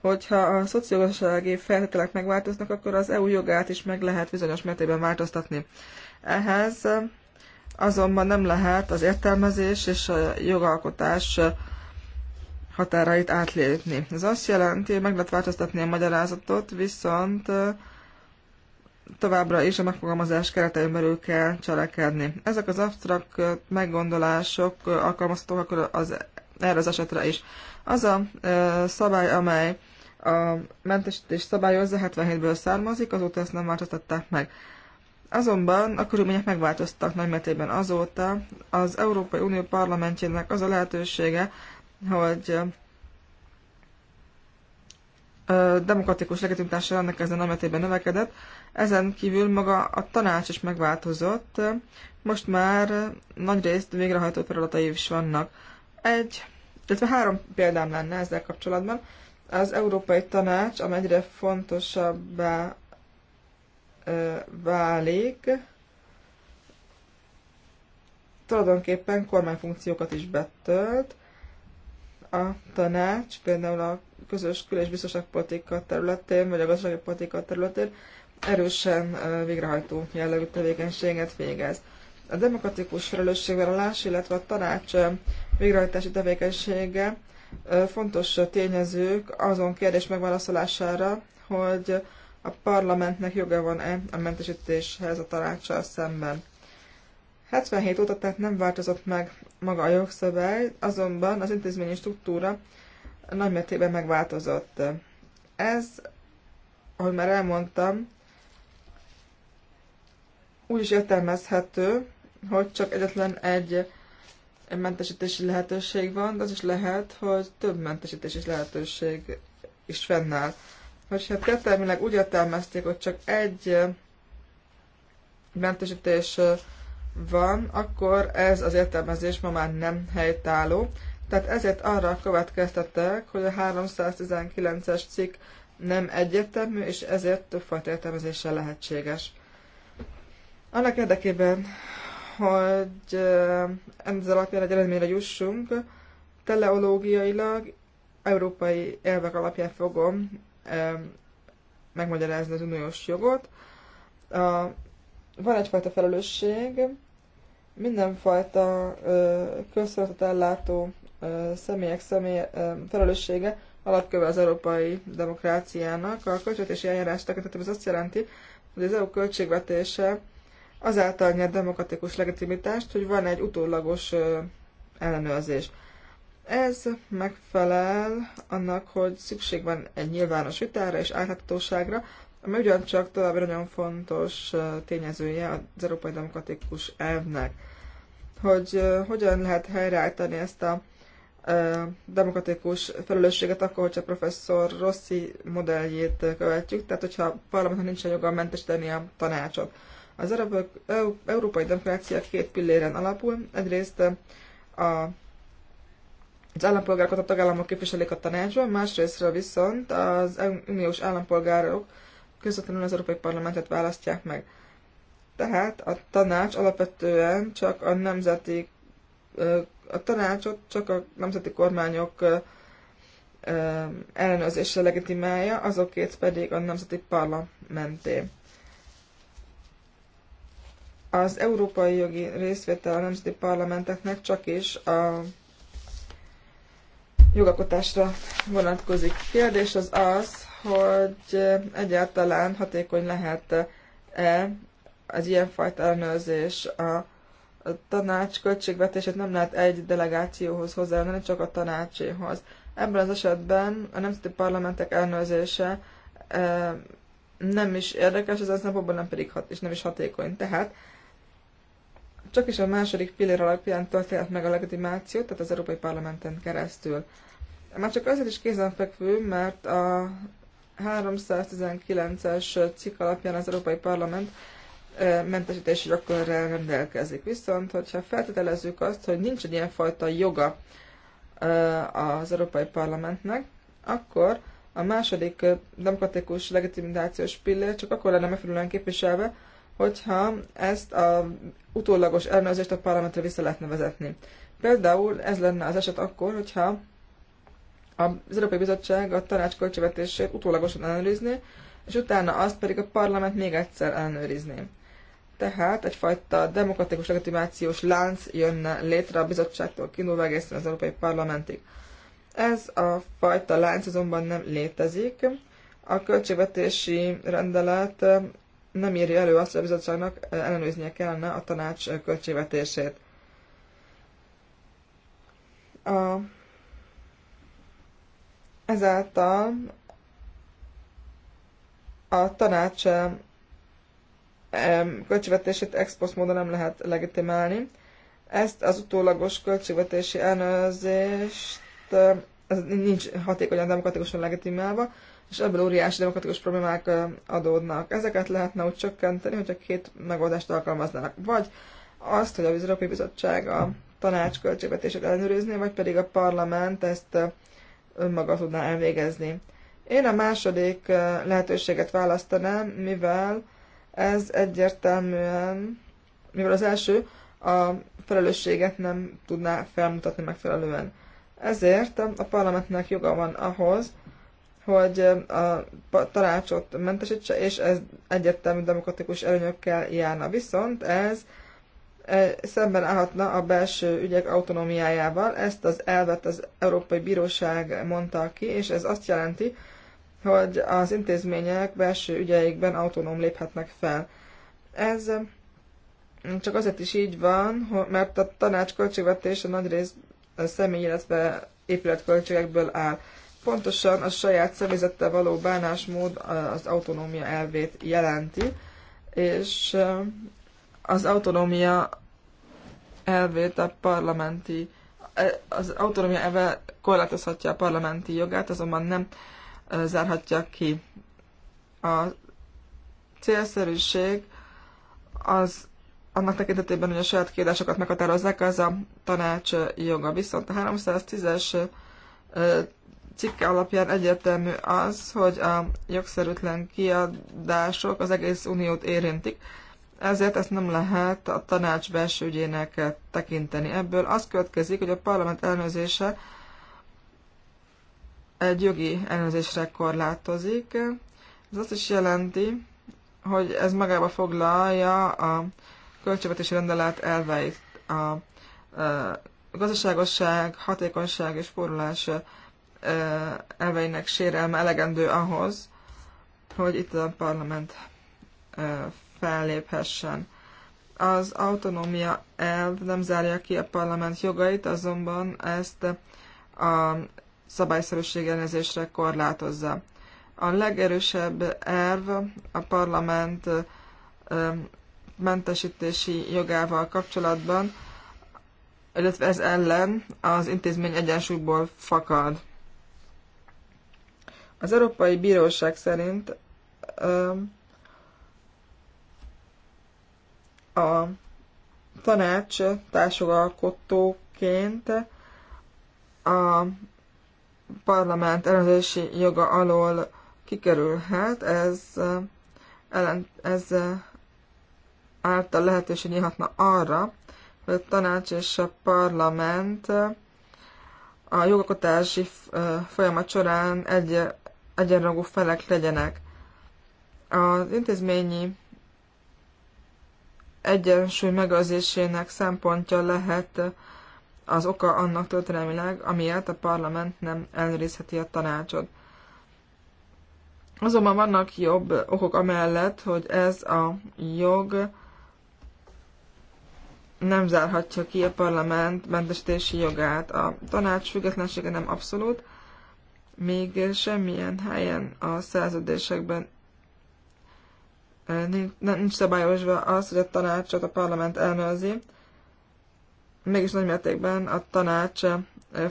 hogyha a szociogazdasági feltételek megváltoznak, akkor az EU jogát is meg lehet bizonyos mértékben változtatni. Ehhez azonban nem lehet az értelmezés és a jogalkotás határait átlépni. Ez azt jelenti, hogy meg lehet változtatni a magyarázatot, viszont továbbra is a megfogalmazás keretein belül kell cselekedni. Ezek az absztrakt meggondolások alkalmazhatók akkor az, erre az esetre is. Az a e, szabály, amely a mentesítés szabályozza 77-ből származik, azóta ezt nem változtatták meg. Azonban a körülmények megváltoztak nagymértékben azóta. Az Európai Unió parlamentjének az a lehetősége, hogy demokratikus legitimitása ennek ezen a metében növekedett. Ezen kívül maga a tanács is megváltozott, most már nagy részt végrehajtó feladatai is vannak. Egy, illetve három példám lenne ezzel kapcsolatban. Az Európai Tanács, amelyre fontosabbá válik, tulajdonképpen kormányfunkciókat is betölt. A tanács például a közös kül- és biztonságpolitika területén, vagy a gazdasági politika területén erősen végrehajtó jellegű tevékenységet végez. A demokratikus felelősségvállalás, illetve a tanács végrehajtási tevékenysége fontos tényezők azon kérdés megválaszolására, hogy a parlamentnek joga van-e a mentesítéshez a tanácssal szemben. 77 óta tehát nem változott meg maga a jogszabály, azonban az intézményi struktúra nagymértékben megváltozott. Ez, ahogy már elmondtam, úgy is értelmezhető, hogy csak egyetlen egy mentesítési lehetőség van, de az is lehet, hogy több mentesítési lehetőség is fennáll. Hogy hát kettelmileg úgy értelmezték, hogy csak egy mentesítés van, akkor ez az értelmezés ma már nem helytálló, tehát ezért arra következtettek, hogy a 319-es cikk nem egyértelmű, és ezért többfajta értelmezése lehetséges. Annak érdekében, hogy ez alapján egy eredményre jussunk, teleológiailag, európai elvek alapján fogom megmagyarázni az uniós jogot. Van egyfajta felelősség, mindenfajta közszolgáltat ellátó személyek személy, felelőssége alapköve az európai demokráciának. A költségvetési eljárás tekintetében ez azt jelenti, hogy az EU költségvetése azáltal nyer demokratikus legitimitást, hogy van egy utólagos ellenőrzés. Ez megfelel annak, hogy szükség van egy nyilvános vitára és átláthatóságra, ami ugyancsak további nagyon fontos tényezője az európai demokratikus elvnek. Hogy hogyan lehet helyreállítani ezt a demokratikus felelősséget akkor, hogyha professzor Rossi modelljét követjük, tehát hogyha a parlamentnek nincsen joga mentesíteni a tanácsot. Az európai demokrácia két pilléren alapul. Egyrészt a, az állampolgárokat a tagállamok képviselik a tanácsban, másrésztről viszont az uniós állampolgárok közvetlenül az Európai Parlamentet választják meg. Tehát a tanács alapvetően csak a nemzeti a tanácsot csak a nemzeti kormányok ellenőrzése legitimálja, azokét pedig a nemzeti parlamenté. Az európai jogi részvétel a nemzeti parlamenteknek csak is a jogalkotásra vonatkozik. Kérdés az az, hogy egyáltalán hatékony lehet-e az ilyenfajta ellenőrzés a a tanács költségvetését nem lehet egy delegációhoz hozzáadni, csak a tanácséhoz. Ebben az esetben a nemzeti parlamentek elnőrzése e, eh, nem is érdekes, az napokban nem pedig hat, és nem is hatékony. Tehát csak is a második pillér alapján történhet meg a legitimáció, tehát az Európai Parlamenten keresztül. Már csak azért is kézenfekvő, mert a 319-es cikk alapján az Európai Parlament mentesítési jogkörrel rendelkezik. Viszont, hogyha feltételezzük azt, hogy nincs egy ilyenfajta joga az Európai Parlamentnek, akkor a második demokratikus legitimizációs pillér csak akkor lenne megfelelően képviselve, hogyha ezt a utólagos ellenőrzést a parlamentre vissza lehetne vezetni. Például ez lenne az eset akkor, hogyha az Európai Bizottság a tanács költségvetését utólagosan ellenőrizné, és utána azt pedig a parlament még egyszer ellenőrizné. Tehát egyfajta demokratikus legitimációs lánc jönne létre a bizottságtól kiindulva egészen az Európai Parlamentig. Ez a fajta lánc azonban nem létezik. A költségvetési rendelet nem írja elő azt, hogy a bizottságnak ellenőznie kellene a tanács költségvetését. A... Ezáltal a tanács költségvetését ex post módon nem lehet legitimálni. Ezt az utólagos költségvetési ellenőrzést ez nincs hatékonyan demokratikusan legitimálva, és ebből óriási demokratikus problémák adódnak. Ezeket lehetne úgy csökkenteni, hogyha két megoldást alkalmaznának. Vagy azt, hogy a Európai Bizottság a tanács költségvetését ellenőrizni, vagy pedig a parlament ezt önmaga tudná elvégezni. Én a második lehetőséget választanám, mivel ez egyértelműen, mivel az első, a felelősséget nem tudná felmutatni megfelelően. Ezért a parlamentnek joga van ahhoz, hogy a tanácsot mentesítse, és ez egyértelmű demokratikus előnyökkel járna. Viszont ez e, szemben állhatna a belső ügyek autonómiájával. Ezt az elvet az Európai Bíróság mondta ki, és ez azt jelenti, hogy az intézmények belső ügyeikben autonóm léphetnek fel. Ez um, csak azért is így van, mert a tanács költségvetése nagy rész személy, illetve épületköltségekből áll. Pontosan a saját személyzettel való bánásmód az autonómia elvét jelenti, és az autonómia elvét a parlamenti, az autonómia elve korlátozhatja a parlamenti jogát, azonban nem zárhatja ki. A célszerűség az annak tekintetében, hogy a saját kiadásokat meghatározzák, az a tanács joga. Viszont a 310-es cikke alapján egyértelmű az, hogy a jogszerűtlen kiadások az egész uniót érintik, ezért ezt nem lehet a tanács belső ügyének tekinteni. Ebből az következik, hogy a parlament elnőzése egy jogi ellenőrzésre korlátozik. Ez azt is jelenti, hogy ez magába foglalja a költségvetési rendelet elveit, a, a e, gazdaságosság, hatékonyság és forrulás e, elveinek sérelme elegendő ahhoz, hogy itt a parlament e, felléphessen. Az autonómia elv nem zárja ki a parlament jogait, azonban ezt a szabályszerűség ellenzésre korlátozza. A legerősebb erv a parlament mentesítési jogával kapcsolatban, illetve ez ellen az intézmény egyensúlyból fakad. Az Európai Bíróság szerint a tanács társjogalkotóként a parlament ellenőrzési joga alól kikerülhet, ez, ellen, ez által lehetőség nyíhatna arra, hogy a tanács és a parlament a jogalkotási folyamat során egy, egyenrangú felek legyenek. Az intézményi egyensúly megőrzésének szempontja lehet az oka annak történelmileg, amiért a parlament nem ellenőrizheti a tanácsot. Azonban vannak jobb okok amellett, hogy ez a jog nem zárhatja ki a parlament mentesítési jogát. A tanács függetlensége nem abszolút, még semmilyen helyen a szerződésekben eh, nincs szabályozva az, hogy a tanácsot a parlament elnőzi, mégis nagy mértékben a tanács eh,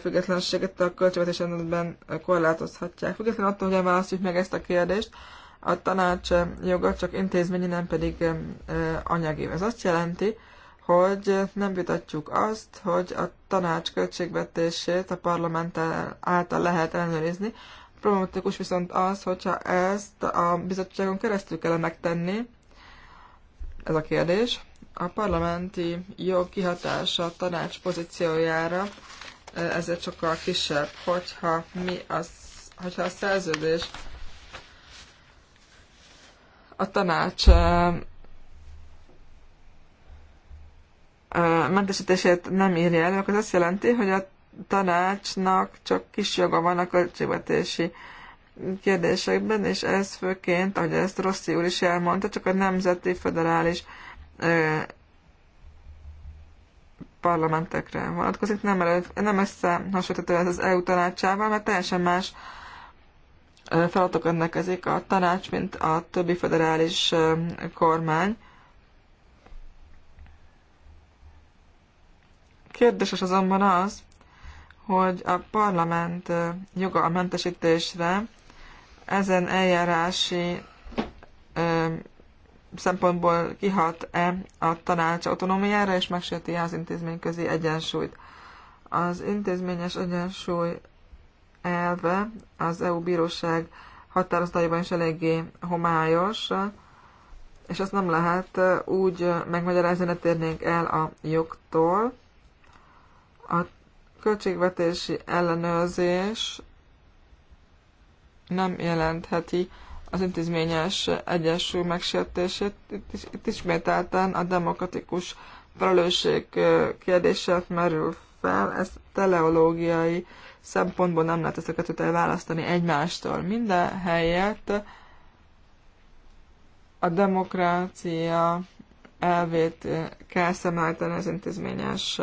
függetlenséget a költségvetésben eh, korlátozhatják. Független attól, hogy választjuk meg ezt a kérdést, a tanács eh, joga csak intézményi, nem pedig anyagi. Ez azt jelenti, hogy nem vitatjuk azt, hogy a tanács költségvetését a parlament által lehet ellenőrizni. Problematikus viszont az, hogyha ezt a bizottságon keresztül kellene megtenni, ez a kérdés, a parlamenti jog kihatása a tanács pozíciójára, e, ezért sokkal kisebb, hogyha, mi az, hogyha a szerződés a tanács e, e, mentesítését nem írja elő, akkor az azt jelenti, hogy a tanácsnak csak kis joga van a költségvetési kérdésekben, és ez főként, ahogy ezt Rossi úr is elmondta, csak a nemzeti federális parlamentekre vonatkozik, nem, előtt, nem összehasonlítható ez az EU tanácsával, mert teljesen más feladatok rendelkezik a tanács, mint a többi federális kormány. Kérdéses azonban az, hogy a parlament joga a mentesítésre ezen eljárási szempontból kihat-e a tanács autonómiára, és megsérti -e az intézmény közé egyensúlyt. Az intézményes egyensúly elve az EU bíróság határozataiban is eléggé homályos, és ezt nem lehet úgy megmagyarázni, ne térnénk el a jogtól. A költségvetési ellenőrzés nem jelentheti az intézményes egyensúly megsértését. Itt, is, itt ismételten a demokratikus felelősség kérdése merül fel. Ez teleológiai szempontból nem lehet ezeket választani egymástól. Minden helyett a demokrácia elvét kell szemelteni az intézményes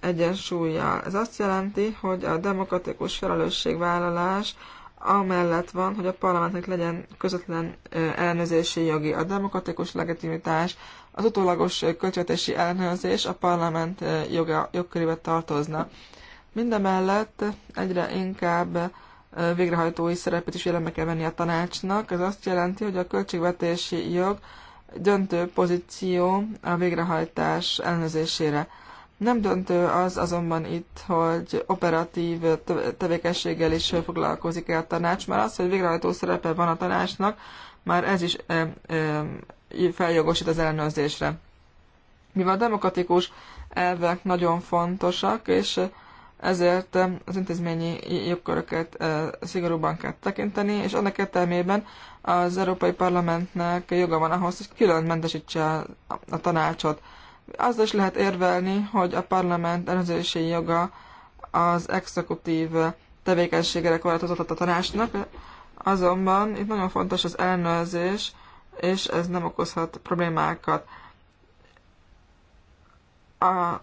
egyensúlyjal. Ez azt jelenti, hogy a demokratikus felelősségvállalás amellett van, hogy a parlamentnek legyen közvetlen ellenőrzési jogi. A demokratikus legitimitás, az utólagos költségvetési ellenőrzés a parlament joga, jogkörébe tartozna. Mindemellett egyre inkább végrehajtói szerepet is jelenbe kell venni a tanácsnak. Ez azt jelenti, hogy a költségvetési jog döntő pozíció a végrehajtás ellenőrzésére. Nem döntő az azonban itt, hogy operatív tevékenységgel is foglalkozik el a tanács, mert az, hogy végrehajtó szerepe van a tanácsnak, már ez is feljogosít az ellenőrzésre. Mivel a demokratikus elvek nagyon fontosak, és ezért az intézményi jogköröket szigorúban kell tekinteni, és annak értelmében az Európai Parlamentnek joga van ahhoz, hogy külön mentesítse a tanácsot azzal is lehet érvelni, hogy a parlament előzési joga az exekutív tevékenységére korlátozott a tanácsnak, azonban itt nagyon fontos az ellenőrzés, és ez nem okozhat problémákat. A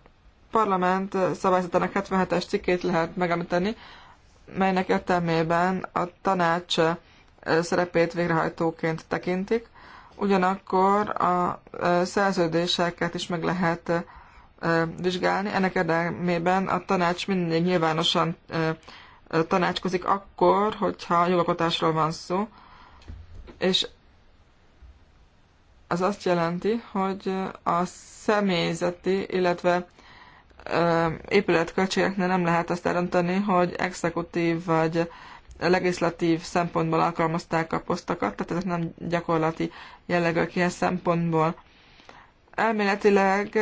parlament szabályzatának 77-es cikkét lehet megemlíteni, melynek értelmében a tanács szerepét végrehajtóként tekintik, Ugyanakkor a szerződéseket is meg lehet vizsgálni. Ennek érdemében a tanács mindig nyilvánosan tanácskozik akkor, hogyha jogalkotásról van szó, és az azt jelenti, hogy a személyzeti, illetve épületköltségeknél nem lehet azt elönteni, hogy exekutív vagy legislatív szempontból alkalmazták a posztokat, tehát ezek nem gyakorlati jellegűek ilyen szempontból. Elméletileg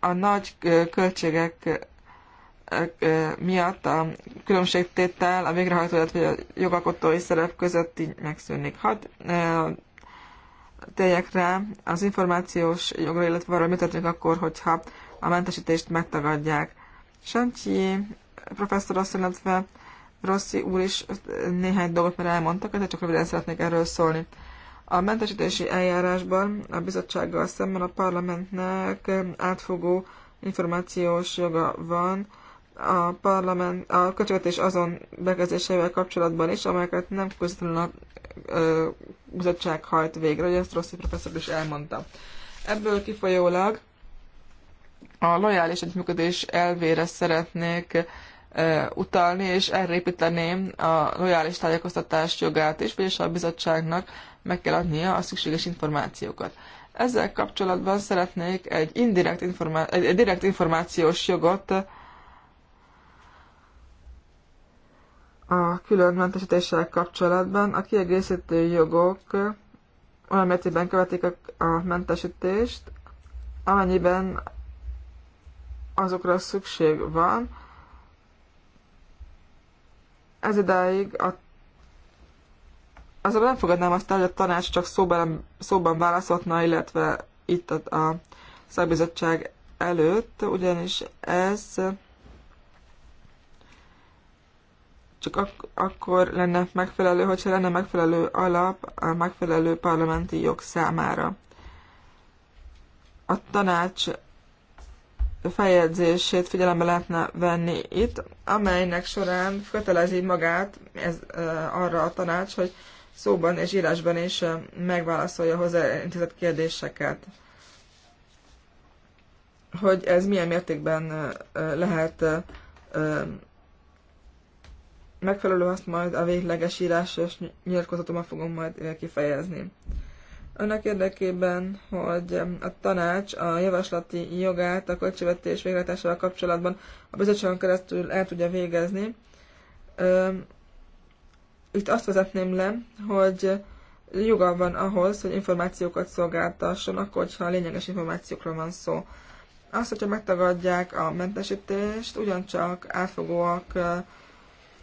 a nagy költségek miatt a különbségtétel a végrehajtó, vagy a jogalkotói szerep között így megszűnik. Hadd tegyek rá az információs jogra, illetve arra, mi történik akkor, hogyha a mentesítést megtagadják. Santyi professzor azt, illetve Rossi úr is néhány dolgot már elmondtak, ezért csak röviden szeretnék erről szólni. A mentesítési eljárásban a bizottsággal szemben a parlamentnek átfogó információs joga van a parlament, a költségvetés azon bekezdéseivel kapcsolatban is, amelyeket nem közvetlenül a bizottság hajt végre, hogy ezt Rossi professzor is elmondta. Ebből kifolyólag a lojális együttműködés elvére szeretnék utalni, és erre építeném a lojális tájékoztatás jogát is, vagyis a bizottságnak meg kell adnia a szükséges információkat. Ezzel kapcsolatban szeretnék egy, indirekt informá- egy, direkt információs jogot a külön mentesítéssel kapcsolatban. A kiegészítő jogok olyan mértékben követik a, a mentesítést, amennyiben azokra szükség van, ez idáig a azonban nem fogadnám azt el, hogy a tanács csak szóban, szóban válaszolna, illetve itt a, a szakbizottság előtt, ugyanis ez csak ak- akkor lenne megfelelő, hogyha lenne megfelelő alap a megfelelő parlamenti jog számára. A tanács feljegyzését figyelembe lehetne venni itt, amelynek során kötelezi magát ez, arra a tanács, hogy szóban és írásban is megválaszolja hozzá intézett kérdéseket. Hogy ez milyen mértékben lehet megfelelő, azt majd a végleges írásos nyilatkozatomban fogom majd kifejezni annak érdekében, hogy a tanács a javaslati jogát a költségvetés végrehajtásával kapcsolatban a bizottságon keresztül el tudja végezni. Itt azt vezetném le, hogy joga van ahhoz, hogy információkat szolgáltasson, akkor, hogyha lényeges információkra van szó. Azt, hogyha megtagadják a mentesítést, ugyancsak átfogóak,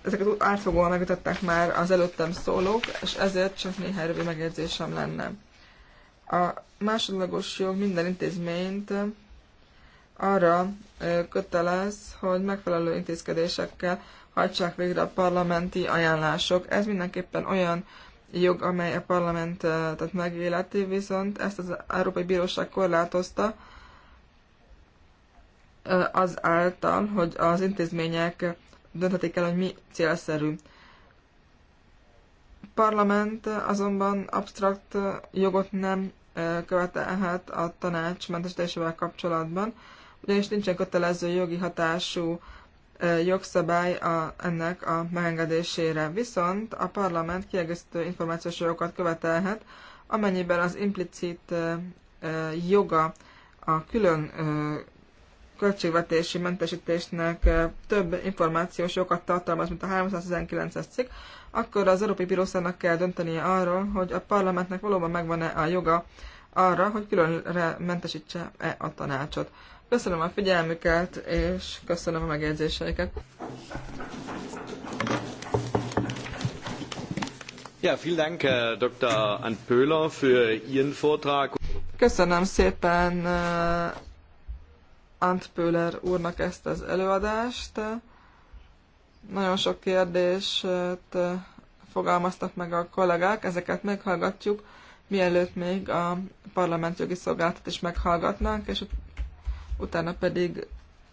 ezeket átfogóan megütöttek már az előttem szólók, és ezért csak néhány rövid megjegyzésem lenne. A másodlagos jog minden intézményt arra kötelez, hogy megfelelő intézkedésekkel hajtsák végre a parlamenti ajánlások. Ez mindenképpen olyan jog, amely a parlamentet megéleti, viszont ezt az Európai Bíróság korlátozta azáltal, hogy az intézmények dönthetik el, hogy mi célszerű parlament azonban absztrakt jogot nem követelhet a tanács mentesítésével kapcsolatban, ugyanis nincsen kötelező jogi hatású jogszabály a, ennek a megengedésére. Viszont a parlament kiegészítő információs jogokat követelhet, amennyiben az implicit joga a külön költségvetési mentesítésnek több információs jogat tartalmaz, mint a 319-es cikk, akkor az Európai Bíróságnak kell döntenie arról, hogy a parlamentnek valóban megvan-e a joga arra, hogy különre mentesítse-e a tanácsot. Köszönöm a figyelmüket, és köszönöm a megjegyzéseiket. Ja, vielen Dank, äh, Dr. Ant Pöhler, für Ihren Vortrag. Köszönöm szépen äh, Ant úrnak ezt az előadást. Nagyon sok kérdést fogalmaztak meg a kollégák, ezeket meghallgatjuk, mielőtt még a parlament jogi szolgáltat is meghallgatnánk, és utána pedig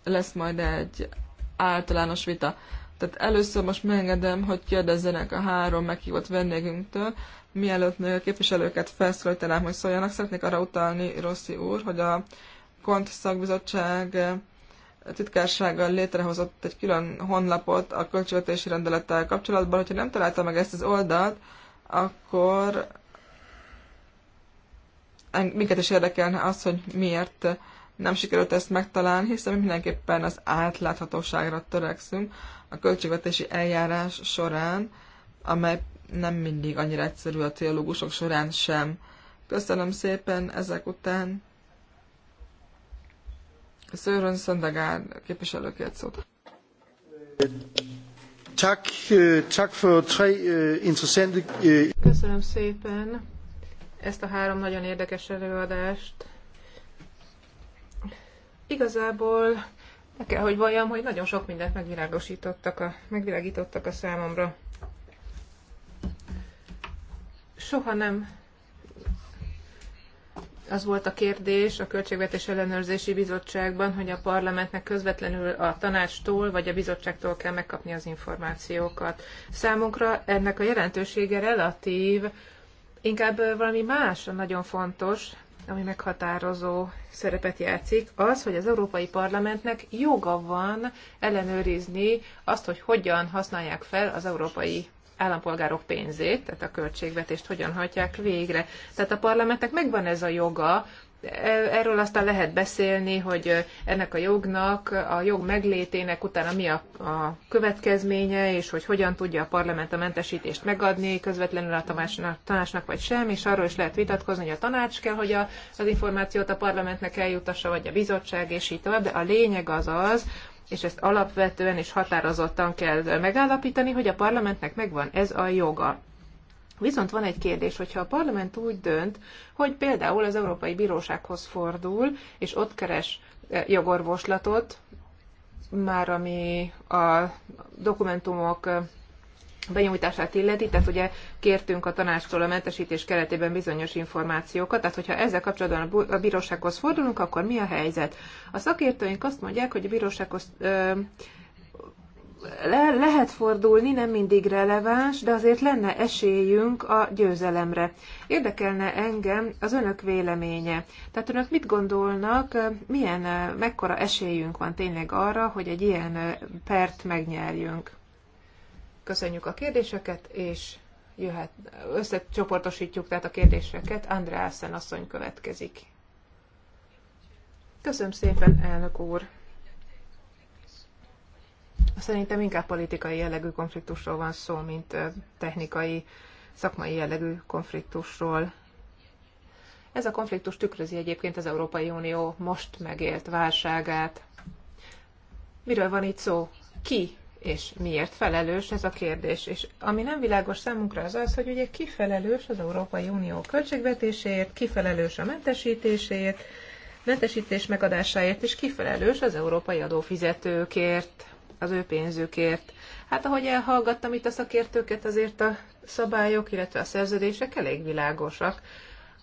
lesz majd egy általános vita. Tehát először most megengedem, hogy kérdezzenek a három meghívott vendégünktől, mielőtt a képviselőket felszólítanám, hogy szóljanak. Szeretnék arra utalni, Rossi úr, hogy a KONT szakbizottság eh, titkársága létrehozott egy külön honlapot a költségvetési rendelettel kapcsolatban. Hogyha nem találta meg ezt az oldalt, akkor minket is érdekelne az, hogy miért nem sikerült ezt megtalálni, hiszen mi mindenképpen az átláthatóságra törekszünk a költségvetési eljárás során, amely nem mindig annyira egyszerű a teológusok során sem. Köszönöm szépen ezek után. Szőrön Szendegár képviselő kért szót. Tak, øh, tak for tre øh, interessante... Øh, Köszönöm szépen ezt a három nagyon érdekes előadást. Igazából meg kell, hogy valljam, hogy nagyon sok mindent megvilágosítottak a, megvilágítottak a számomra. Soha nem az volt a kérdés a Költségvetés Ellenőrzési Bizottságban, hogy a parlamentnek közvetlenül a tanácstól vagy a bizottságtól kell megkapni az információkat. Számunkra ennek a jelentősége relatív, inkább valami más nagyon fontos, ami meghatározó szerepet játszik, az, hogy az Európai Parlamentnek joga van ellenőrizni azt, hogy hogyan használják fel az európai állampolgárok pénzét, tehát a költségvetést hogyan hajtják végre. Tehát a parlamentnek megvan ez a joga, Erről aztán lehet beszélni, hogy ennek a jognak, a jog meglétének utána mi a, a következménye, és hogy hogyan tudja a parlament a mentesítést megadni közvetlenül a tanácsnak, tanácsnak vagy sem, és arról is lehet vitatkozni, hogy a tanács kell, hogy a, az információt a parlamentnek eljutassa, vagy a bizottság, és így tovább, de a lényeg az az, és ezt alapvetően és határozottan kell megállapítani, hogy a parlamentnek megvan ez a joga. Viszont van egy kérdés, hogyha a parlament úgy dönt, hogy például az Európai Bírósághoz fordul, és ott keres eh, jogorvoslatot, már ami a dokumentumok eh, benyújtását illeti, tehát ugye kértünk a tanácstól a mentesítés keretében bizonyos információkat, tehát hogyha ezzel kapcsolatban a bírósághoz fordulunk, akkor mi a helyzet? A szakértőink azt mondják, hogy a bírósághoz le, lehet fordulni, nem mindig releváns, de azért lenne esélyünk a győzelemre. Érdekelne engem az önök véleménye. Tehát önök mit gondolnak, milyen, mekkora esélyünk van tényleg arra, hogy egy ilyen pert megnyerjünk? köszönjük a kérdéseket, és jöhet, összecsoportosítjuk tehát a kérdéseket. Andreasen asszony következik. Köszönöm szépen, elnök úr! Szerintem inkább politikai jellegű konfliktusról van szó, mint technikai, szakmai jellegű konfliktusról. Ez a konfliktus tükrözi egyébként az Európai Unió most megélt válságát. Miről van itt szó? Ki és miért felelős ez a kérdés. És ami nem világos számunkra az az, hogy ugye kifelelős az Európai Unió költségvetéséért, kifelelős a mentesítéséért, mentesítés megadásáért, és kifelelős az európai adófizetőkért, az ő pénzükért. Hát ahogy elhallgattam itt a szakértőket, azért a szabályok, illetve a szerződések elég világosak.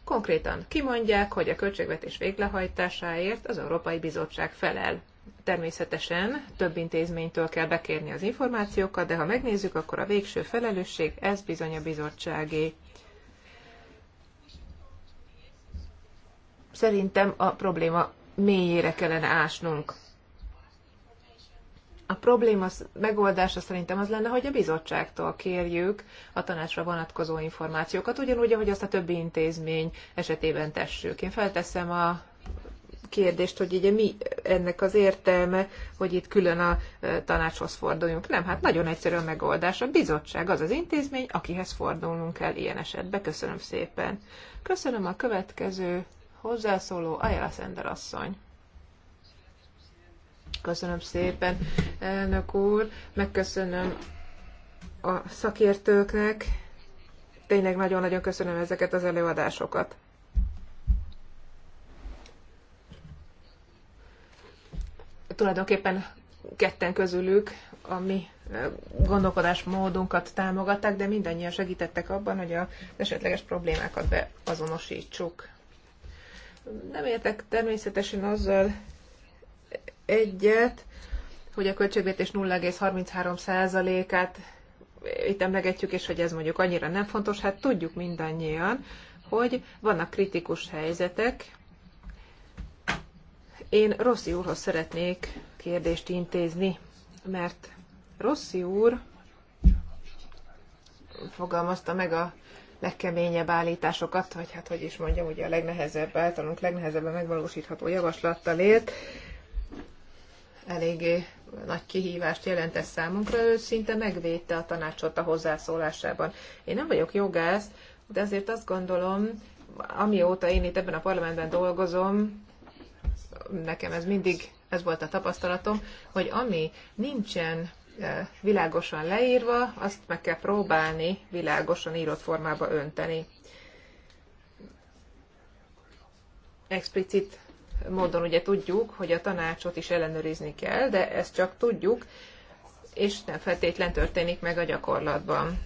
Konkrétan kimondják, hogy a költségvetés véglehajtásáért az Európai Bizottság felel. Természetesen több intézménytől kell bekérni az információkat, de ha megnézzük, akkor a végső felelősség, ez bizony a bizottságé. Szerintem a probléma mélyére kellene ásnunk. A probléma megoldása szerintem az lenne, hogy a bizottságtól kérjük a tanácsra vonatkozó információkat, ugyanúgy, ahogy azt a többi intézmény esetében tessük. Én felteszem a kérdést, hogy ugye mi ennek az értelme, hogy itt külön a e, tanácshoz forduljunk. Nem, hát nagyon egyszerű a megoldás. A bizottság az az intézmény, akihez fordulnunk kell ilyen esetben. Köszönöm szépen. Köszönöm a következő hozzászóló Ajala Szender asszony. Köszönöm szépen, elnök úr. Megköszönöm a szakértőknek. Tényleg nagyon-nagyon köszönöm ezeket az előadásokat. tulajdonképpen ketten közülük a mi gondolkodásmódunkat támogatták, de mindannyian segítettek abban, hogy az esetleges problémákat beazonosítsuk. Nem értek természetesen azzal egyet, hogy a költségvetés 0,33%-át itt emlegetjük, és hogy ez mondjuk annyira nem fontos, hát tudjuk mindannyian, hogy vannak kritikus helyzetek, én Rossi úrhoz szeretnék kérdést intézni, mert Rossi úr fogalmazta meg a legkeményebb állításokat, vagy hát hogy is mondjam, ugye a legnehezebb, általunk legnehezebben megvalósítható javaslattal élt. Eléggé nagy kihívást jelent ez számunkra, ő szinte megvédte a tanácsot a hozzászólásában. Én nem vagyok jogász, de azért azt gondolom, amióta én itt ebben a parlamentben dolgozom, nekem ez mindig, ez volt a tapasztalatom, hogy ami nincsen eh, világosan leírva, azt meg kell próbálni világosan írott formába önteni. Explicit módon ugye tudjuk, hogy a tanácsot is ellenőrizni kell, de ezt csak tudjuk, és nem feltétlen történik meg a gyakorlatban.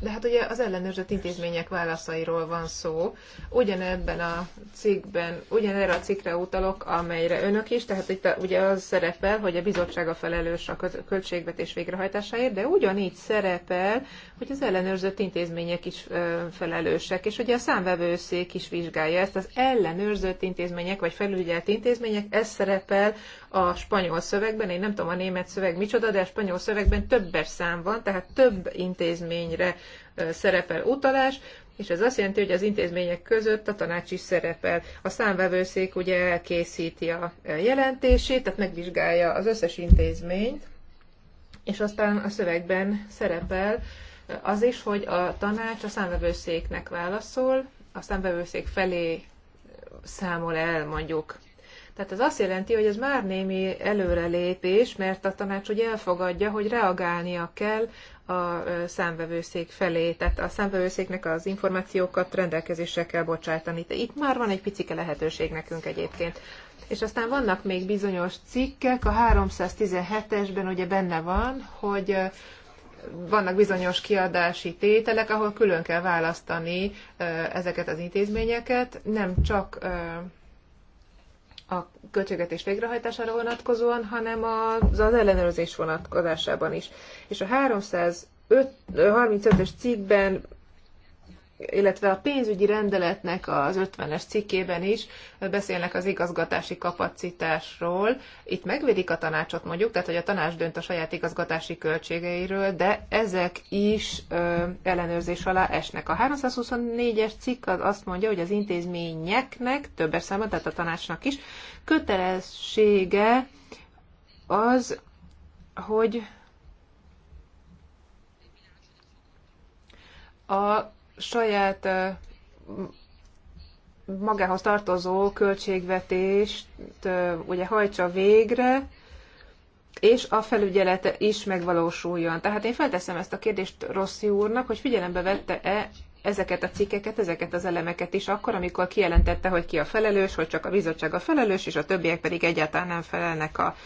De hát ugye az ellenőrzött intézmények válaszairól van szó. Ugyanebben a cikkben, ugyanerre a cikkre utalok, amelyre önök is, tehát itt a, ugye az szerepel, hogy a bizottság a felelős a költségvetés végrehajtásáért, de ugyanígy szerepel, hogy az ellenőrzött intézmények is ö, felelősek, és ugye a számvevőszék is vizsgálja ezt. Az ellenőrzött intézmények, vagy felügyelt intézmények, ez szerepel a spanyol szövegben, én nem tudom a német szöveg micsoda, de a spanyol szövegben többes szám van, tehát több intézményre szerepel utalás, és ez azt jelenti, hogy az intézmények között a tanács is szerepel. A számvevőszék ugye elkészíti a jelentését, tehát megvizsgálja az összes intézményt, és aztán a szövegben szerepel az is, hogy a tanács a számvevőszéknek válaszol, a számvevőszék felé számol el mondjuk tehát ez azt jelenti, hogy ez már némi előrelépés, mert a tanács ugye elfogadja, hogy reagálnia kell a számvevőszék felé, tehát a számvevőszéknek az információkat rendelkezésre kell bocsájtani. De itt már van egy picike lehetőség nekünk egyébként. És aztán vannak még bizonyos cikkek, a 317-esben ugye benne van, hogy vannak bizonyos kiadási tételek, ahol külön kell választani ezeket az intézményeket, nem csak a költségvetés végrehajtására vonatkozóan, hanem az, az ellenőrzés vonatkozásában is. És a 335-ös cikkben illetve a pénzügyi rendeletnek az 50-es cikkében is beszélnek az igazgatási kapacitásról. Itt megvédik a tanácsot mondjuk, tehát hogy a tanács dönt a saját igazgatási költségeiről, de ezek is ö, ellenőrzés alá esnek. A 324-es cikk az azt mondja, hogy az intézményeknek, többes számban, tehát a tanácsnak is, kötelessége az, hogy a saját magához tartozó költségvetést ugye hajtsa végre, és a felügyelete is megvalósuljon. Tehát én felteszem ezt a kérdést Rossi úrnak, hogy figyelembe vette-e ezeket a cikkeket, ezeket az elemeket is akkor, amikor kijelentette, hogy ki a felelős, hogy csak a bizottság a felelős, és a többiek pedig egyáltalán nem felelnek a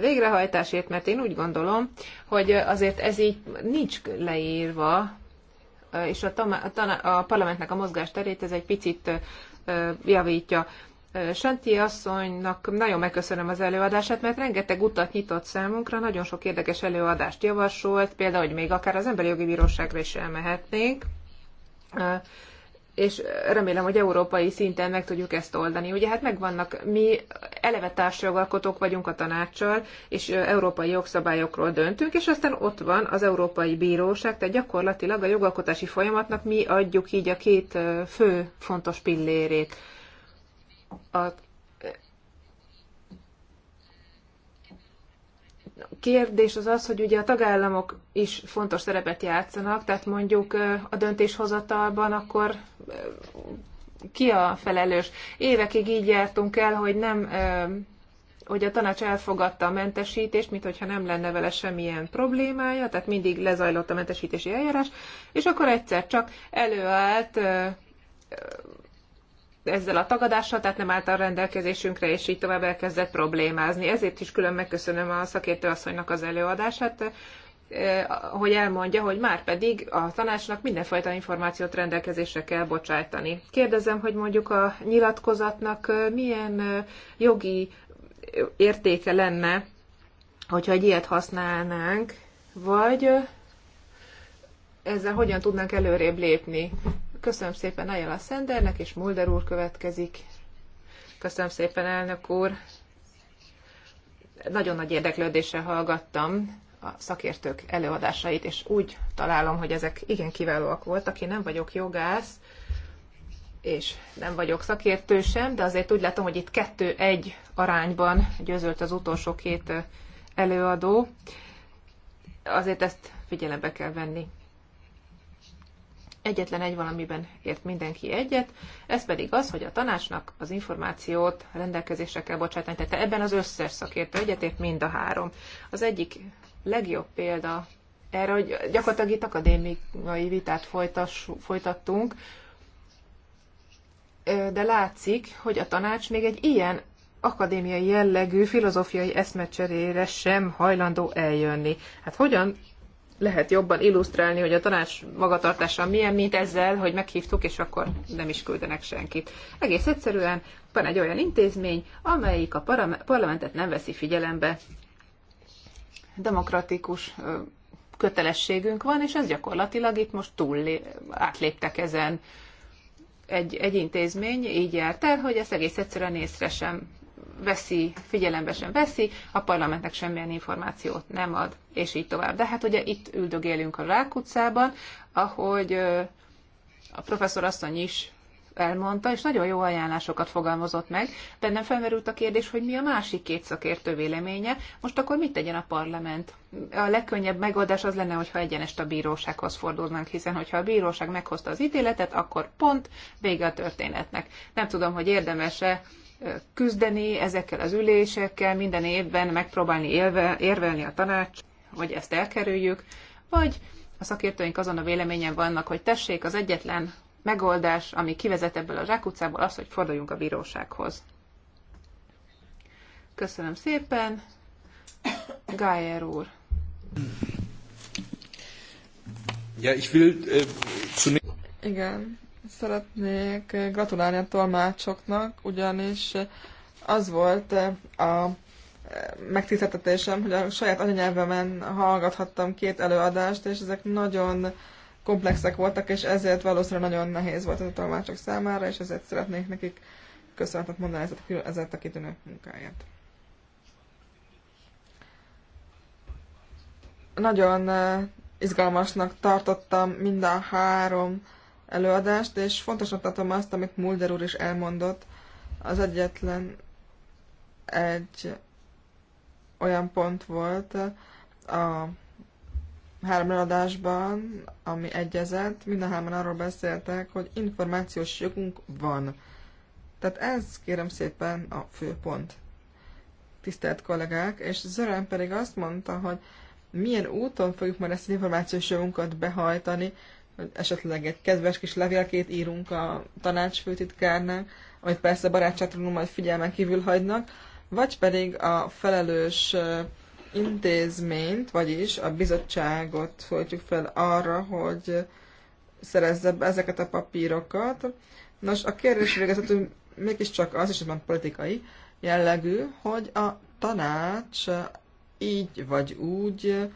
végrehajtásért, mert én úgy gondolom, hogy azért ez így nincs leírva és a, a parlamentnek a mozgásterét ez egy picit javítja. Santi asszonynak nagyon megköszönöm az előadását, mert rengeteg utat nyitott számunkra, nagyon sok érdekes előadást javasolt, például, hogy még akár az Emberi Jogi Bíróságra is elmehetnénk és remélem, hogy európai szinten meg tudjuk ezt oldani. Ugye hát megvannak, mi eleve társjogalkotók vagyunk a tanácssal, és európai jogszabályokról döntünk, és aztán ott van az Európai Bíróság, tehát gyakorlatilag a jogalkotási folyamatnak mi adjuk így a két fő fontos pillérét. A kérdés az az, hogy ugye a tagállamok is fontos szerepet játszanak, tehát mondjuk a döntéshozatalban akkor ki a felelős. Évekig így jártunk el, hogy nem hogy a tanács elfogadta a mentesítést, mint hogyha nem lenne vele semmilyen problémája, tehát mindig lezajlott a mentesítési eljárás, és akkor egyszer csak előállt ezzel a tagadással, tehát nem állt a rendelkezésünkre, és így tovább elkezdett problémázni. Ezért is külön megköszönöm a szakértőasszonynak az előadását, eh, hogy elmondja, hogy már pedig a tanácsnak mindenfajta információt rendelkezésre kell bocsájtani. Kérdezem, hogy mondjuk a nyilatkozatnak eh, milyen eh, jogi értéke lenne, hogyha egy ilyet használnánk, vagy ezzel hogyan tudnánk előrébb lépni. Köszönöm szépen Ajala Szendernek, és Mulder úr következik. Köszönöm szépen, elnök úr. Nagyon nagy érdeklődéssel hallgattam a szakértők előadásait, és úgy találom, hogy ezek igen kiválóak voltak. Én nem vagyok jogász, és nem vagyok szakértő sem, de azért úgy látom, hogy itt kettő-egy arányban győzölt az utolsó két előadó. Azért ezt figyelembe kell venni egyetlen egy valamiben ért mindenki egyet, ez pedig az, hogy a tanácsnak az információt rendelkezésre kell bocsátani. Tehát ebben az összes szakértő egyetért mind a három. Az egyik legjobb példa erre, hogy gyakorlatilag itt akadémiai vitát folytass, folytattunk, de látszik, hogy a tanács még egy ilyen akadémiai jellegű filozófiai eszmecserére sem hajlandó eljönni. Hát hogyan lehet jobban illusztrálni, hogy a tanács magatartása milyen, mint ezzel, hogy meghívtuk, és akkor nem is küldenek senkit. Egész egyszerűen van egy olyan intézmény, amelyik a parlamentet nem veszi figyelembe. Demokratikus kötelességünk van, és ez gyakorlatilag itt most túl átléptek ezen. Egy, egy intézmény így járt el, hogy ezt egész egyszerűen észre sem veszi, figyelembe sem veszi, a parlamentnek semmilyen információt nem ad, és így tovább. De hát ugye itt üldögélünk a Rákutcában, ahogy a professzor asszony is elmondta, és nagyon jó ajánlásokat fogalmazott meg. nem felmerült a kérdés, hogy mi a másik két szakértő véleménye. Most akkor mit tegyen a parlament? A legkönnyebb megoldás az lenne, hogyha egyenest a bírósághoz fordulnánk, hiszen hogyha a bíróság meghozta az ítéletet, akkor pont vége a történetnek. Nem tudom, hogy érdemese küzdeni ezekkel az ülésekkel, minden évben megpróbálni élve, érvelni a tanács, hogy ezt elkerüljük, vagy a szakértőink azon a véleményen vannak, hogy tessék, az egyetlen megoldás, ami kivezet ebből a zsákutcából, az, hogy forduljunk a bírósághoz. Köszönöm szépen. Gájer úr. Ja, ich will, äh, Igen. Szeretnék gratulálni a tolmácsoknak, ugyanis az volt a megtiszteltetésem, hogy a saját anyanyelvemen hallgathattam két előadást, és ezek nagyon komplexek voltak, és ezért valószínűleg nagyon nehéz volt a tolmácsok számára, és ezért szeretnék nekik köszönetet mondani ezért, ezért a kitűnő munkáját. Nagyon eh, izgalmasnak tartottam mind a három előadást, és fontosnak tartom azt, amit Mulder úr is elmondott, az egyetlen egy olyan pont volt a három előadásban, ami egyezett, mind a hárman arról beszéltek, hogy információs jogunk van. Tehát ez kérem szépen a fő pont. Tisztelt kollégák, és Zörán pedig azt mondta, hogy milyen úton fogjuk majd ezt az információs jogunkat behajtani, esetleg egy kedves kis levélkét írunk a tanács főtitkárnak, amit persze barátságtanul majd figyelmen kívül hagynak, vagy pedig a felelős intézményt, vagyis a bizottságot folytjuk fel arra, hogy szerezze be ezeket a papírokat. Nos, a kérdés végezetül mégiscsak az, és ez már politikai jellegű, hogy a tanács így vagy úgy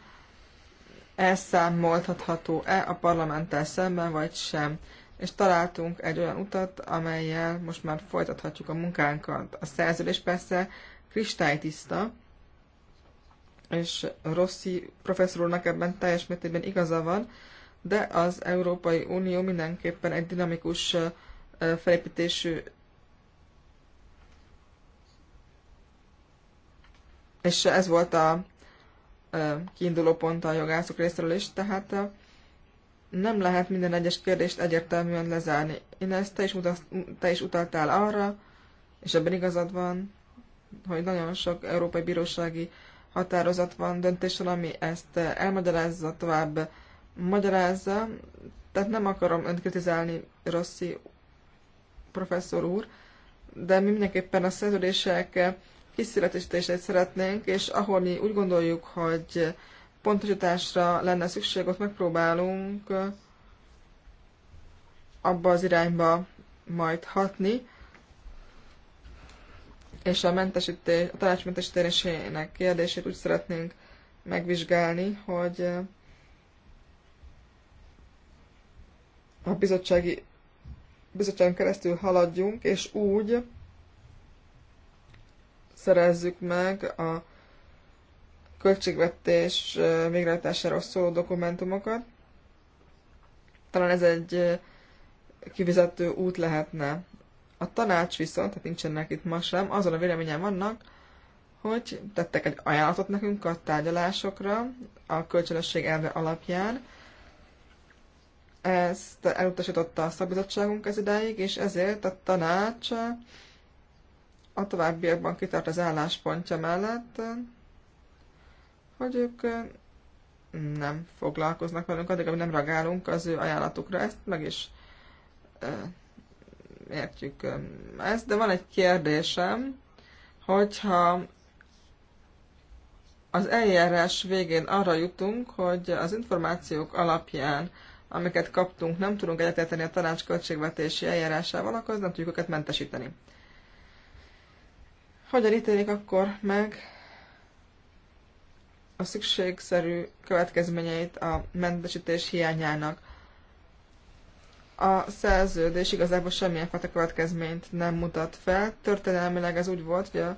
elszámoltatható-e a parlamenttel szemben, vagy sem. És találtunk egy olyan utat, amelyel most már folytathatjuk a munkánkat. A szerződés persze kristálytiszta, és Rossi professzor úrnak ebben teljes mértékben igaza van, de az Európai Unió mindenképpen egy dinamikus felépítésű és ez volt a kiinduló pont a jogászok részéről is, tehát nem lehet minden egyes kérdést egyértelműen lezárni. Én ezt te is, utaz, te is utaltál arra, és ebben igazad van, hogy nagyon sok európai bírósági határozat van döntéssel, ami ezt elmagyarázza, tovább magyarázza. Tehát nem akarom önt kritizálni, Rossi professzor úr, de mi mindenképpen a szerződések kiszületését szeretnénk, és ahol mi úgy gondoljuk, hogy pontosításra lenne szükség, ott megpróbálunk abba az irányba majd hatni, és a, mentesítés, a tanács mentesítésének kérdését úgy szeretnénk megvizsgálni, hogy a bizottsági bizottságon keresztül haladjunk, és úgy, szerezzük meg a költségvetés végrehajtásáról szóló dokumentumokat. Talán ez egy kivizető út lehetne. A tanács viszont, tehát nincsenek itt ma sem, azon a véleményen vannak, hogy tettek egy ajánlatot nekünk a tárgyalásokra a kölcsönösség elve alapján. Ezt elutasította a szabizottságunk ez idáig, és ezért a tanács a továbbiakban kitart az álláspontja mellett, hogy ők nem foglalkoznak velünk, addig, amíg nem ragálunk az ő ajánlatukra. Ezt meg is értjük ezt, de van egy kérdésem, hogyha az eljárás végén arra jutunk, hogy az információk alapján, amiket kaptunk, nem tudunk egyetérteni a tanács költségvetési eljárásával, akkor nem tudjuk őket mentesíteni. Hogyan ítélik akkor meg a szükségszerű következményeit a mentesítés hiányának? A szerződés igazából semmilyen fajta következményt nem mutat fel. Történelmileg ez úgy volt, hogy a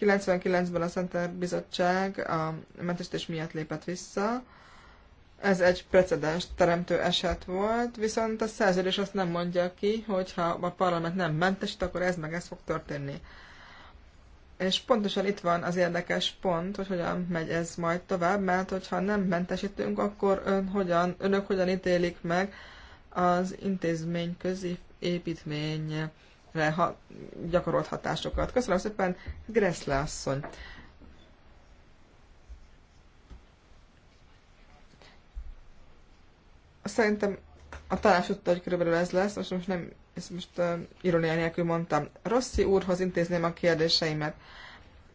99-ben a Center Bizottság a mentesítés miatt lépett vissza. Ez egy precedens teremtő eset volt, viszont a szerződés azt nem mondja ki, hogy ha a parlament nem mentesít, akkor ez meg ez fog történni. És pontosan itt van az érdekes pont, hogy hogyan megy ez majd tovább, mert hogyha nem mentesítünk, akkor ön hogyan, önök hogyan ítélik meg az intézmény közi építményre ha, gyakorolt hatásokat. Köszönöm szépen, Greszle asszony. Szerintem a tanács tudta, hogy körülbelül ez lesz, most, most nem ezt most uh, ironia nélkül mondtam. Rossi úrhoz intézném a kérdéseimet.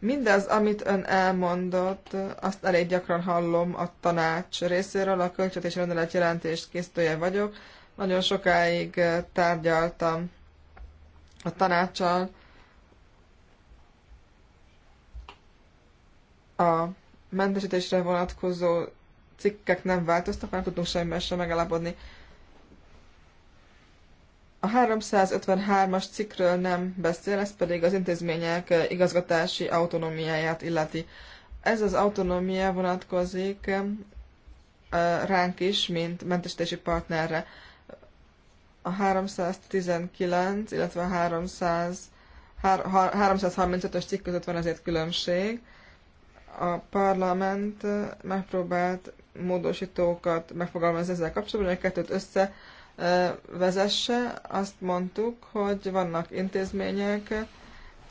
Mindaz, amit ön elmondott, azt elég gyakran hallom a tanács részéről, a költségvetési rendelet jelentést készítője vagyok. Nagyon sokáig eh, tárgyaltam a tanácsal a mentesítésre vonatkozó cikkek nem változtak, nem tudtunk semmiben sem megállapodni. A 353-as cikkről nem beszél, ez pedig az intézmények eh, igazgatási autonómiáját illeti. Ez az autonómia vonatkozik eh, ránk is, mint mentesítési partnerre. A 319, illetve a 300, 335-ös cikk között van ezért különbség. A parlament eh, megpróbált módosítókat megfogalmazni ezzel kapcsolatban, hogy a kettőt össze vezesse, azt mondtuk, hogy vannak intézmények,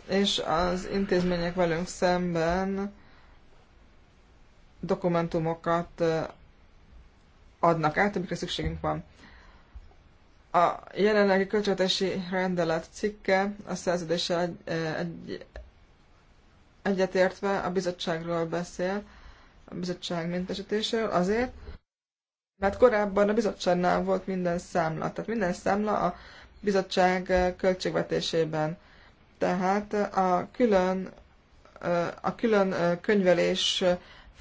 és az intézmények velünk szemben dokumentumokat adnak át, amikre szükségünk van. A jelenlegi költségvetési rendelet cikke a szerződéssel egy, egy, egyetértve a bizottságról beszél, a bizottság mintesítéséről azért, mert korábban a bizottságnál volt minden számla, tehát minden számla a bizottság eh, költségvetésében. Tehát eh, a külön, eh, a külön könyvelés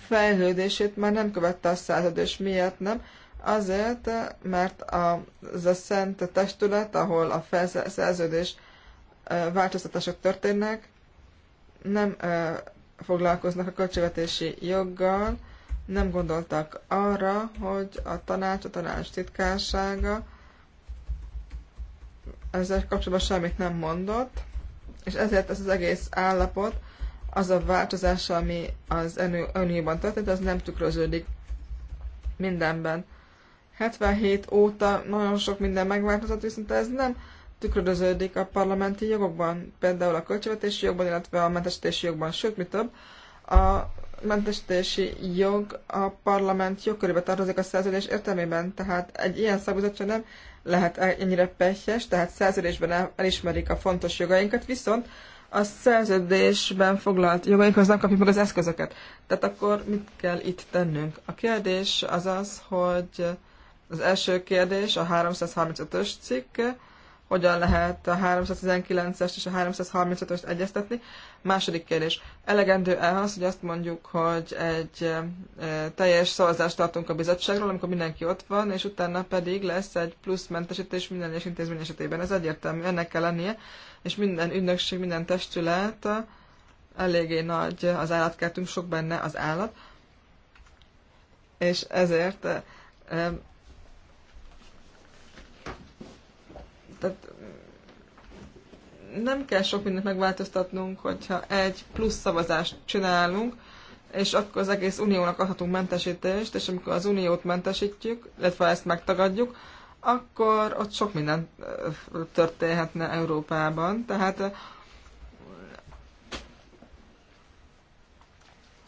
fejlődését már nem követte a század, és miért nem? Azért, mert az a szent testület, ahol a felszerződés változtatások történnek, nem foglalkoznak a költségvetési joggal, nem gondoltak arra, hogy a tanács, a tanács titkársága ezzel kapcsolatban semmit nem mondott, és ezért ez az egész állapot, az a változás, ami az Unióban történt, az nem tükröződik mindenben. 77 óta nagyon sok minden megváltozott, viszont ez nem tükröződik a parlamenti jogokban, például a költségvetési jogban, illetve a mentesítési jogban, sőt, mi több, a mentesítési jog a parlament jogkörébe tartozik a szerződés értelmében, tehát egy ilyen szakbizottság nem lehet ennyire pehjes, tehát szerződésben elismerik a fontos jogainkat, viszont a szerződésben foglalt jogainkhoz nem kapjuk meg az eszközöket. Tehát akkor mit kell itt tennünk? A kérdés az az, hogy az első kérdés a 335-ös cikk, hogyan lehet a 319-est és a 335-öst egyeztetni. Második kérdés. Elegendő el az, hogy azt mondjuk, hogy egy teljes szavazást tartunk a bizottságról, amikor mindenki ott van, és utána pedig lesz egy plusz mentesítés minden egyes intézmény esetében. Ez egyértelmű, ennek kell lennie, és minden ügynökség, minden testület eléggé nagy az állatkertünk, sok benne az állat, és ezért Tehát nem kell sok mindent megváltoztatnunk, hogyha egy plusz szavazást csinálunk, és akkor az egész uniónak adhatunk mentesítést, és amikor az uniót mentesítjük, illetve ezt megtagadjuk, akkor ott sok minden történhetne Európában. Tehát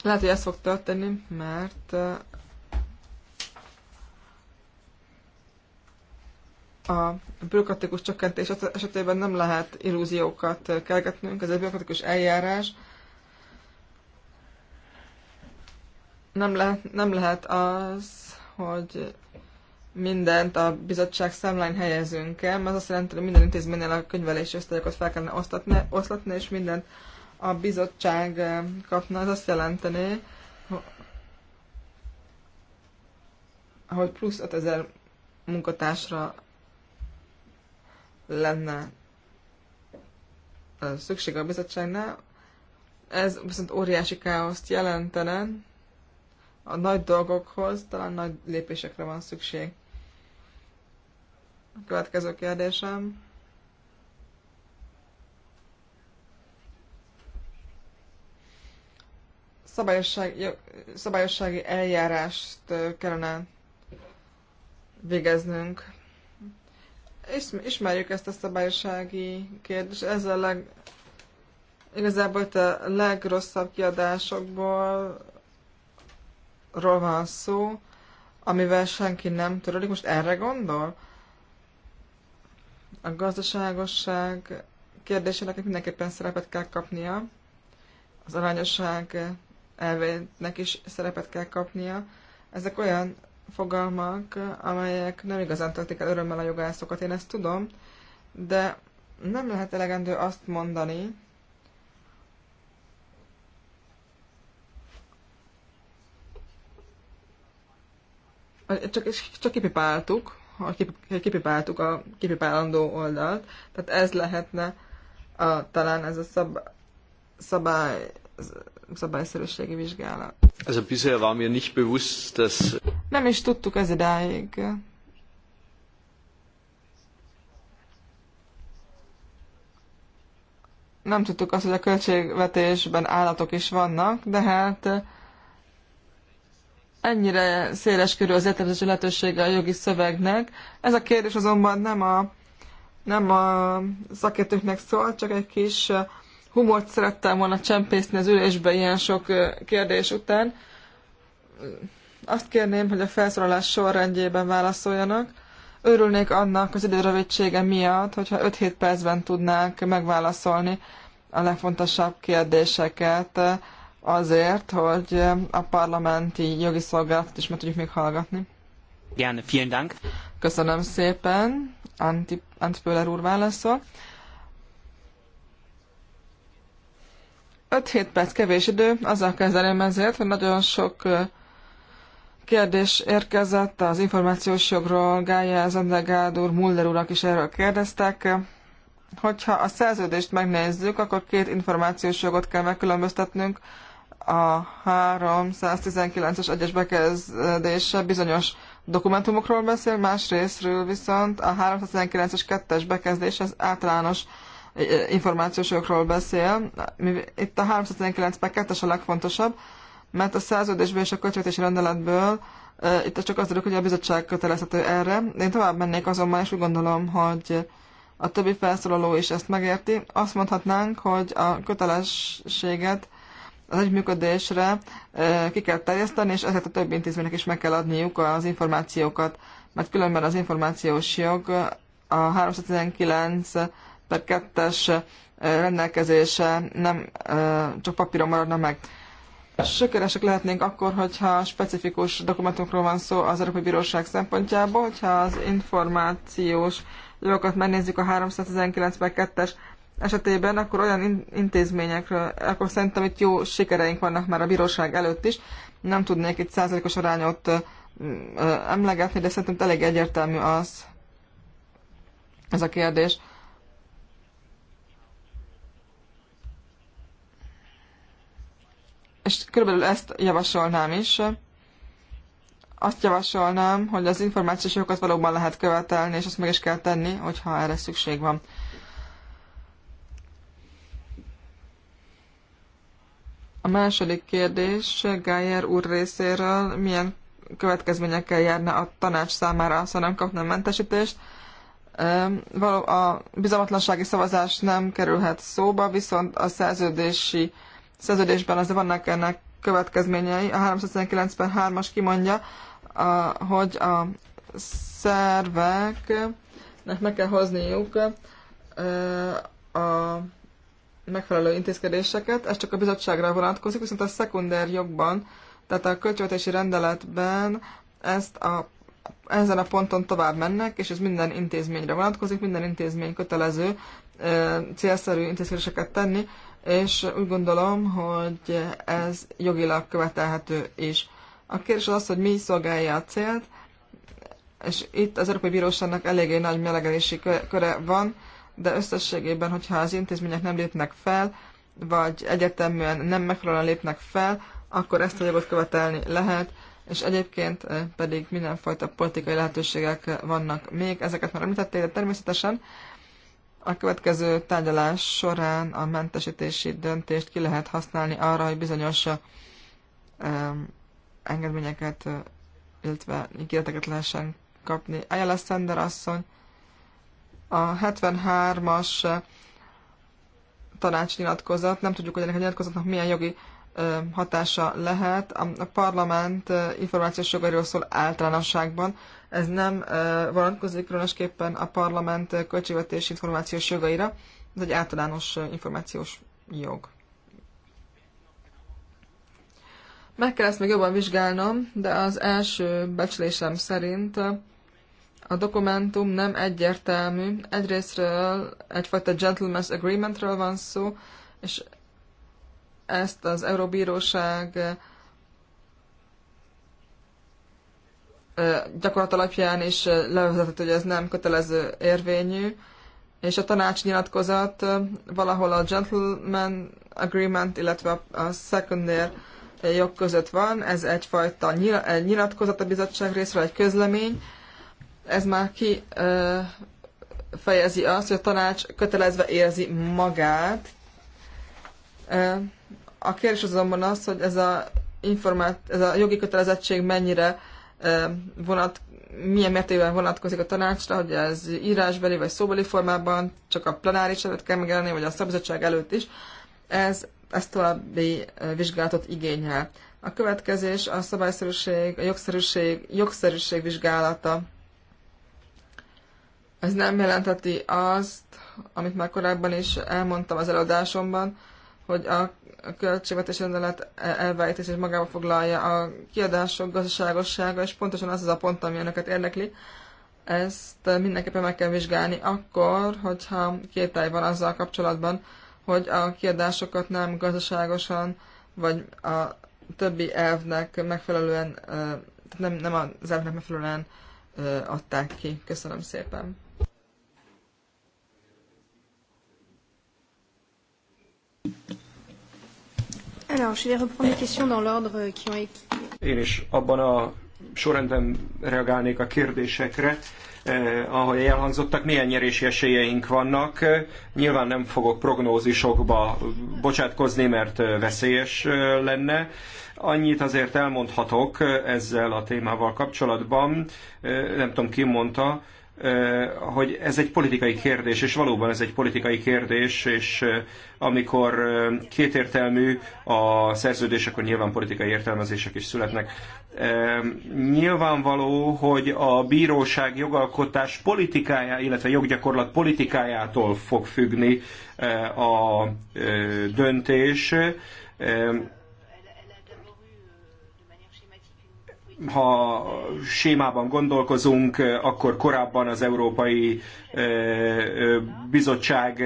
lehet, hogy ez fog történni, mert a bürokratikus csökkentés esetében nem lehet illúziókat kelgetnünk, ez egy bürokratikus eljárás. Nem, le, nem lehet az, hogy mindent a bizottság számláin helyezünk el, mert az azt jelenti, hogy minden intézménynél a könyvelési osztályokat fel kellene osztatni, oszlatni, és mindent a bizottság eh, kapna. Ez azt jelenteni, hogy plusz 5000 munkatársra lenne szükség a bizottságnál. Ez viszont óriási káoszt jelentene. A nagy dolgokhoz talán nagy lépésekre van szükség. A következő kérdésem. Szabályosság, szabályossági eljárást kellene végeznünk ismerjük ezt a szabályosági kérdést, ez a leg, igazából a legrosszabb kiadásokból ról van szó, amivel senki nem törődik. Most erre gondol? A gazdaságosság kérdésének mindenképpen szerepet kell kapnia, az arányosság elvének is szerepet kell kapnia. Ezek olyan fogalmak, amelyek nem igazán töltik el örömmel a jogászokat, én ezt tudom, de nem lehet elegendő azt mondani, csak, csak kipipáltuk, kipipáltuk a kipipálandó oldalt, tehát ez lehetne a, talán ez a szab, szabály, szabályszerűségi vizsgálat. Also bisher war mir nicht bewusst, dass nem is tudtuk ez idáig. Nem tudtuk azt, hogy a költségvetésben állatok is vannak, de hát ennyire széles körül az értelmezési lehetősége a jogi szövegnek. Ez a kérdés azonban nem a, nem a szakértőknek szól, csak egy kis humort szerettem volna csempészni az ülésbe ilyen sok kérdés után. Azt kérném, hogy a felszólalás sorrendjében válaszoljanak. Örülnék annak az időrövidsége miatt, hogyha 5-7 percben tudnánk megválaszolni a legfontosabb kérdéseket azért, hogy a parlamenti jogi szolgálatot is meg tudjuk még hallgatni. Gerne, vielen Dank. Köszönöm szépen, Anti, Antipöler úr válaszol. 5-7 perc kevés idő, azzal kezdeném ezért, hogy nagyon sok kérdés érkezett az információs jogról, Gája Zendegárd úr, Muller urak is erről kérdeztek. Hogyha a szerződést megnézzük, akkor két információs jogot kell megkülönböztetnünk. A 319-es egyes bekezdése bizonyos dokumentumokról beszél, más részről viszont a 319-es kettes bekezdés az általános eh, információs jogokról beszél. Itt a 319 per 2-es a legfontosabb, mert a szerződésből és a költségvetési rendeletből itt csak az tudok, hogy a bizottság kötelezhető erre. Én tovább mennék azonban, és úgy gondolom, hogy a többi felszólaló is ezt megérti. Azt mondhatnánk, hogy a kötelességet az együttműködésre ki kell terjeszteni, és ezért a többi intézménynek is meg kell adniuk az információkat, mert különben az információs jog a 319 per 2-es rendelkezése nem csak papíron maradna meg. Sikeresek lehetnénk akkor, hogyha specifikus dokumentumokról van szó az Európai Bíróság szempontjából, hogyha az információs jogokat megnézzük a 319.2-es esetében, akkor olyan intézményekről, akkor szerintem itt jó sikereink vannak már a bíróság előtt is. Nem tudnék itt százalékos arányot emlegetni, de szerintem elég egyértelmű az ez a kérdés. és körülbelül ezt javasolnám is. Azt javasolnám, hogy az információs jogokat valóban lehet követelni, és azt meg is kell tenni, hogyha erre szükség van. A második kérdés Gájer úr részéről milyen következményekkel járna a tanács számára, ha szóval nem kapna mentesítést. A bizalmatlansági szavazás nem kerülhet szóba, viszont a szerződési szerződésben azért vannak ennek következményei. A 319 per 3-as kimondja, a, hogy a szerveknek meg kell hozniuk a megfelelő intézkedéseket, ez csak a bizottságra vonatkozik, viszont a szekunder jogban, tehát a költségvetési rendeletben ezt a, ezen a ponton tovább mennek, és ez minden intézményre vonatkozik, minden intézmény kötelező célszerű intézkedéseket tenni, és úgy gondolom, hogy ez jogilag követelhető is. A kérdés az, hogy mi szolgálja a célt, és itt az Európai Bíróságnak eléggé nagy melegelési köre van, de összességében, hogyha az intézmények nem lépnek fel, vagy egyeteműen nem megfelelően lépnek fel, akkor ezt a jogot követelni lehet, és egyébként eh, pedig mindenfajta politikai lehetőségek vannak még, ezeket már említették, de természetesen a következő tárgyalás során a mentesítési döntést ki lehet használni arra, hogy bizonyos engedményeket, illetve ígéreteket lehessen kapni. Ayala Sender asszony a 73-as tanácsnyilatkozat, nem tudjuk, hogy ennek a nyilatkozatnak milyen jogi hatása lehet. A parlament információs jogairól szól általánosságban. Ez nem vonatkozik különösképpen a parlament költségvetési információs jogaira. Ez egy általános információs jog. Meg kell ezt még jobban vizsgálnom, de az első becslésem szerint a dokumentum nem egyértelmű. Egyrésztről egyfajta gentleman's agreementről van szó, és ezt az Euróbíróság gyakorlat alapján is levezetett, hogy ez nem kötelező érvényű, és a tanács nyilatkozat valahol a gentleman agreement, illetve a secondary jog között van, ez egyfajta nyilatkozat a bizottság részről, egy közlemény, ez már ki fejezi azt, hogy a tanács kötelezve érzi magát a kérdés azonban az, hogy ez a, informát, ez a jogi kötelezettség mennyire vonat, milyen mértékben vonatkozik a tanácsra, hogy ez írásbeli vagy szóbeli formában, csak a plenáris előtt kell megjelenni, vagy a szabizottság előtt is, ez, ez további vizsgálatot igényel. A következés a szabályszerűség, a jogszerűség, jogszerűség vizsgálata. Ez nem jelenteti azt, amit már korábban is elmondtam az előadásomban, hogy a költségvetés rendelet e- elvejtés és magába foglalja a kiadások gazdaságossága, és pontosan az az a pont, ami önöket érdekli. Ezt mindenképpen meg kell vizsgálni akkor, hogyha kételj van azzal kapcsolatban, hogy a kiadásokat nem gazdaságosan, vagy a többi elvnek megfelelően, e, nem, nem az elvnek megfelelően e, adták ki. Köszönöm szépen. Thank you. Alors, je vais reprendre les questions dans l'ordre qui ont été... Én is abban a sorrendben reagálnék a kérdésekre, eh, ahogy elhangzottak, milyen nyerési esélyeink vannak. Nyilván nem fogok prognózisokba bocsátkozni, mert eh, veszélyes eh, lenne. Annyit azért elmondhatok eh, ezzel a témával kapcsolatban, nem tudom ki mondta, Eh, hogy ez egy politikai kérdés, és valóban ez egy politikai kérdés, és eh, amikor eh, kétértelmű a szerződés, akkor nyilván politikai értelmezések is születnek. Nyilvánvaló, hogy a bíróság jogalkotás politikája, illetve joggyakorlat politikájától fog függni a döntés, ha sémában gondolkozunk, akkor korábban az Európai Bizottság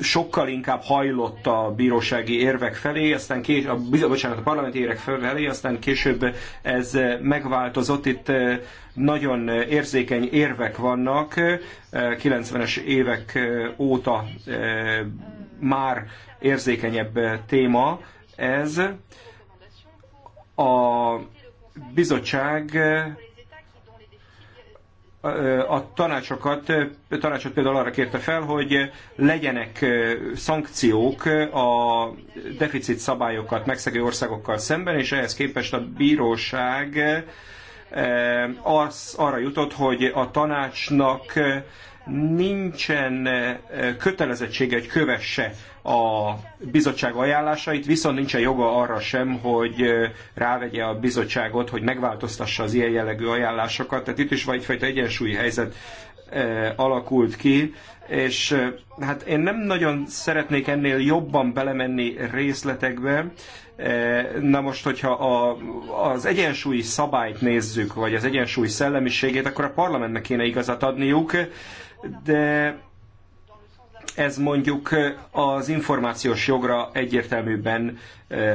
sokkal inkább hajlott a bírósági érvek felé, aztán később, bocsánat, a parlamenti érvek felé, aztán később ez megváltozott. Itt nagyon érzékeny érvek vannak, 90-es évek óta már érzékenyebb téma ez. A bizottság a tanácsokat, tanácsot például arra kérte fel, hogy legyenek szankciók a deficit szabályokat megszegő országokkal szemben, és ehhez képest a bíróság eh, az arra jutott, hogy a tanácsnak nincsen eh, kötelezettsége, hogy kövesse a bizottság ajánlásait, viszont nincsen joga arra sem, hogy eh, rávegye a bizottságot, hogy megváltoztassa az ilyen jellegű ajánlásokat. Tehát itt is van egyfajta egyensúlyi helyzet eh, alakult ki, és hát én nem nagyon szeretnék ennél jobban belemenni részletekbe. Na most, hogyha a, az egyensúlyi szabályt nézzük, vagy az egyensúlyi szellemiségét, akkor a parlamentnek kéne igazat adniuk, de ez mondjuk az információs jogra egyértelműben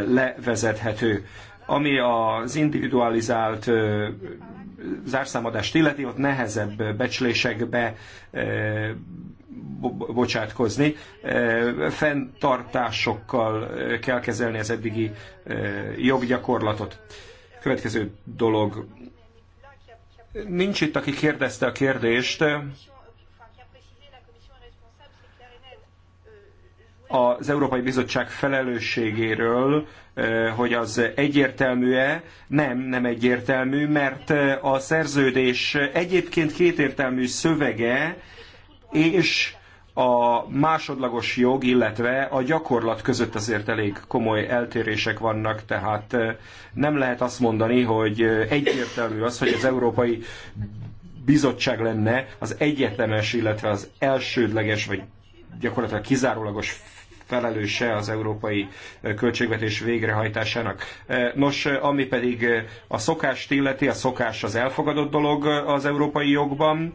levezethető. Ami az individualizált zárszámadást illeti, ott nehezebb becslésekbe bocsátkozni. Fenntartásokkal kell kezelni az eddigi joggyakorlatot. Következő dolog. Nincs itt, aki kérdezte a kérdést az Európai Bizottság felelősségéről, eh, hogy az egyértelmű-e? Nem, nem egyértelmű, mert eh, a szerződés egyébként kétértelmű szövege és a másodlagos jog, illetve a gyakorlat között azért elég komoly eltérések vannak, tehát eh, nem lehet azt mondani, hogy egyértelmű az, hogy az Európai Bizottság lenne az egyetemes, illetve az elsődleges, vagy gyakorlatilag kizárólagos felelőse az európai költségvetés végrehajtásának. Nos, ami pedig a szokást illeti, a szokás az elfogadott dolog az európai jogban,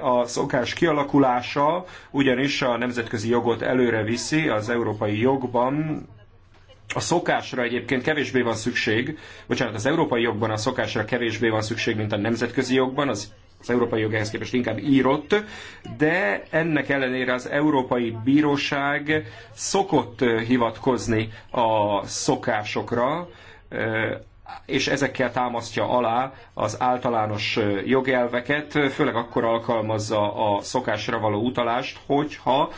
a szokás kialakulása ugyanis a nemzetközi jogot előre viszi az európai jogban, a szokásra egyébként kevésbé van szükség, bocsánat, az európai jogban a szokásra kevésbé van szükség, mint a nemzetközi jogban, az az európai ehhez képest inkább írott, de ennek ellenére az Európai Bíróság szokott hivatkozni a szokásokra, és ezekkel támasztja alá az általános jogelveket, főleg akkor alkalmazza a szokásra való utalást, hogyha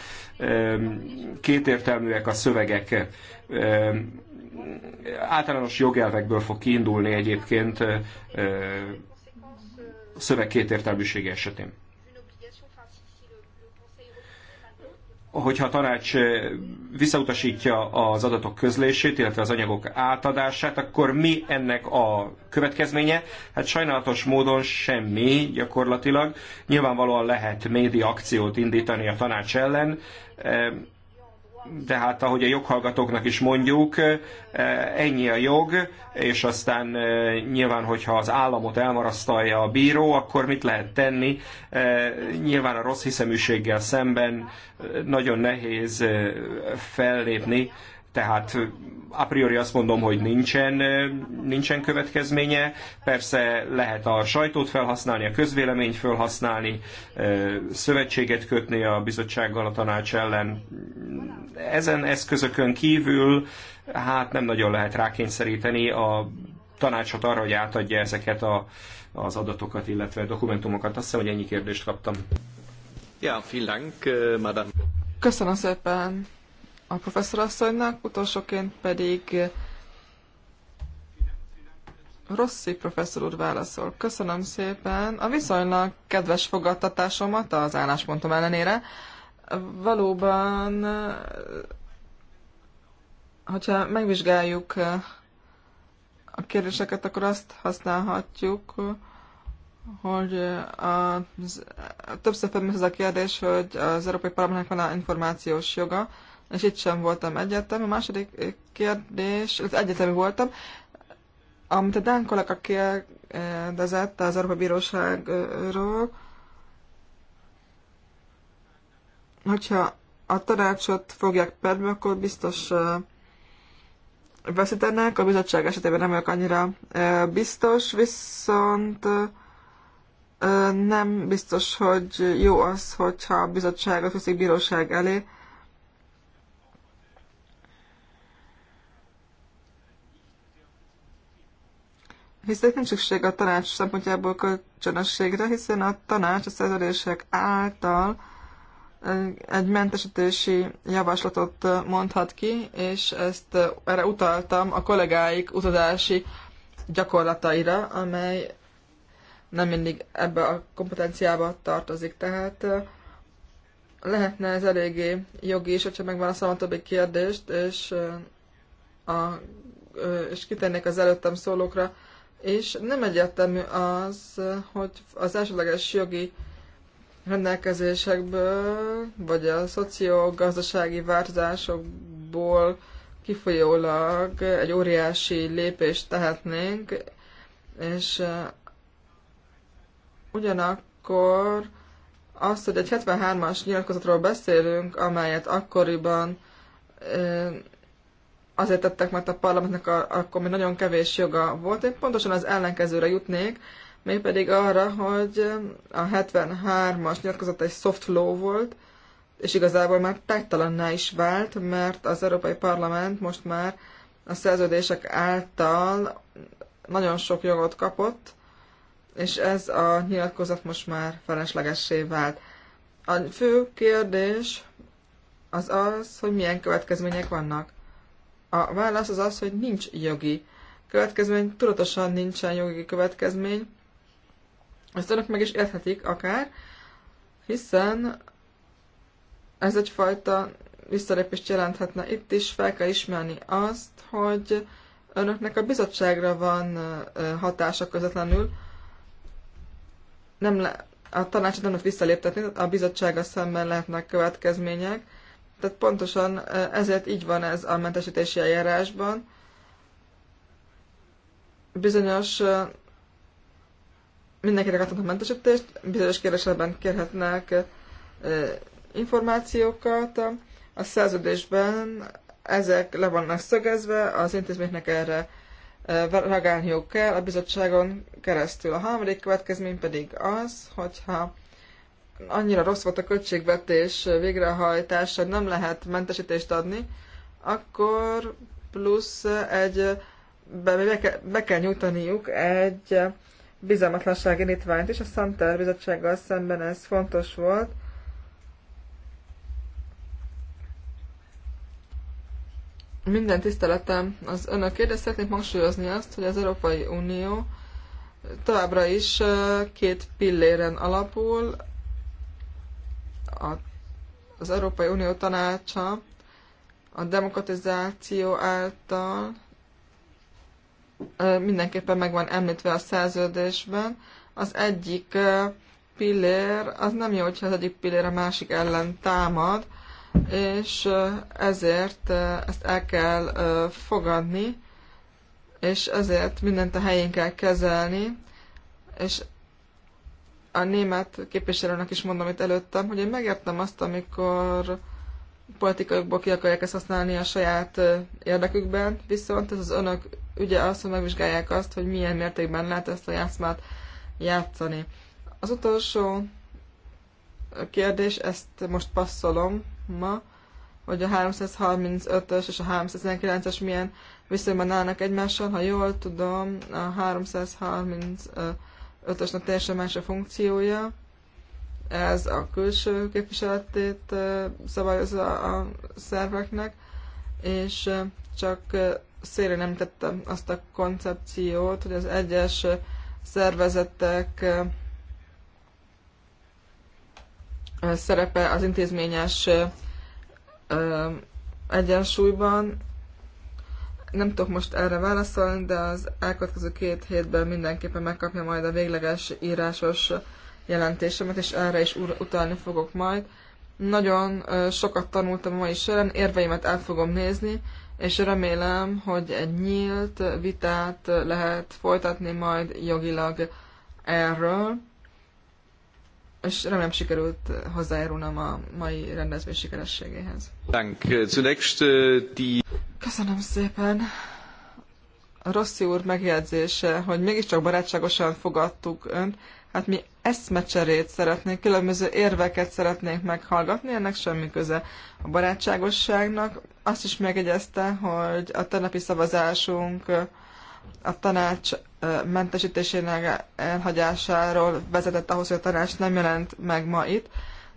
kétértelműek a szövegek. Általános jogelvekből fog kiindulni egyébként szöveg kétértelműsége esetén. hogyha a tanács eh, visszautasítja az adatok közlését, illetve az anyagok átadását, akkor mi ennek a következménye? Hát sajnálatos módon semmi gyakorlatilag. Nyilvánvalóan lehet média akciót indítani a tanács ellen, eh, tehát ahogy a joghallgatóknak is mondjuk, e, ennyi a jog, és aztán e, nyilván, hogyha az államot elmarasztalja a bíró, akkor mit lehet tenni? E, nyilván a rossz hiszeműséggel szemben nagyon nehéz fellépni, tehát a priori azt mondom, hogy nincsen, nincsen következménye. Persze lehet a sajtót felhasználni, a közvéleményt felhasználni, szövetséget kötni a bizottsággal a tanács ellen. Ezen eszközökön kívül hát nem nagyon lehet rákényszeríteni a tanácsot arra, hogy átadja ezeket a, az adatokat, illetve dokumentumokat. Azt hiszem, hogy ennyi kérdést kaptam. Ja, vielen Dank, madame. Köszönöm szépen, a professzorasszonynak, utolsóként pedig Rossi professzor úr válaszol. Köszönöm szépen a viszonylag kedves fogadtatásomat az álláspontom ellenére. Valóban, hogyha megvizsgáljuk a kérdéseket, akkor azt használhatjuk, hogy a, a többször felmerül ez a kérdés, hogy az Európai Parlamentnek van-e információs joga, és itt sem voltam egyetem. A második kérdés, az egyetemi voltam, amit a Dán kollega kérdezett az Európai Bíróságról, hogyha a tanácsot fogják perbe, akkor biztos veszítenek. A bizottság esetében nem vagyok annyira biztos, viszont nem biztos, hogy jó az, hogyha a bizottságot viszik bíróság elé, hiszen nincs szükség a tanács szempontjából kölcsönösségre, hiszen a tanács a szerződések által egy mentesítési javaslatot mondhat ki, és ezt erre utaltam a kollégáik utazási gyakorlataira, amely nem mindig ebbe a kompetenciába tartozik. Tehát lehetne ez eléggé jogi is, hogyha megválaszolom a többi kérdést, és, a, és kitennék az előttem szólókra és nem egyértelmű az, hogy az elsőleges jogi rendelkezésekből, vagy a szociogazdasági változásokból kifolyólag egy óriási lépést tehetnénk, és ugyanakkor azt, hogy egy 73-as nyilatkozatról beszélünk, amelyet akkoriban azért tettek, mert a parlamentnek a, akkor még nagyon kevés joga volt. Én pontosan az ellenkezőre jutnék, mégpedig arra, hogy a 73-as nyilatkozat egy soft law volt, és igazából már tájtalanná is vált, mert az Európai Parlament most már a szerződések által nagyon sok jogot kapott, és ez a nyilatkozat most már feleslegessé vált. A fő kérdés az az, hogy milyen következmények vannak. A válasz az az, hogy nincs jogi következmény, tudatosan nincsen jogi következmény. Ezt önök meg is érthetik akár, hiszen ez egyfajta visszalépést jelenthetne. Itt is fel kell ismerni azt, hogy önöknek a bizottságra van hatása közvetlenül. Nem le, a tanácsot nem visszaléptetni, a bizottsága szemben lehetnek következmények. Tehát pontosan ezért így van ez a mentesítési eljárásban. Bizonyos mindenkinek adhatnak mentesítést, bizonyos kérdésekben kérhetnek információkat. A szerződésben ezek le vannak szögezve, az intézménynek erre reagálniuk kell a bizottságon keresztül. A harmadik következmény pedig az, hogyha annyira rossz volt a költségvetés végrehajtása, hogy nem lehet mentesítést adni, akkor plusz egy, be, be kell nyújtaniuk egy bizalmatlanság indítványt is, a Szanter bizottsággal szemben ez fontos volt. Minden tiszteletem az önöké, de szeretnék hangsúlyozni azt, hogy az Európai Unió továbbra is két pilléren alapul, a, az Európai Unió tanácsa a demokratizáció által mindenképpen meg van említve a szerződésben. Az egyik pillér, az nem jó, hogyha az egyik pillér a másik ellen támad, és ezért ezt el kell fogadni, és ezért mindent a helyén kell kezelni, és a német képviselőnek is mondom itt előttem, hogy én megértem azt, amikor politikaiokból ki akarják ezt használni a saját érdekükben, viszont ez az önök ügye az, hogy megvizsgálják azt, hogy milyen mértékben lehet ezt a játszmát játszani. Az utolsó kérdés, ezt most passzolom ma, hogy a 335-ös és a 319-es milyen viszonyban állnak egymással. Ha jól tudom, a 335 ötösnek teljesen más a funkciója, ez a külső képviseletét szabályozza a szerveknek, és csak szélre nem tette azt a koncepciót, hogy az egyes szervezetek szerepe az intézményes egyensúlyban, nem tudok most erre válaszolni, de az elkövetkező két hétben mindenképpen megkapja majd a végleges írásos jelentésemet, és erre is utalni fogok majd. Nagyon sokat tanultam a mai során, érveimet el fogom nézni, és remélem, hogy egy nyílt vitát lehet folytatni majd jogilag erről és remélem sikerült hozzájárulnom a mai rendezvény sikerességéhez. Uh, Köszönöm szépen. Rossi úr megjegyzése, hogy mégiscsak barátságosan fogadtuk önt, hát mi eszmecserét szeretnénk, különböző érveket szeretnénk meghallgatni, ennek semmi köze a barátságosságnak. Azt is megjegyezte, hogy a tegnapi szavazásunk a tanács mentesítésének elhagyásáról vezetett ahhoz, hogy a tanács nem jelent meg ma itt,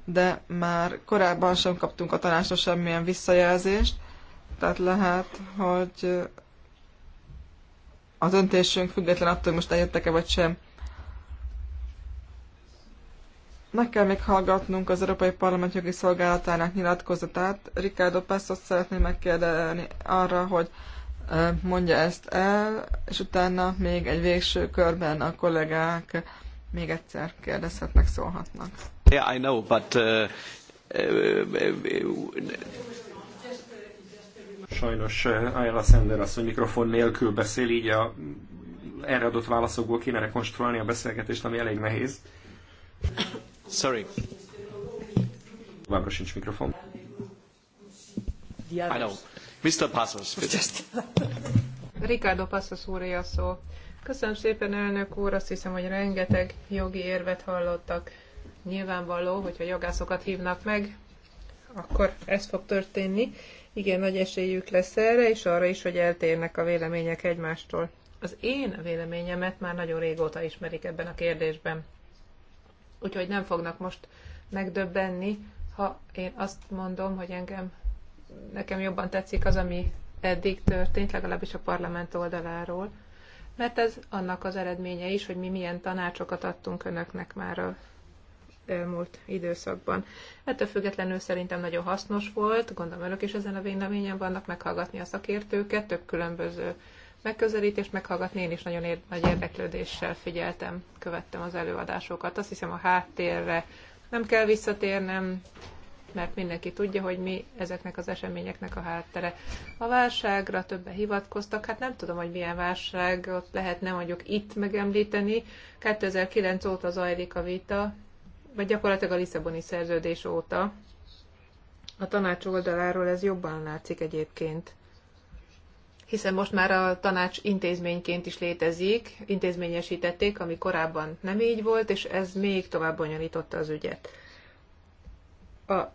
de már korábban sem kaptunk a tanácsra semmilyen visszajelzést, tehát lehet, hogy a döntésünk független attól, hogy most eljöttek-e vagy sem. Meg kell még hallgatnunk az Európai Parlament jogi szolgálatának nyilatkozatát. Ricardo Passos szeretné megkérdezni arra, hogy mondja ezt el, és utána még egy végső körben a kollégák még egyszer kérdezhetnek, szólhatnak. Yeah, I know, but uh, uh Sajnos uh, Ayala Sender asszony mikrofon nélkül beszél, így a erre adott válaszokból kéne rekonstruálni a beszélgetést, ami elég nehéz. Sorry. Továbbra sincs mikrofon. I know. Mr. Passos, Ricardo Passos úr a szó. Köszönöm szépen, elnök úr, azt hiszem, hogy rengeteg jogi érvet hallottak. Nyilvánvaló, hogyha jogászokat hívnak meg, akkor ez fog történni. Igen, nagy esélyük lesz erre, és arra is, hogy eltérnek a vélemények egymástól. Az én véleményemet már nagyon régóta ismerik ebben a kérdésben. Úgyhogy nem fognak most megdöbbenni, ha én azt mondom, hogy engem nekem jobban tetszik az, ami eddig történt, legalábbis a parlament oldaláról, mert ez annak az eredménye is, hogy mi milyen tanácsokat adtunk önöknek már a elmúlt időszakban. Ettől függetlenül szerintem nagyon hasznos volt, gondolom önök is ezen a véleményen vannak, meghallgatni a szakértőket, több különböző megközelítést meghallgatni, én is nagyon ér- nagy érdeklődéssel figyeltem, követtem az előadásokat. Azt hiszem a háttérre nem kell visszatérnem, mert mindenki tudja, hogy mi ezeknek az eseményeknek a háttere. A válságra többen hivatkoztak, hát nem tudom, hogy milyen válságot lehetne mondjuk itt megemlíteni. 2009 óta zajlik a vita, vagy gyakorlatilag a Lisszaboni szerződés óta. A tanács oldaláról ez jobban látszik egyébként hiszen most már a tanács intézményként is létezik, intézményesítették, ami korábban nem így volt, és ez még tovább bonyolította az ügyet a,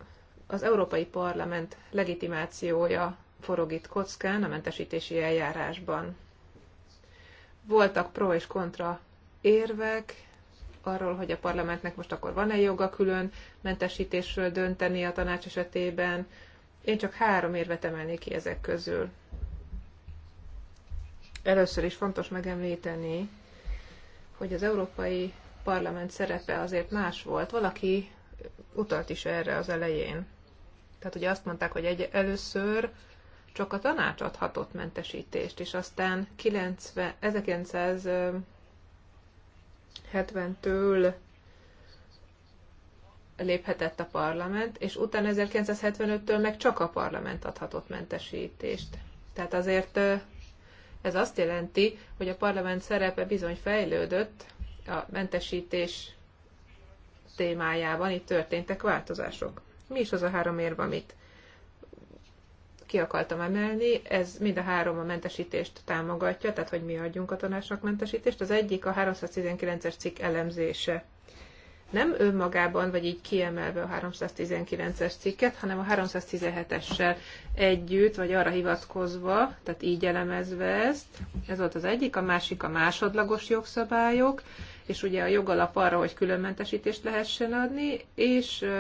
az Európai Parlament legitimációja forog itt kockán a mentesítési eljárásban. Voltak pro és kontra érvek arról, hogy a parlamentnek most akkor van-e joga külön mentesítésről dönteni a tanács esetében. Én csak három érvet emelnék ki ezek közül. Először is fontos megemlíteni, hogy az Európai Parlament szerepe azért más volt. Valaki utalt is erre az elején. Tehát ugye azt mondták, hogy egy, először csak a tanács adhatott mentesítést, és aztán 90, 1970-től léphetett a parlament, és utána 1975-től meg csak a parlament adhatott mentesítést. Tehát azért ez azt jelenti, hogy a parlament szerepe bizony fejlődött a mentesítés témájában itt történtek változások. Mi is az a három érv, amit ki akartam emelni, ez mind a három a mentesítést támogatja, tehát hogy mi adjunk a tanácsnak mentesítést. Az egyik a 319-es cikk elemzése. Nem önmagában, vagy így kiemelve a 319-es cikket, hanem a 317-essel együtt, vagy arra hivatkozva, tehát így elemezve ezt. Ez volt az egyik, a másik a másodlagos jogszabályok, és ugye a jogalap arra, hogy különmentesítést lehessen adni, és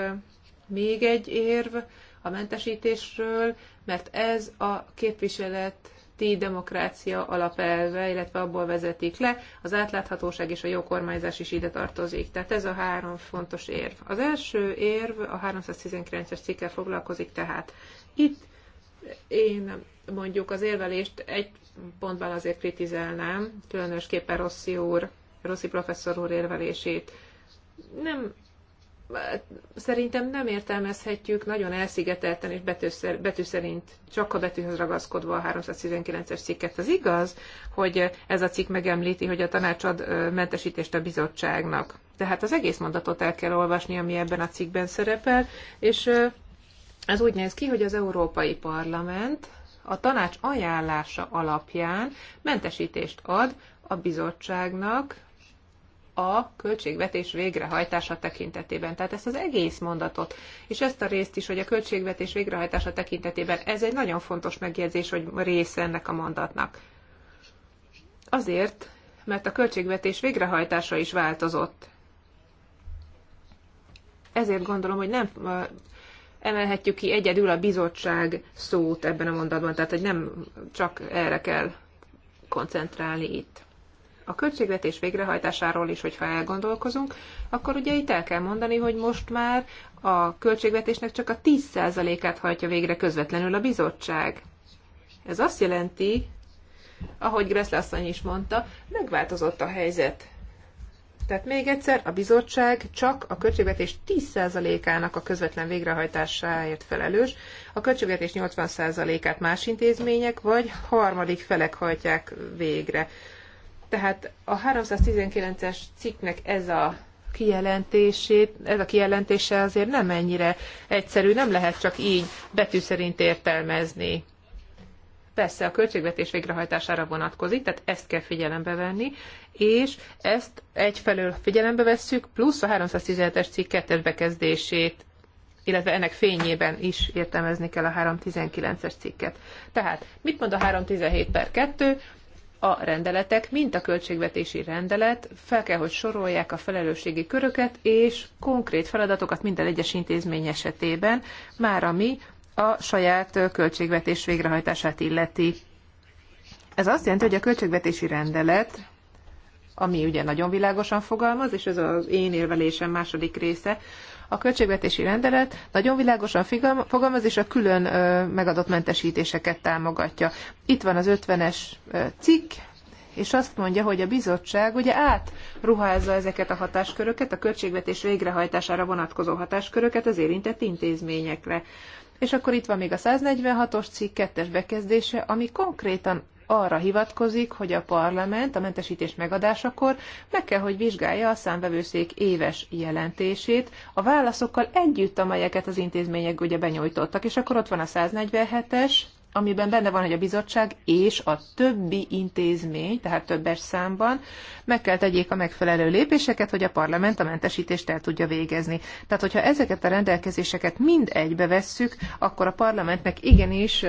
még egy érv a mentesítésről, mert ez a képviselet ti demokrácia alapelve, illetve abból vezetik le, az átláthatóság és a jó kormányzás is ide tartozik. Tehát ez a három fontos érv. Az első érv a 319-es cikkel foglalkozik tehát. Itt én mondjuk az érvelést egy pontban azért kritizálnám, különösképpen Rossi úr Rossi professzor úr érvelését. Nem, hát szerintem nem értelmezhetjük nagyon elszigetelten és betű szerint, csak a betűhöz ragaszkodva a 319-es cikket. Az igaz, hogy ez a cikk megemlíti, hogy a tanácsad mentesítést a bizottságnak. Tehát az egész mondatot el kell olvasni, ami ebben a cikkben szerepel, és ez úgy néz ki, hogy az Európai Parlament a tanács ajánlása alapján mentesítést ad a bizottságnak a költségvetés végrehajtása tekintetében. Tehát ezt az egész mondatot, és ezt a részt is, hogy a költségvetés végrehajtása tekintetében, ez egy nagyon fontos megjegyzés, hogy része ennek a mondatnak. Azért, mert a költségvetés végrehajtása is változott. Ezért gondolom, hogy nem emelhetjük ki egyedül a bizottság szót ebben a mondatban, tehát hogy nem csak erre kell koncentrálni itt a költségvetés végrehajtásáról is, hogyha elgondolkozunk, akkor ugye itt el kell mondani, hogy most már a költségvetésnek csak a 10%-át hajtja végre közvetlenül a bizottság. Ez azt jelenti, ahogy Gressle asszony is mondta, megváltozott a helyzet. Tehát még egyszer, a bizottság csak a költségvetés 10%-ának a közvetlen végrehajtásáért felelős, a költségvetés 80%-át más intézmények vagy harmadik felek hajtják végre. Tehát a 319-es cikknek ez a kijelentését, ez a kijelentése azért nem ennyire egyszerű, nem lehet csak így betű szerint értelmezni. Persze a költségvetés végrehajtására vonatkozik, tehát ezt kell figyelembe venni, és ezt egyfelől figyelembe vesszük, plusz a 317-es cikk kettes bekezdését illetve ennek fényében is értelmezni kell a 319-es cikket. Tehát mit mond a 317 per 2? a rendeletek, mint a költségvetési rendelet fel kell, hogy sorolják a felelősségi köröket és konkrét feladatokat minden egyes intézmény esetében, már ami a saját költségvetés végrehajtását illeti. Ez azt jelenti, hogy a költségvetési rendelet, ami ugye nagyon világosan fogalmaz, és ez az én érvelésem második része, a költségvetési rendelet nagyon világosan fogalmaz, és a külön megadott mentesítéseket támogatja. Itt van az 50-es cikk, és azt mondja, hogy a bizottság ugye átruházza ezeket a hatásköröket, a költségvetés végrehajtására vonatkozó hatásköröket az érintett intézményekre. És akkor itt van még a 146-os cikk kettes bekezdése, ami konkrétan arra hivatkozik, hogy a parlament a mentesítés megadásakor meg kell, hogy vizsgálja a számvevőszék éves jelentését a válaszokkal együtt, amelyeket az intézmények ugye benyújtottak. És akkor ott van a 147-es amiben benne van, hogy a bizottság és a többi intézmény, tehát többes számban meg kell tegyék a megfelelő lépéseket, hogy a parlament a mentesítést el tudja végezni. Tehát, hogyha ezeket a rendelkezéseket mind egybe vesszük, akkor a parlamentnek igenis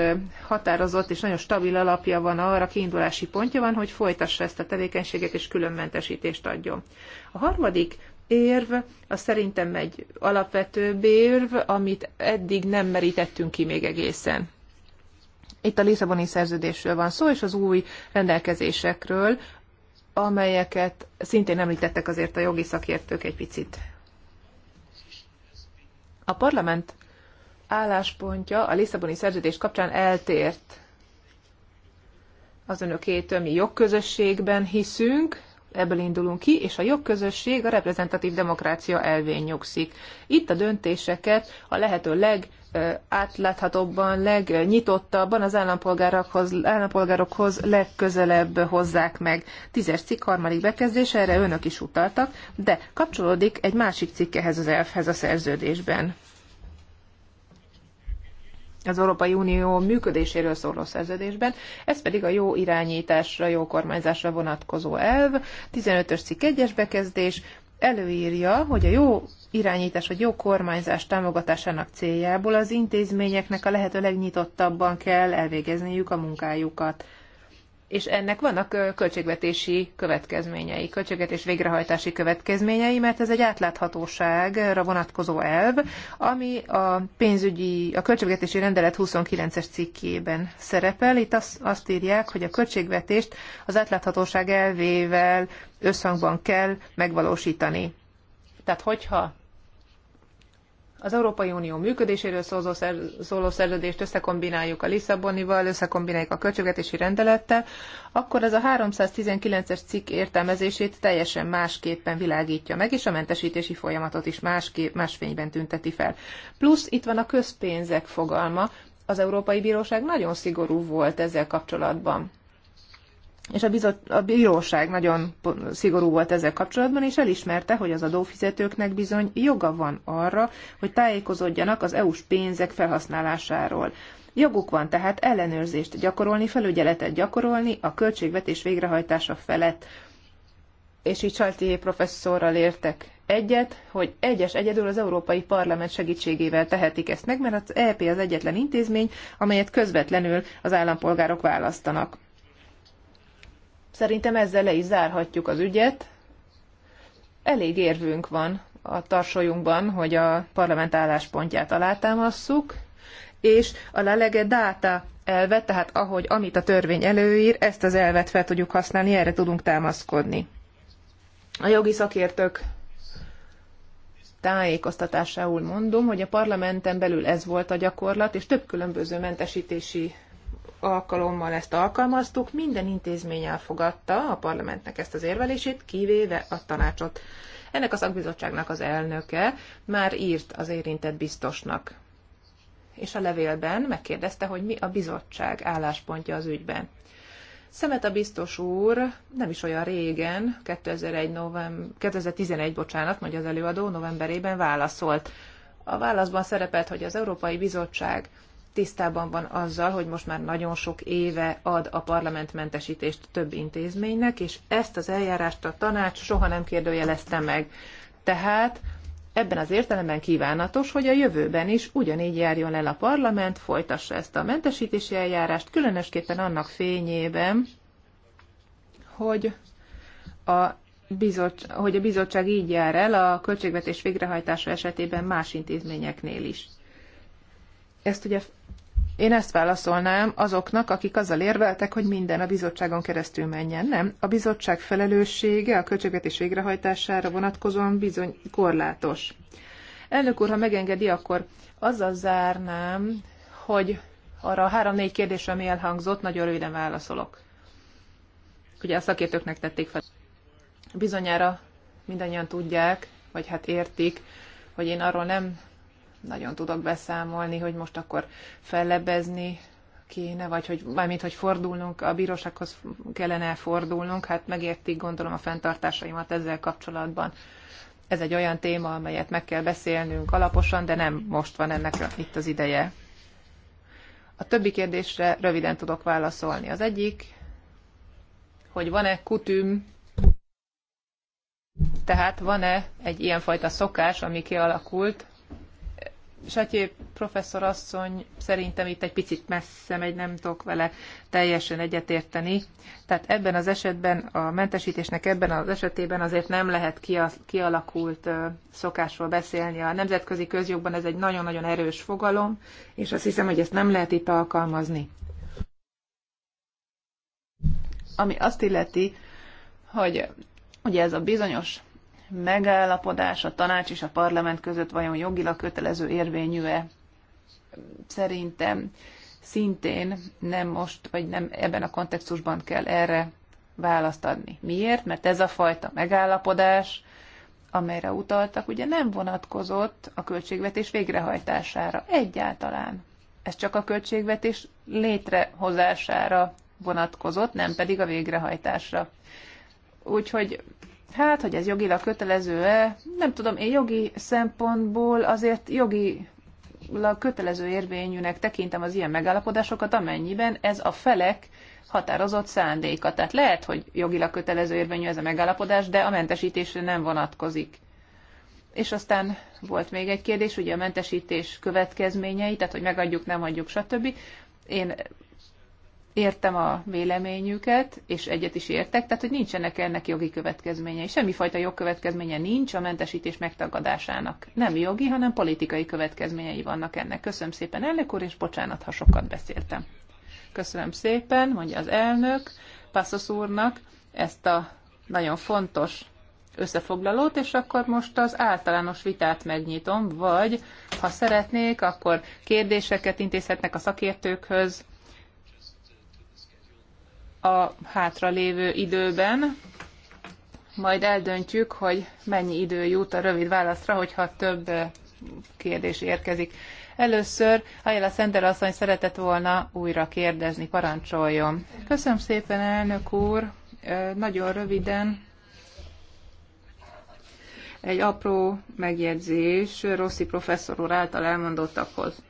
határozott és nagyon stabil alapja van arra, kiindulási pontja van, hogy folytassa ezt a tevékenységet és külön mentesítést adjon. A harmadik érv, az szerintem egy alapvető érv, amit eddig nem merítettünk ki még egészen. Itt a Lisszaboni szerződésről van szó, és az új rendelkezésekről, amelyeket szintén említettek azért a jogi szakértők egy picit. A parlament álláspontja a Lisszaboni szerződés kapcsán eltért az önökétől mi jogközösségben hiszünk, ebből indulunk ki, és a jogközösség a reprezentatív demokrácia elvén nyugszik. Itt a döntéseket a lehető leg legátláthatóbban, legnyitottabban az állampolgárokhoz, állampolgárokhoz legközelebb hozzák meg. Tízes cikk harmadik bekezdés, erre önök is utaltak, de kapcsolódik egy másik cikkehez az elfhez a szerződésben. Az Európai Unió működéséről szóló szerződésben, ez pedig a jó irányításra, jó kormányzásra vonatkozó elv, 15-ös cikk 1-es bekezdés, előírja, hogy a jó irányítás vagy jó kormányzás támogatásának céljából az intézményeknek a lehető legnyitottabban kell elvégezniük a munkájukat és ennek vannak költségvetési következményei, költségvetés végrehajtási következményei, mert ez egy átláthatóságra vonatkozó elv, ami a pénzügyi, a költségvetési rendelet 29-es cikkében szerepel. Itt azt, azt írják, hogy a költségvetést az átláthatóság elvével összhangban kell megvalósítani. Tehát hogyha az Európai Unió működéséről szóló, szóló szerződést összekombináljuk a Lisszabonival, összekombináljuk a költségvetési rendelettel, akkor ez a 319-es cikk értelmezését teljesen másképpen világítja meg, és a mentesítési folyamatot is másképp, más fényben tünteti fel. Plusz itt van a közpénzek fogalma, az Európai Bíróság nagyon szigorú volt ezzel kapcsolatban és a, bizot, a bíróság nagyon szigorú volt ezzel kapcsolatban, és elismerte, hogy az adófizetőknek bizony joga van arra, hogy tájékozódjanak az EU-s pénzek felhasználásáról. Joguk van tehát ellenőrzést gyakorolni, felügyeletet gyakorolni a költségvetés végrehajtása felett. És így Saltié professzorral értek egyet, hogy egyes egyedül az Európai Parlament segítségével tehetik ezt meg, mert az EP az egyetlen intézmény, amelyet közvetlenül az állampolgárok választanak. Szerintem ezzel le is zárhatjuk az ügyet. Elég érvünk van a tarsolyunkban, hogy a parlament álláspontját alátámasszuk, és a lelege dáta elvet, tehát ahogy amit a törvény előír, ezt az elvet fel tudjuk használni, erre tudunk támaszkodni. A jogi szakértők tájékoztatásául mondom, hogy a parlamenten belül ez volt a gyakorlat, és több különböző mentesítési alkalommal ezt alkalmaztuk, minden intézmény elfogadta a parlamentnek ezt az érvelését, kivéve a tanácsot. Ennek a szakbizottságnak az elnöke már írt az érintett biztosnak. És a levélben megkérdezte, hogy mi a bizottság álláspontja az ügyben. Szemet a biztos úr nem is olyan régen, 2001 november, 2011, bocsánat, mondja az előadó, novemberében válaszolt. A válaszban szerepelt, hogy az Európai Bizottság tisztában van azzal, hogy most már nagyon sok éve ad a parlament mentesítést több intézménynek, és ezt az eljárást a tanács soha nem kérdőjelezte meg. Tehát ebben az értelemben kívánatos, hogy a jövőben is ugyanígy járjon el a parlament, folytassa ezt a mentesítési eljárást, különösképpen annak fényében, hogy a Bizottság, hogy a bizottság így jár el a költségvetés végrehajtása esetében más intézményeknél is. Ezt ugye én ezt válaszolnám azoknak, akik azzal érveltek, hogy minden a bizottságon keresztül menjen. Nem, a bizottság felelőssége a költségvetés végrehajtására vonatkozóan bizony korlátos. Elnök úr, ha megengedi, akkor azzal zárnám, hogy arra a három-négy kérdésre, ami elhangzott, nagyon röviden válaszolok. Ugye a szakértőknek tették fel. Bizonyára mindannyian tudják, vagy hát értik, hogy én arról nem nagyon tudok beszámolni, hogy most akkor fellebezni kéne, vagy hogy mármint, hogy fordulnunk, a bírósághoz kellene fordulnunk, hát megértik gondolom a fenntartásaimat ezzel kapcsolatban. Ez egy olyan téma, amelyet meg kell beszélnünk alaposan, de nem most van ennek itt az ideje. A többi kérdésre röviden tudok válaszolni. Az egyik, hogy van-e kutüm, tehát van-e egy ilyenfajta szokás, ami kialakult, Satyé professzor asszony szerintem itt egy picit messze megy, nem tudok vele teljesen egyetérteni. Tehát ebben az esetben, a mentesítésnek ebben az esetében azért nem lehet kialakult szokásról beszélni. A nemzetközi közjogban ez egy nagyon-nagyon erős fogalom, és azt hiszem, hogy ezt nem lehet itt alkalmazni. Ami azt illeti, hogy ugye ez a bizonyos megállapodás a tanács és a parlament között vajon jogilag kötelező érvényű-e? Szerintem szintén nem most, vagy nem ebben a kontextusban kell erre választ adni. Miért? Mert ez a fajta megállapodás, amelyre utaltak, ugye nem vonatkozott a költségvetés végrehajtására egyáltalán. Ez csak a költségvetés létrehozására vonatkozott, nem pedig a végrehajtásra. Úgyhogy Hát, hogy ez jogilag kötelező-e, nem tudom, én jogi szempontból azért jogi kötelező érvényűnek tekintem az ilyen megállapodásokat, amennyiben ez a felek határozott szándéka. Tehát lehet, hogy jogilag kötelező érvényű ez a megállapodás, de a mentesítésre nem vonatkozik. És aztán volt még egy kérdés, ugye a mentesítés következményei, tehát hogy megadjuk, nem adjuk, stb. Én értem a véleményüket, és egyet is értek, tehát hogy nincsenek ennek jogi következményei. Semmifajta jogkövetkezménye nincs a mentesítés megtagadásának. Nem jogi, hanem politikai következményei vannak ennek. Köszönöm szépen, elnök úr, és bocsánat, ha sokat beszéltem. Köszönöm szépen, mondja az elnök, Passos úrnak ezt a nagyon fontos összefoglalót, és akkor most az általános vitát megnyitom, vagy ha szeretnék, akkor kérdéseket intézhetnek a szakértőkhöz, a hátralévő időben, majd eldöntjük, hogy mennyi idő jut a rövid válaszra, hogyha több eh, kérdés érkezik. Először Ajala Szender asszony szeretett volna újra kérdezni, parancsoljon. Köszönöm szépen, elnök úr. Eh, nagyon röviden egy apró megjegyzés Rossi professzor úr által elmondottakhoz.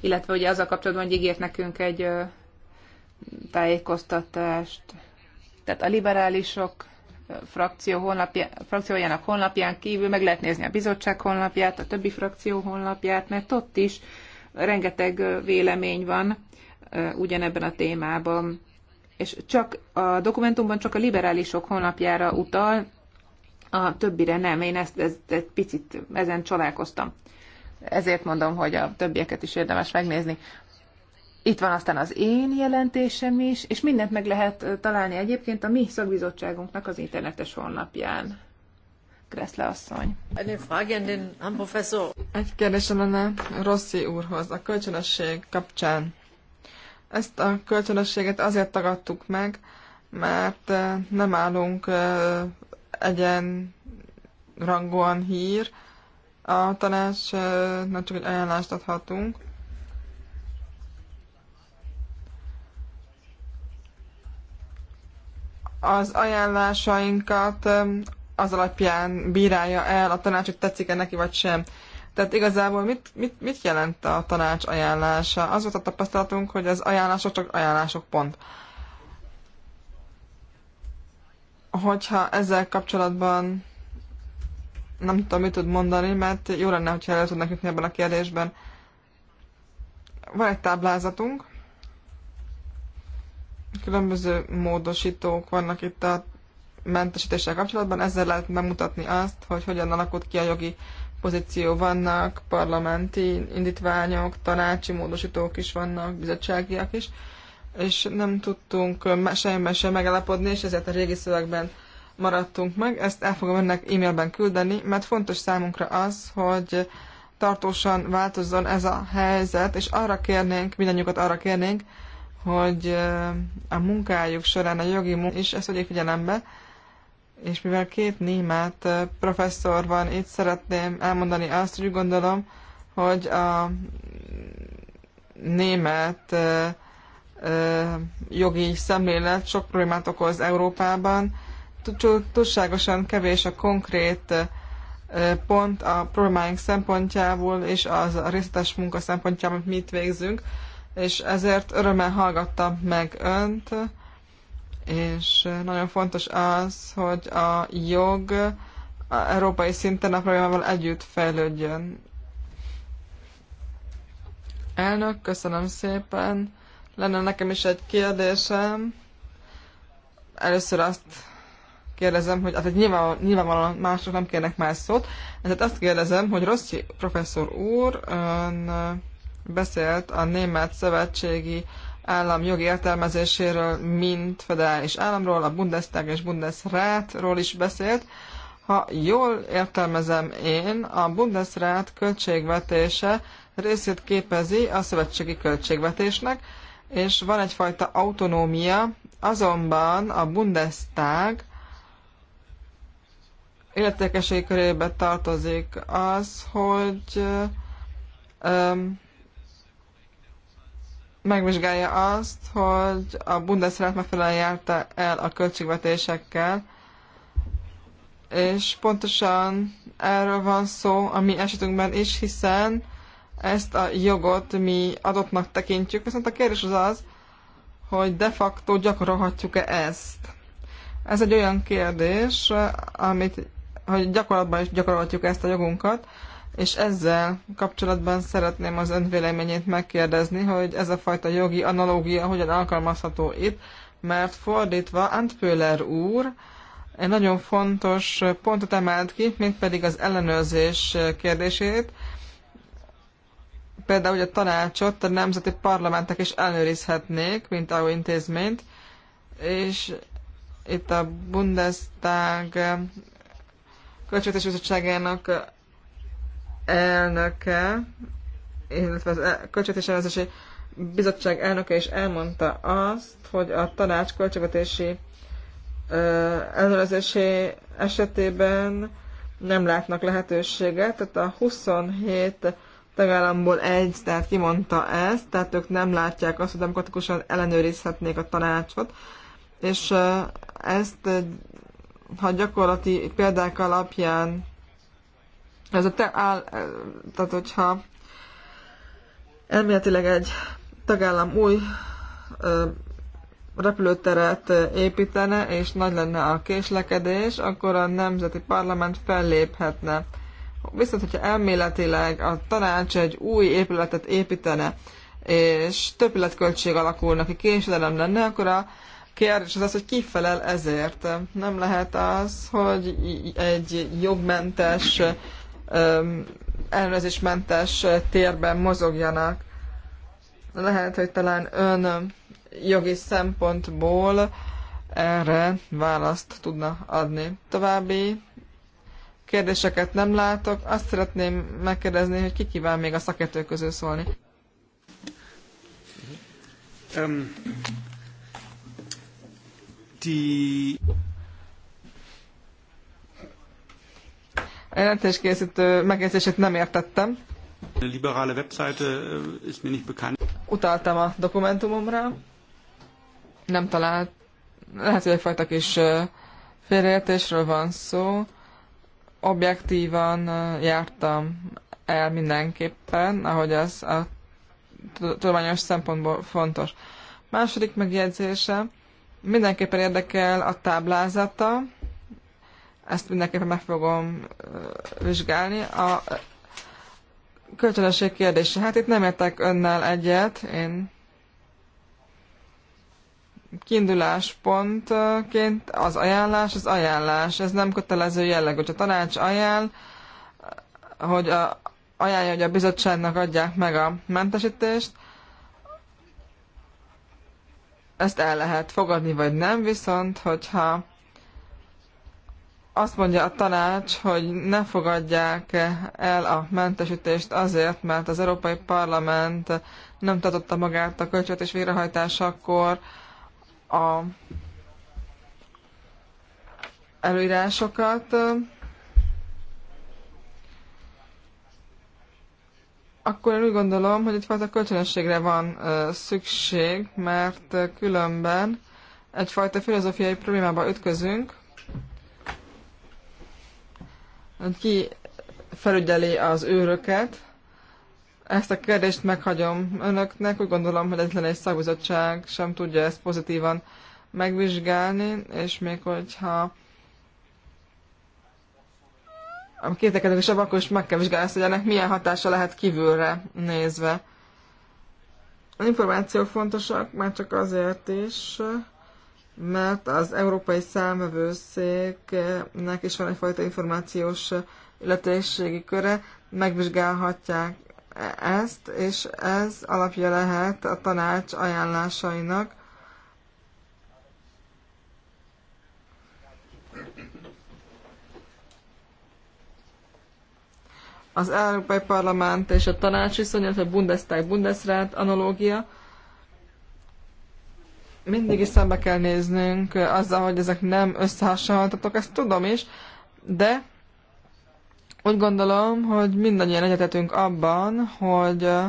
Illetve ugye az a kapcsolatban, hogy ígért nekünk egy eh, tájékoztatást. Tehát a liberálisok frakció honlapja, frakciójának honlapján kívül meg lehet nézni a bizottság honlapját, a többi frakció honlapját, mert ott is rengeteg vélemény van ugyanebben a témában. És csak a dokumentumban csak a liberálisok honlapjára utal, a többire nem. Én ezt, ezt egy picit ezen csodálkoztam. Ezért mondom, hogy a többieket is érdemes megnézni. Itt van aztán az én jelentésem is, és mindent meg lehet találni egyébként a mi szakbizottságunknak az internetes honlapján. Kreszle asszony. Egy kérdésem lenne Rossi úrhoz a kölcsönösség kapcsán. Ezt a kölcsönösséget azért tagadtuk meg, mert nem állunk egyen rangon hír. A tanácsnak csak egy ajánlást adhatunk. az ajánlásainkat az alapján bírálja el a tanács, hogy tetszik-e neki vagy sem. Tehát igazából mit, mit, mit jelent a tanács ajánlása? Az volt a tapasztalatunk, hogy az ajánlások csak ajánlások pont. Hogyha ezzel kapcsolatban nem tudom, mit tud mondani, mert jó lenne, hogyha el tudnak jutni ebben a kérdésben. Van egy táblázatunk, Különböző módosítók vannak itt a mentesítéssel kapcsolatban, ezzel lehet bemutatni azt, hogy hogyan alakult ki a jogi pozíció. Vannak parlamenti indítványok, tanácsi módosítók is vannak, bizottságiak is, és nem tudtunk semmiben sem megállapodni, és ezért a régi szövegben maradtunk meg. Ezt el fogom önnek e-mailben küldeni, mert fontos számunkra az, hogy tartósan változzon ez a helyzet, és arra kérnénk, mindannyiukat arra kérnénk, hogy a munkájuk során a jogi munka is ezt vegyék figyelembe, és mivel két német professzor van, itt szeretném elmondani azt, hogy gondolom, hogy a német jogi szemlélet sok problémát okoz Európában. Túlságosan kevés a konkrét pont a problémáink szempontjából és az a részletes munka szempontjából, amit mi itt végzünk és ezért örömmel hallgattam meg önt, és nagyon fontos az, hogy a jog a európai szinten a problémával együtt fejlődjön. Elnök, köszönöm szépen. Lenne nekem is egy kérdésem. Először azt kérdezem, hogy hát nyilván, nyilvánvalóan mások nem kérnek más szót, ezért azt kérdezem, hogy Rossi professzor úr, ön beszélt a német szövetségi állam jogi értelmezéséről, mint federális államról, a Bundestag és Bundesrátról is beszélt. Ha jól értelmezem én, a Bundesrát költségvetése részét képezi a szövetségi költségvetésnek, és van egyfajta autonómia, azonban a Bundestag illetékeség körébe tartozik az, hogy megvizsgálja azt, hogy a Bundesrat megfelelően járta el a költségvetésekkel, és pontosan erről van szó a mi esetünkben is, hiszen ezt a jogot mi adottnak tekintjük, viszont a kérdés az az, hogy de facto gyakorolhatjuk-e ezt. Ez egy olyan kérdés, amit, hogy gyakorlatban is gyakorolhatjuk ezt a jogunkat, és ezzel kapcsolatban szeretném az ön véleményét megkérdezni, hogy ez a fajta jogi analógia hogyan alkalmazható itt, mert fordítva Antpöler úr egy nagyon fontos pontot emelt ki, mint pedig az ellenőrzés kérdését, például hogy a tanácsot a nemzeti parlamentek is ellenőrizhetnék, mint EU intézményt, és itt a Bundestag költségvetés bizottságának elnöke, illetve az e- költségvetési ellenőrzési bizottság elnöke is elmondta azt, hogy a tanács költségvetési ellenőrzési esetében nem látnak lehetőséget, tehát a 27 tagállamból egy, tehát kimondta ezt, tehát ők nem látják azt, hogy demokratikusan ellenőrizhetnék a tanácsot, és ezt ha gyakorlati példák alapján ez a te áll, eh, tehát hogyha elméletileg egy tagállam új ö, repülőteret építene, és nagy lenne a késlekedés, akkor a nemzeti parlament felléphetne. Viszont, hogyha elméletileg a tanács egy új épületet építene, és illetköltség alakulna ki, késlelem lenne, akkor a kérdés az az, hogy ki felel ezért. Nem lehet az, hogy egy jogmentes ellenőrzésmentes térben mozogjanak. Lehet, hogy talán ön jogi szempontból erre választ tudna adni. További kérdéseket nem látok. Azt szeretném megkérdezni, hogy ki kíván még a szakértők közül szólni. Um, die... A jelentéskészítő megjegyzését nem értettem. A liberále webseite äh, ist mir nicht bekannt. Utaltam a dokumentumomra. Nem talált. Lehet, hogy egyfajta kis félreértésről van szó. Objektívan jártam el mindenképpen, ahogy az a tudományos szempontból fontos. Második megjegyzése, mindenképpen érdekel a táblázata, ezt mindenképpen meg fogom vizsgálni. A kölcsönösség kérdése. Hát itt nem értek önnel egyet. Én kiinduláspontként az ajánlás, az ajánlás. Ez nem kötelező jelleg, hogy a tanács ajánl, hogy a, ajánlja, hogy a bizottságnak adják meg a mentesítést, ezt el lehet fogadni, vagy nem, viszont hogyha azt mondja a tanács, hogy ne fogadják el a mentesítést azért, mert az Európai Parlament nem tartotta magát a költségvetés végrehajtásakor a előírásokat, akkor én úgy gondolom, hogy egyfajta kölcsönösségre van szükség, mert különben egyfajta filozófiai problémába ütközünk, ki felügyeli az őröket. Ezt a kérdést meghagyom önöknek, úgy gondolom, hogy egyetlen egy szakbizottság sem tudja ezt pozitívan megvizsgálni, és még hogyha a kétekedősebb, akkor is meg kell vizsgálni ezt, hogy ennek milyen hatása lehet kívülre nézve. Az információk fontosak, már csak azért is, mert az Európai Számövőszéknek is van egyfajta információs illetőségi köre, megvizsgálhatják ezt, és ez alapja lehet a tanács ajánlásainak. Az Európai Parlament és a tanács viszonyat, a Bundestag-Bundesrat analógia, mindig is szembe kell néznünk eh, azzal, hogy ezek nem összehasonlítatok, ezt tudom is, de úgy gondolom, hogy mindannyian egyetetünk abban, hogy eh,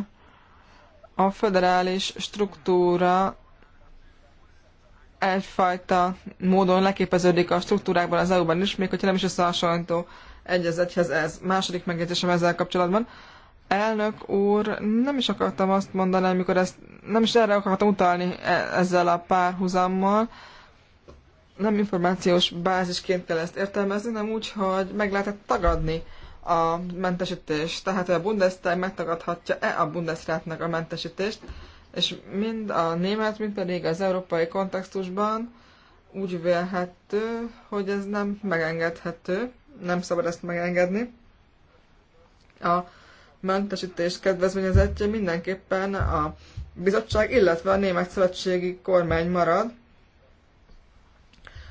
a föderális struktúra egyfajta módon leképeződik a struktúrákban az EU-ban is, még hogyha nem is összehasonlító egy az egyhez ez. Második megjegyzésem ezzel kapcsolatban. Elnök úr, nem is akartam azt mondani, amikor ezt nem is erre akartam utalni e- ezzel a párhuzammal. Nem információs bázisként kell ezt értelmezni, hanem úgy, hogy meg lehetett tagadni a mentesítést. Tehát a Bundestag megtagadhatja-e a Bundesrátnak a mentesítést, és mind a német, mind pedig az európai kontextusban úgy vélhető, hogy ez nem megengedhető, nem szabad ezt megengedni. A mentesítés kedvezményezettje mindenképpen a bizottság, illetve a német szövetségi kormány marad.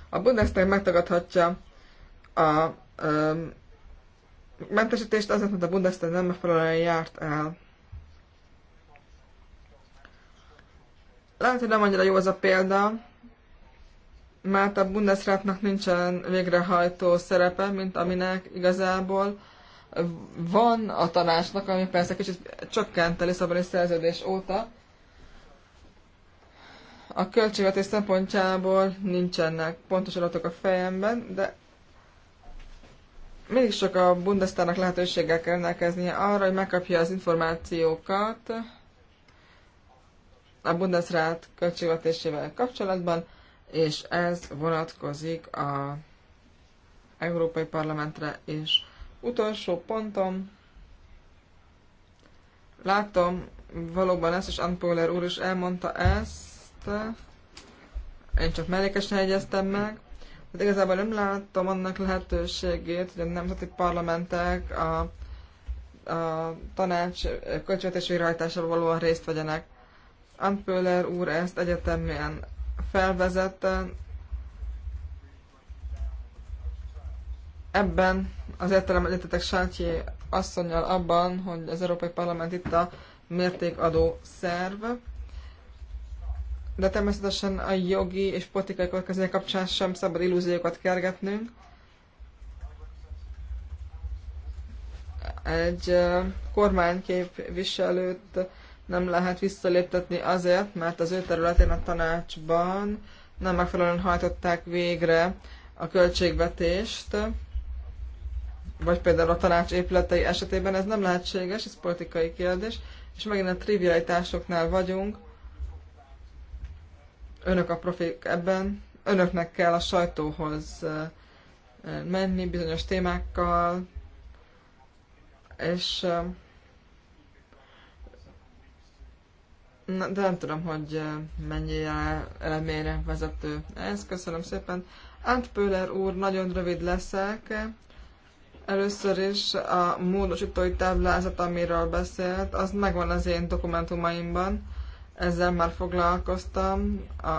A Bundestag megtagadhatja a ö, mentesítést azért, mert a Bundestag nem megfelelően járt el. Lehet, hogy nem annyira jó az a példa, mert a Bundesratnak nincsen végrehajtó szerepe, mint aminek igazából van a tanácsnak, ami persze kicsit csökkent a Lisszaboni szerződés óta. A költségvetés szempontjából nincsenek pontos adatok a fejemben, de mindig sok a Bundestagnak lehetőséggel kell rendelkeznie arra, hogy megkapja az információkat a Bundesrat költségvetésével kapcsolatban, és ez vonatkozik a Európai Parlamentre is utolsó pontom, láttam valóban ezt, és Anpoller úr is elmondta ezt, én csak mellékesen egyeztem meg, De hát igazából nem láttam annak lehetőségét, hogy a nemzeti parlamentek a, a tanács költségvetés végrehajtásával valóan részt vegyenek. Antpöller úr ezt egyetemben felvezette. Ebben az értelem egyetetek Sátyi asszonyjal abban, hogy az Európai Parlament itt a mértékadó szerv, de természetesen a jogi és politikai következmények kapcsán sem szabad illúziókat kergetnünk. Egy kormányképviselőt nem lehet visszaléptetni azért, mert az ő területén a tanácsban nem megfelelően hajtották végre a költségvetést, vagy például a tanács épületei esetében ez nem lehetséges, ez politikai kérdés, és megint a trivialitásoknál vagyunk. Önök a profik ebben, önöknek kell a sajtóhoz menni bizonyos témákkal, és Na, de nem tudom, hogy mennyi elemére vezető ez. Köszönöm szépen. Antpöler úr, nagyon rövid leszek. Először is a módosítói táblázat, amiről beszélt, az megvan az én dokumentumaimban. Ezzel már foglalkoztam a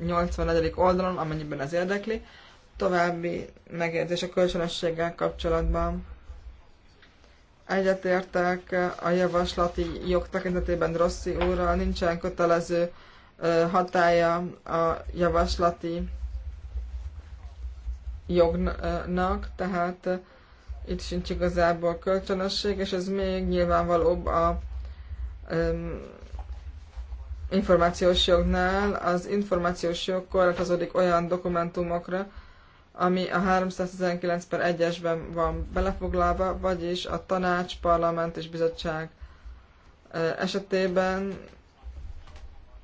84. oldalon, amennyiben ez érdekli. További megérzés a kölcsönösséggel kapcsolatban. Egyetértek a javaslati jog tekintetében Rossi úrral, nincsen kötelező hatája a javaslati jognak, tehát itt sincs igazából kölcsönösség, és ez még nyilvánvalóbb a um, információs jognál. Az információs jog korlátozódik olyan dokumentumokra, ami a 319 per 1-esben van belefoglalva, vagyis a tanács, parlament és bizottság esetében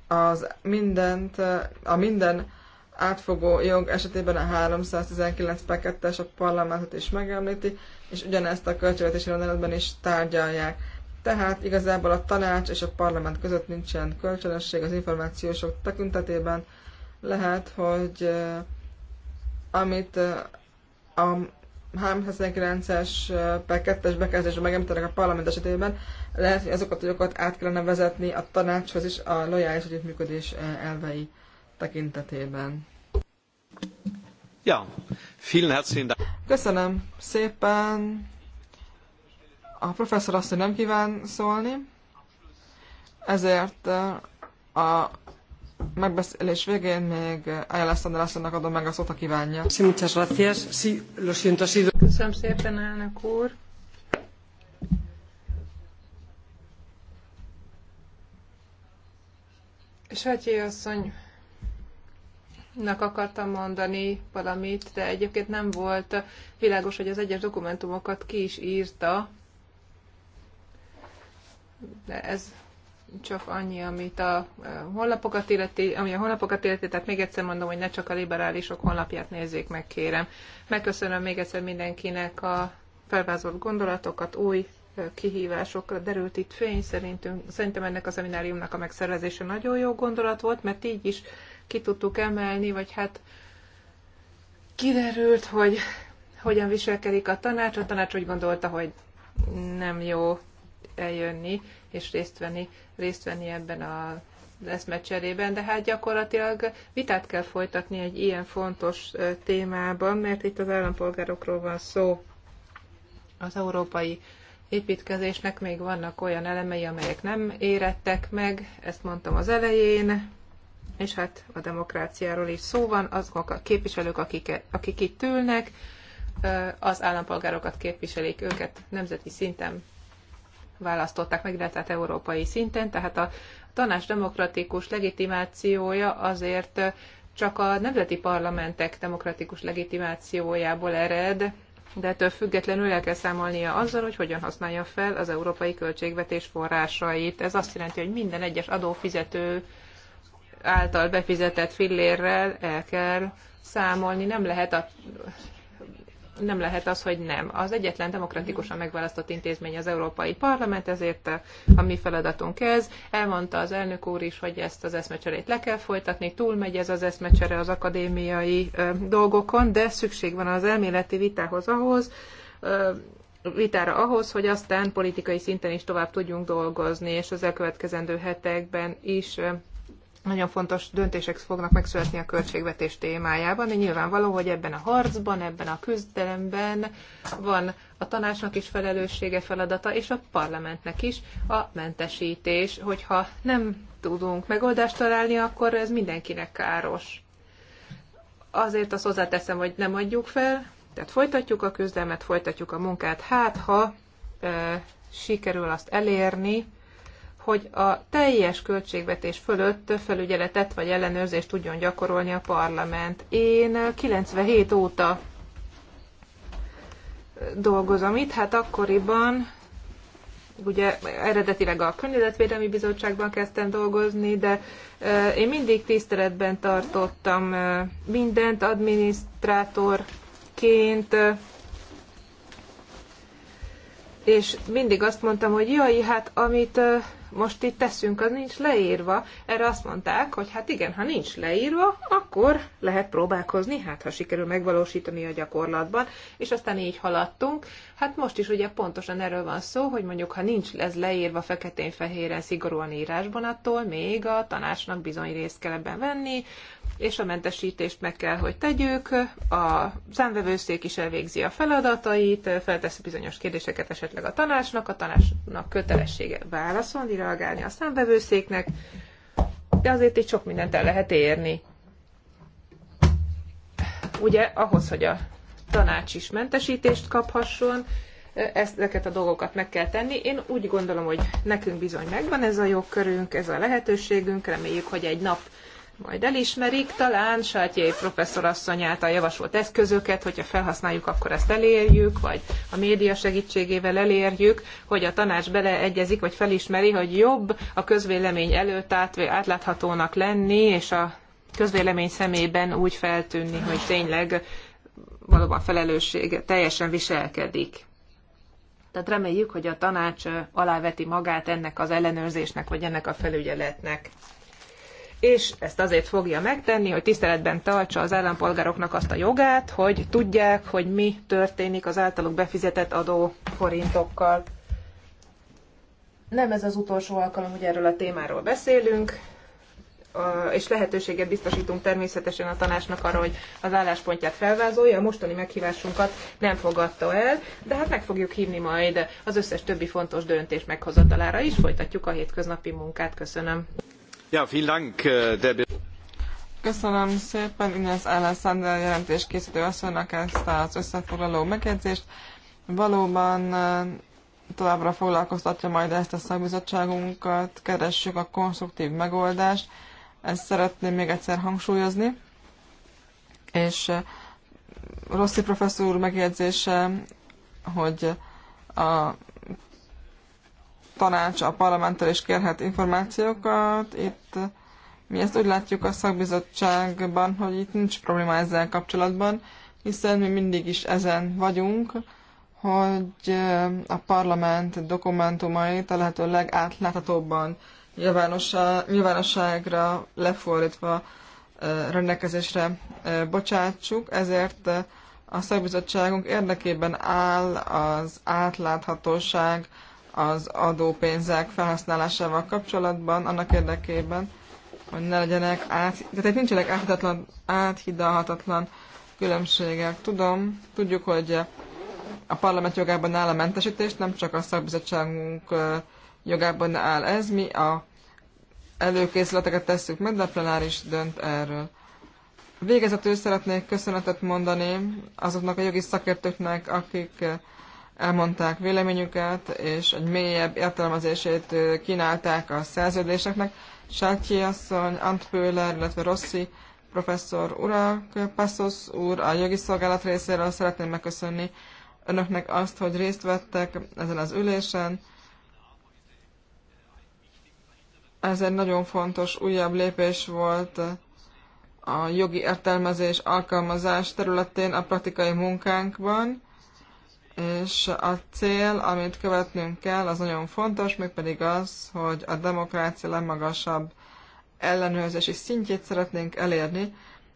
az mindent, a minden átfogó jog esetében a 319 es a parlamentet is megemlíti, és ugyanezt a költségvetési rendeletben is tárgyalják. Tehát igazából a tanács és a parlament között nincsen kölcsönösség az információsok tekintetében. Lehet, hogy eh, amit eh, a 319-es eh, per 2-es bekezdésben megemlítenek a parlament esetében, lehet, hogy azokat a jogokat át kellene vezetni a tanácshoz is a lojális együttműködés elvei tekintetében. Ja, vielen herzlichen Dank. Köszönöm szépen. A professzor azt, hogy nem kíván szólni, ezért eh, a megbeszélés végén még Alessandra Sandrasonnak adom meg a szót, ha kívánja. Sí, muchas gracias. Sí, lo siento, ha sido... Köszönöm szépen, elnök úr. Satyi asszony nak akartam mondani valamit, de egyébként nem volt világos, hogy az egyes dokumentumokat ki is írta. De ez csak annyi, amit a eh, honlapokat illeti, ami a honlapokat illeti, tehát még egyszer mondom, hogy ne csak a liberálisok honlapját nézzék meg, kérem. Megköszönöm még egyszer mindenkinek a felvázolt gondolatokat, új eh, kihívásokra derült itt fény. Szerintünk, szerintem ennek a szemináriumnak a megszervezése nagyon jó gondolat volt, mert így is ki tudtuk emelni, vagy hát kiderült, hogy hogyan viselkedik a tanács. A tanács úgy gondolta, hogy nem jó eljönni és részt venni, részt venni ebben a eszmecserében, de hát gyakorlatilag vitát kell folytatni egy ilyen fontos témában, mert itt az állampolgárokról van szó. Az európai építkezésnek még vannak olyan elemei, amelyek nem érettek meg, ezt mondtam az elején, és hát a demokráciáról is szó van, azok a képviselők, akik, akik itt ülnek, az állampolgárokat képviselik, őket nemzeti szinten választották meg, illetve hát európai szinten, tehát a tanács demokratikus legitimációja azért csak a nemzeti parlamentek demokratikus legitimációjából ered, de ettől függetlenül el kell számolnia azzal, hogy hogyan használja fel az európai költségvetés forrásait. Ez azt jelenti, hogy minden egyes adófizető által befizetett fillérrel el kell számolni, nem lehet a nem lehet az, hogy nem. Az egyetlen demokratikusan megválasztott intézmény az Európai Parlament, ezért a mi feladatunk ez. Elmondta az elnök úr is, hogy ezt az eszmecserét le kell folytatni, túlmegy ez az eszmecsere az akadémiai ö, dolgokon, de szükség van az elméleti vitához ahhoz, ö, vitára ahhoz, hogy aztán politikai szinten is tovább tudjunk dolgozni, és az elkövetkezendő hetekben is nagyon fontos döntések fognak megszületni a költségvetés témájában, de nyilvánvaló, hogy ebben a harcban, ebben a küzdelemben van a tanácsnak is felelőssége, feladata, és a parlamentnek is a mentesítés, hogyha nem tudunk megoldást találni, akkor ez mindenkinek káros. Azért azt hozzáteszem, hogy nem adjuk fel, tehát folytatjuk a küzdelmet, folytatjuk a munkát, hát ha e, sikerül azt elérni, hogy a teljes költségvetés fölött felügyeletet vagy ellenőrzést tudjon gyakorolni a parlament. Én 97 óta dolgozom itt, hát akkoriban ugye eredetileg a Környezetvédelmi Bizottságban kezdtem dolgozni, de én mindig tiszteletben tartottam mindent adminisztrátorként, és mindig azt mondtam, hogy jaj, hát amit most itt teszünk, az nincs leírva. Erre azt mondták, hogy hát igen, ha nincs leírva, akkor lehet próbálkozni, hát ha sikerül megvalósítani a gyakorlatban, és aztán így haladtunk. Hát most is ugye pontosan erről van szó, hogy mondjuk ha nincs ez leírva feketén-fehéren szigorúan írásban, attól még a tanácsnak bizony részt kell ebben venni, és a mentesítést meg kell, hogy tegyük. A számvevőszék is elvégzi a feladatait, feltesz bizonyos kérdéseket esetleg a tanácsnak, a tanácsnak kötelessége válaszolni, reagálni a számvevőszéknek, de azért itt sok mindent el lehet érni. Ugye ahhoz, hogy a tanács is mentesítést kaphasson, ezeket a dolgokat meg kell tenni. Én úgy gondolom, hogy nekünk bizony megvan ez a jogkörünk, ez a lehetőségünk, reméljük, hogy egy nap majd elismerik, talán Sátjai professzor asszony által javasolt eszközöket, hogyha felhasználjuk, akkor ezt elérjük, vagy a média segítségével elérjük, hogy a tanács beleegyezik, vagy felismeri, hogy jobb a közvélemény előtt átláthatónak lenni, és a közvélemény szemében úgy feltűnni, hogy tényleg valóban felelősség teljesen viselkedik. Tehát reméljük, hogy a tanács aláveti magát ennek az ellenőrzésnek, vagy ennek a felügyeletnek és ezt azért fogja megtenni, hogy tiszteletben tartsa az állampolgároknak azt a jogát, hogy tudják, hogy mi történik az általuk befizetett adó forintokkal. Nem ez az utolsó alkalom, hogy erről a témáról beszélünk, és lehetőséget biztosítunk természetesen a tanácsnak arra, hogy az álláspontját felvázolja. A mostani meghívásunkat nem fogadta el, de hát meg fogjuk hívni majd az összes többi fontos döntés meghozatalára is. Folytatjuk a hétköznapi munkát. Köszönöm. Äh, Köszönöm szépen Ines Alexander jelentés készítő asszonynak ezt az összefoglaló megjegyzést. Valóban továbbra foglalkoztatja majd ezt a szakbizottságunkat, keressük a konstruktív megoldást, ezt szeretném még egyszer hangsúlyozni. És Rossi professzor megjegyzése, hogy a tanács a parlamenttel is kérhet információkat. Itt mi ezt úgy látjuk a szakbizottságban, hogy itt nincs probléma ezzel kapcsolatban, hiszen mi mindig is ezen vagyunk, hogy eh, a parlament dokumentumait a lehető legátláthatóbban nyilvánosságra lefordítva eh, rendelkezésre eh, bocsátsuk, ezért a szakbizottságunk érdekében áll az átláthatóság, az adópénzek felhasználásával kapcsolatban, annak érdekében, hogy ne legyenek át, tehát itt nincsenek áthidalhatatlan, áthidalhatatlan különbségek. Tudom, tudjuk, hogy a parlament jogában áll a mentesítés, nem csak a szakbizottságunk jogában áll ez, mi a előkészületeket tesszük meg, de a plenáris dönt erről. Végezetül szeretnék köszönetet mondani azoknak a jogi szakértőknek, akik elmondták véleményüket, és egy mélyebb értelmezését kínálták a szerződéseknek. Sátyi asszony, Ant Pöller, illetve Rossi professzor urak, Passos úr a jogi szolgálat részéről szeretném megköszönni önöknek azt, hogy részt vettek ezen az ülésen. Ez egy nagyon fontos újabb lépés volt a jogi értelmezés alkalmazás területén a praktikai munkánkban és a cél, amit követnünk kell, az nagyon fontos, mégpedig az, hogy a demokrácia legmagasabb ellenőrzési szintjét szeretnénk elérni.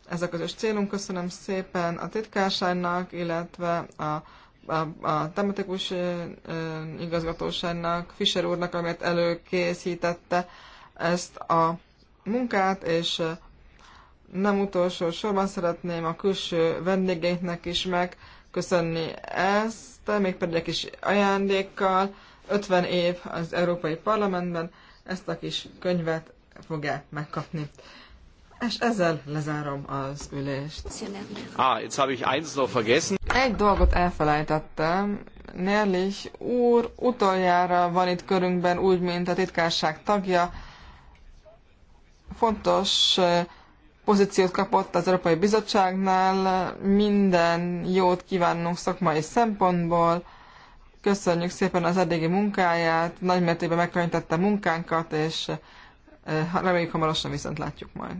Ez a közös célunk. Köszönöm szépen a titkárságnak, illetve a, a, a tematikus igazgatóságnak, Fischer úrnak, amit előkészítette ezt a munkát, és nem utolsó sorban szeretném a külső vendégeinknek is meg köszönni ezt, mégpedig egy kis ajándékkal, 50 év az Európai Parlamentben, ezt a kis könyvet fogják megkapni. És ezzel lezárom az ülést. Ah, jetzt habe ich eins noch vergessen. Egy dolgot elfelejtettem. Nerlich úr utoljára van itt körünkben, úgy, mint a titkárság tagja. Fontos eh, pozíciót kapott az Európai Bizottságnál. Minden jót kívánunk szakmai szempontból. Köszönjük szépen az eddigi munkáját, nagymértékben megkönnyítette munkánkat, és eh, reméljük hamarosan viszont látjuk majd.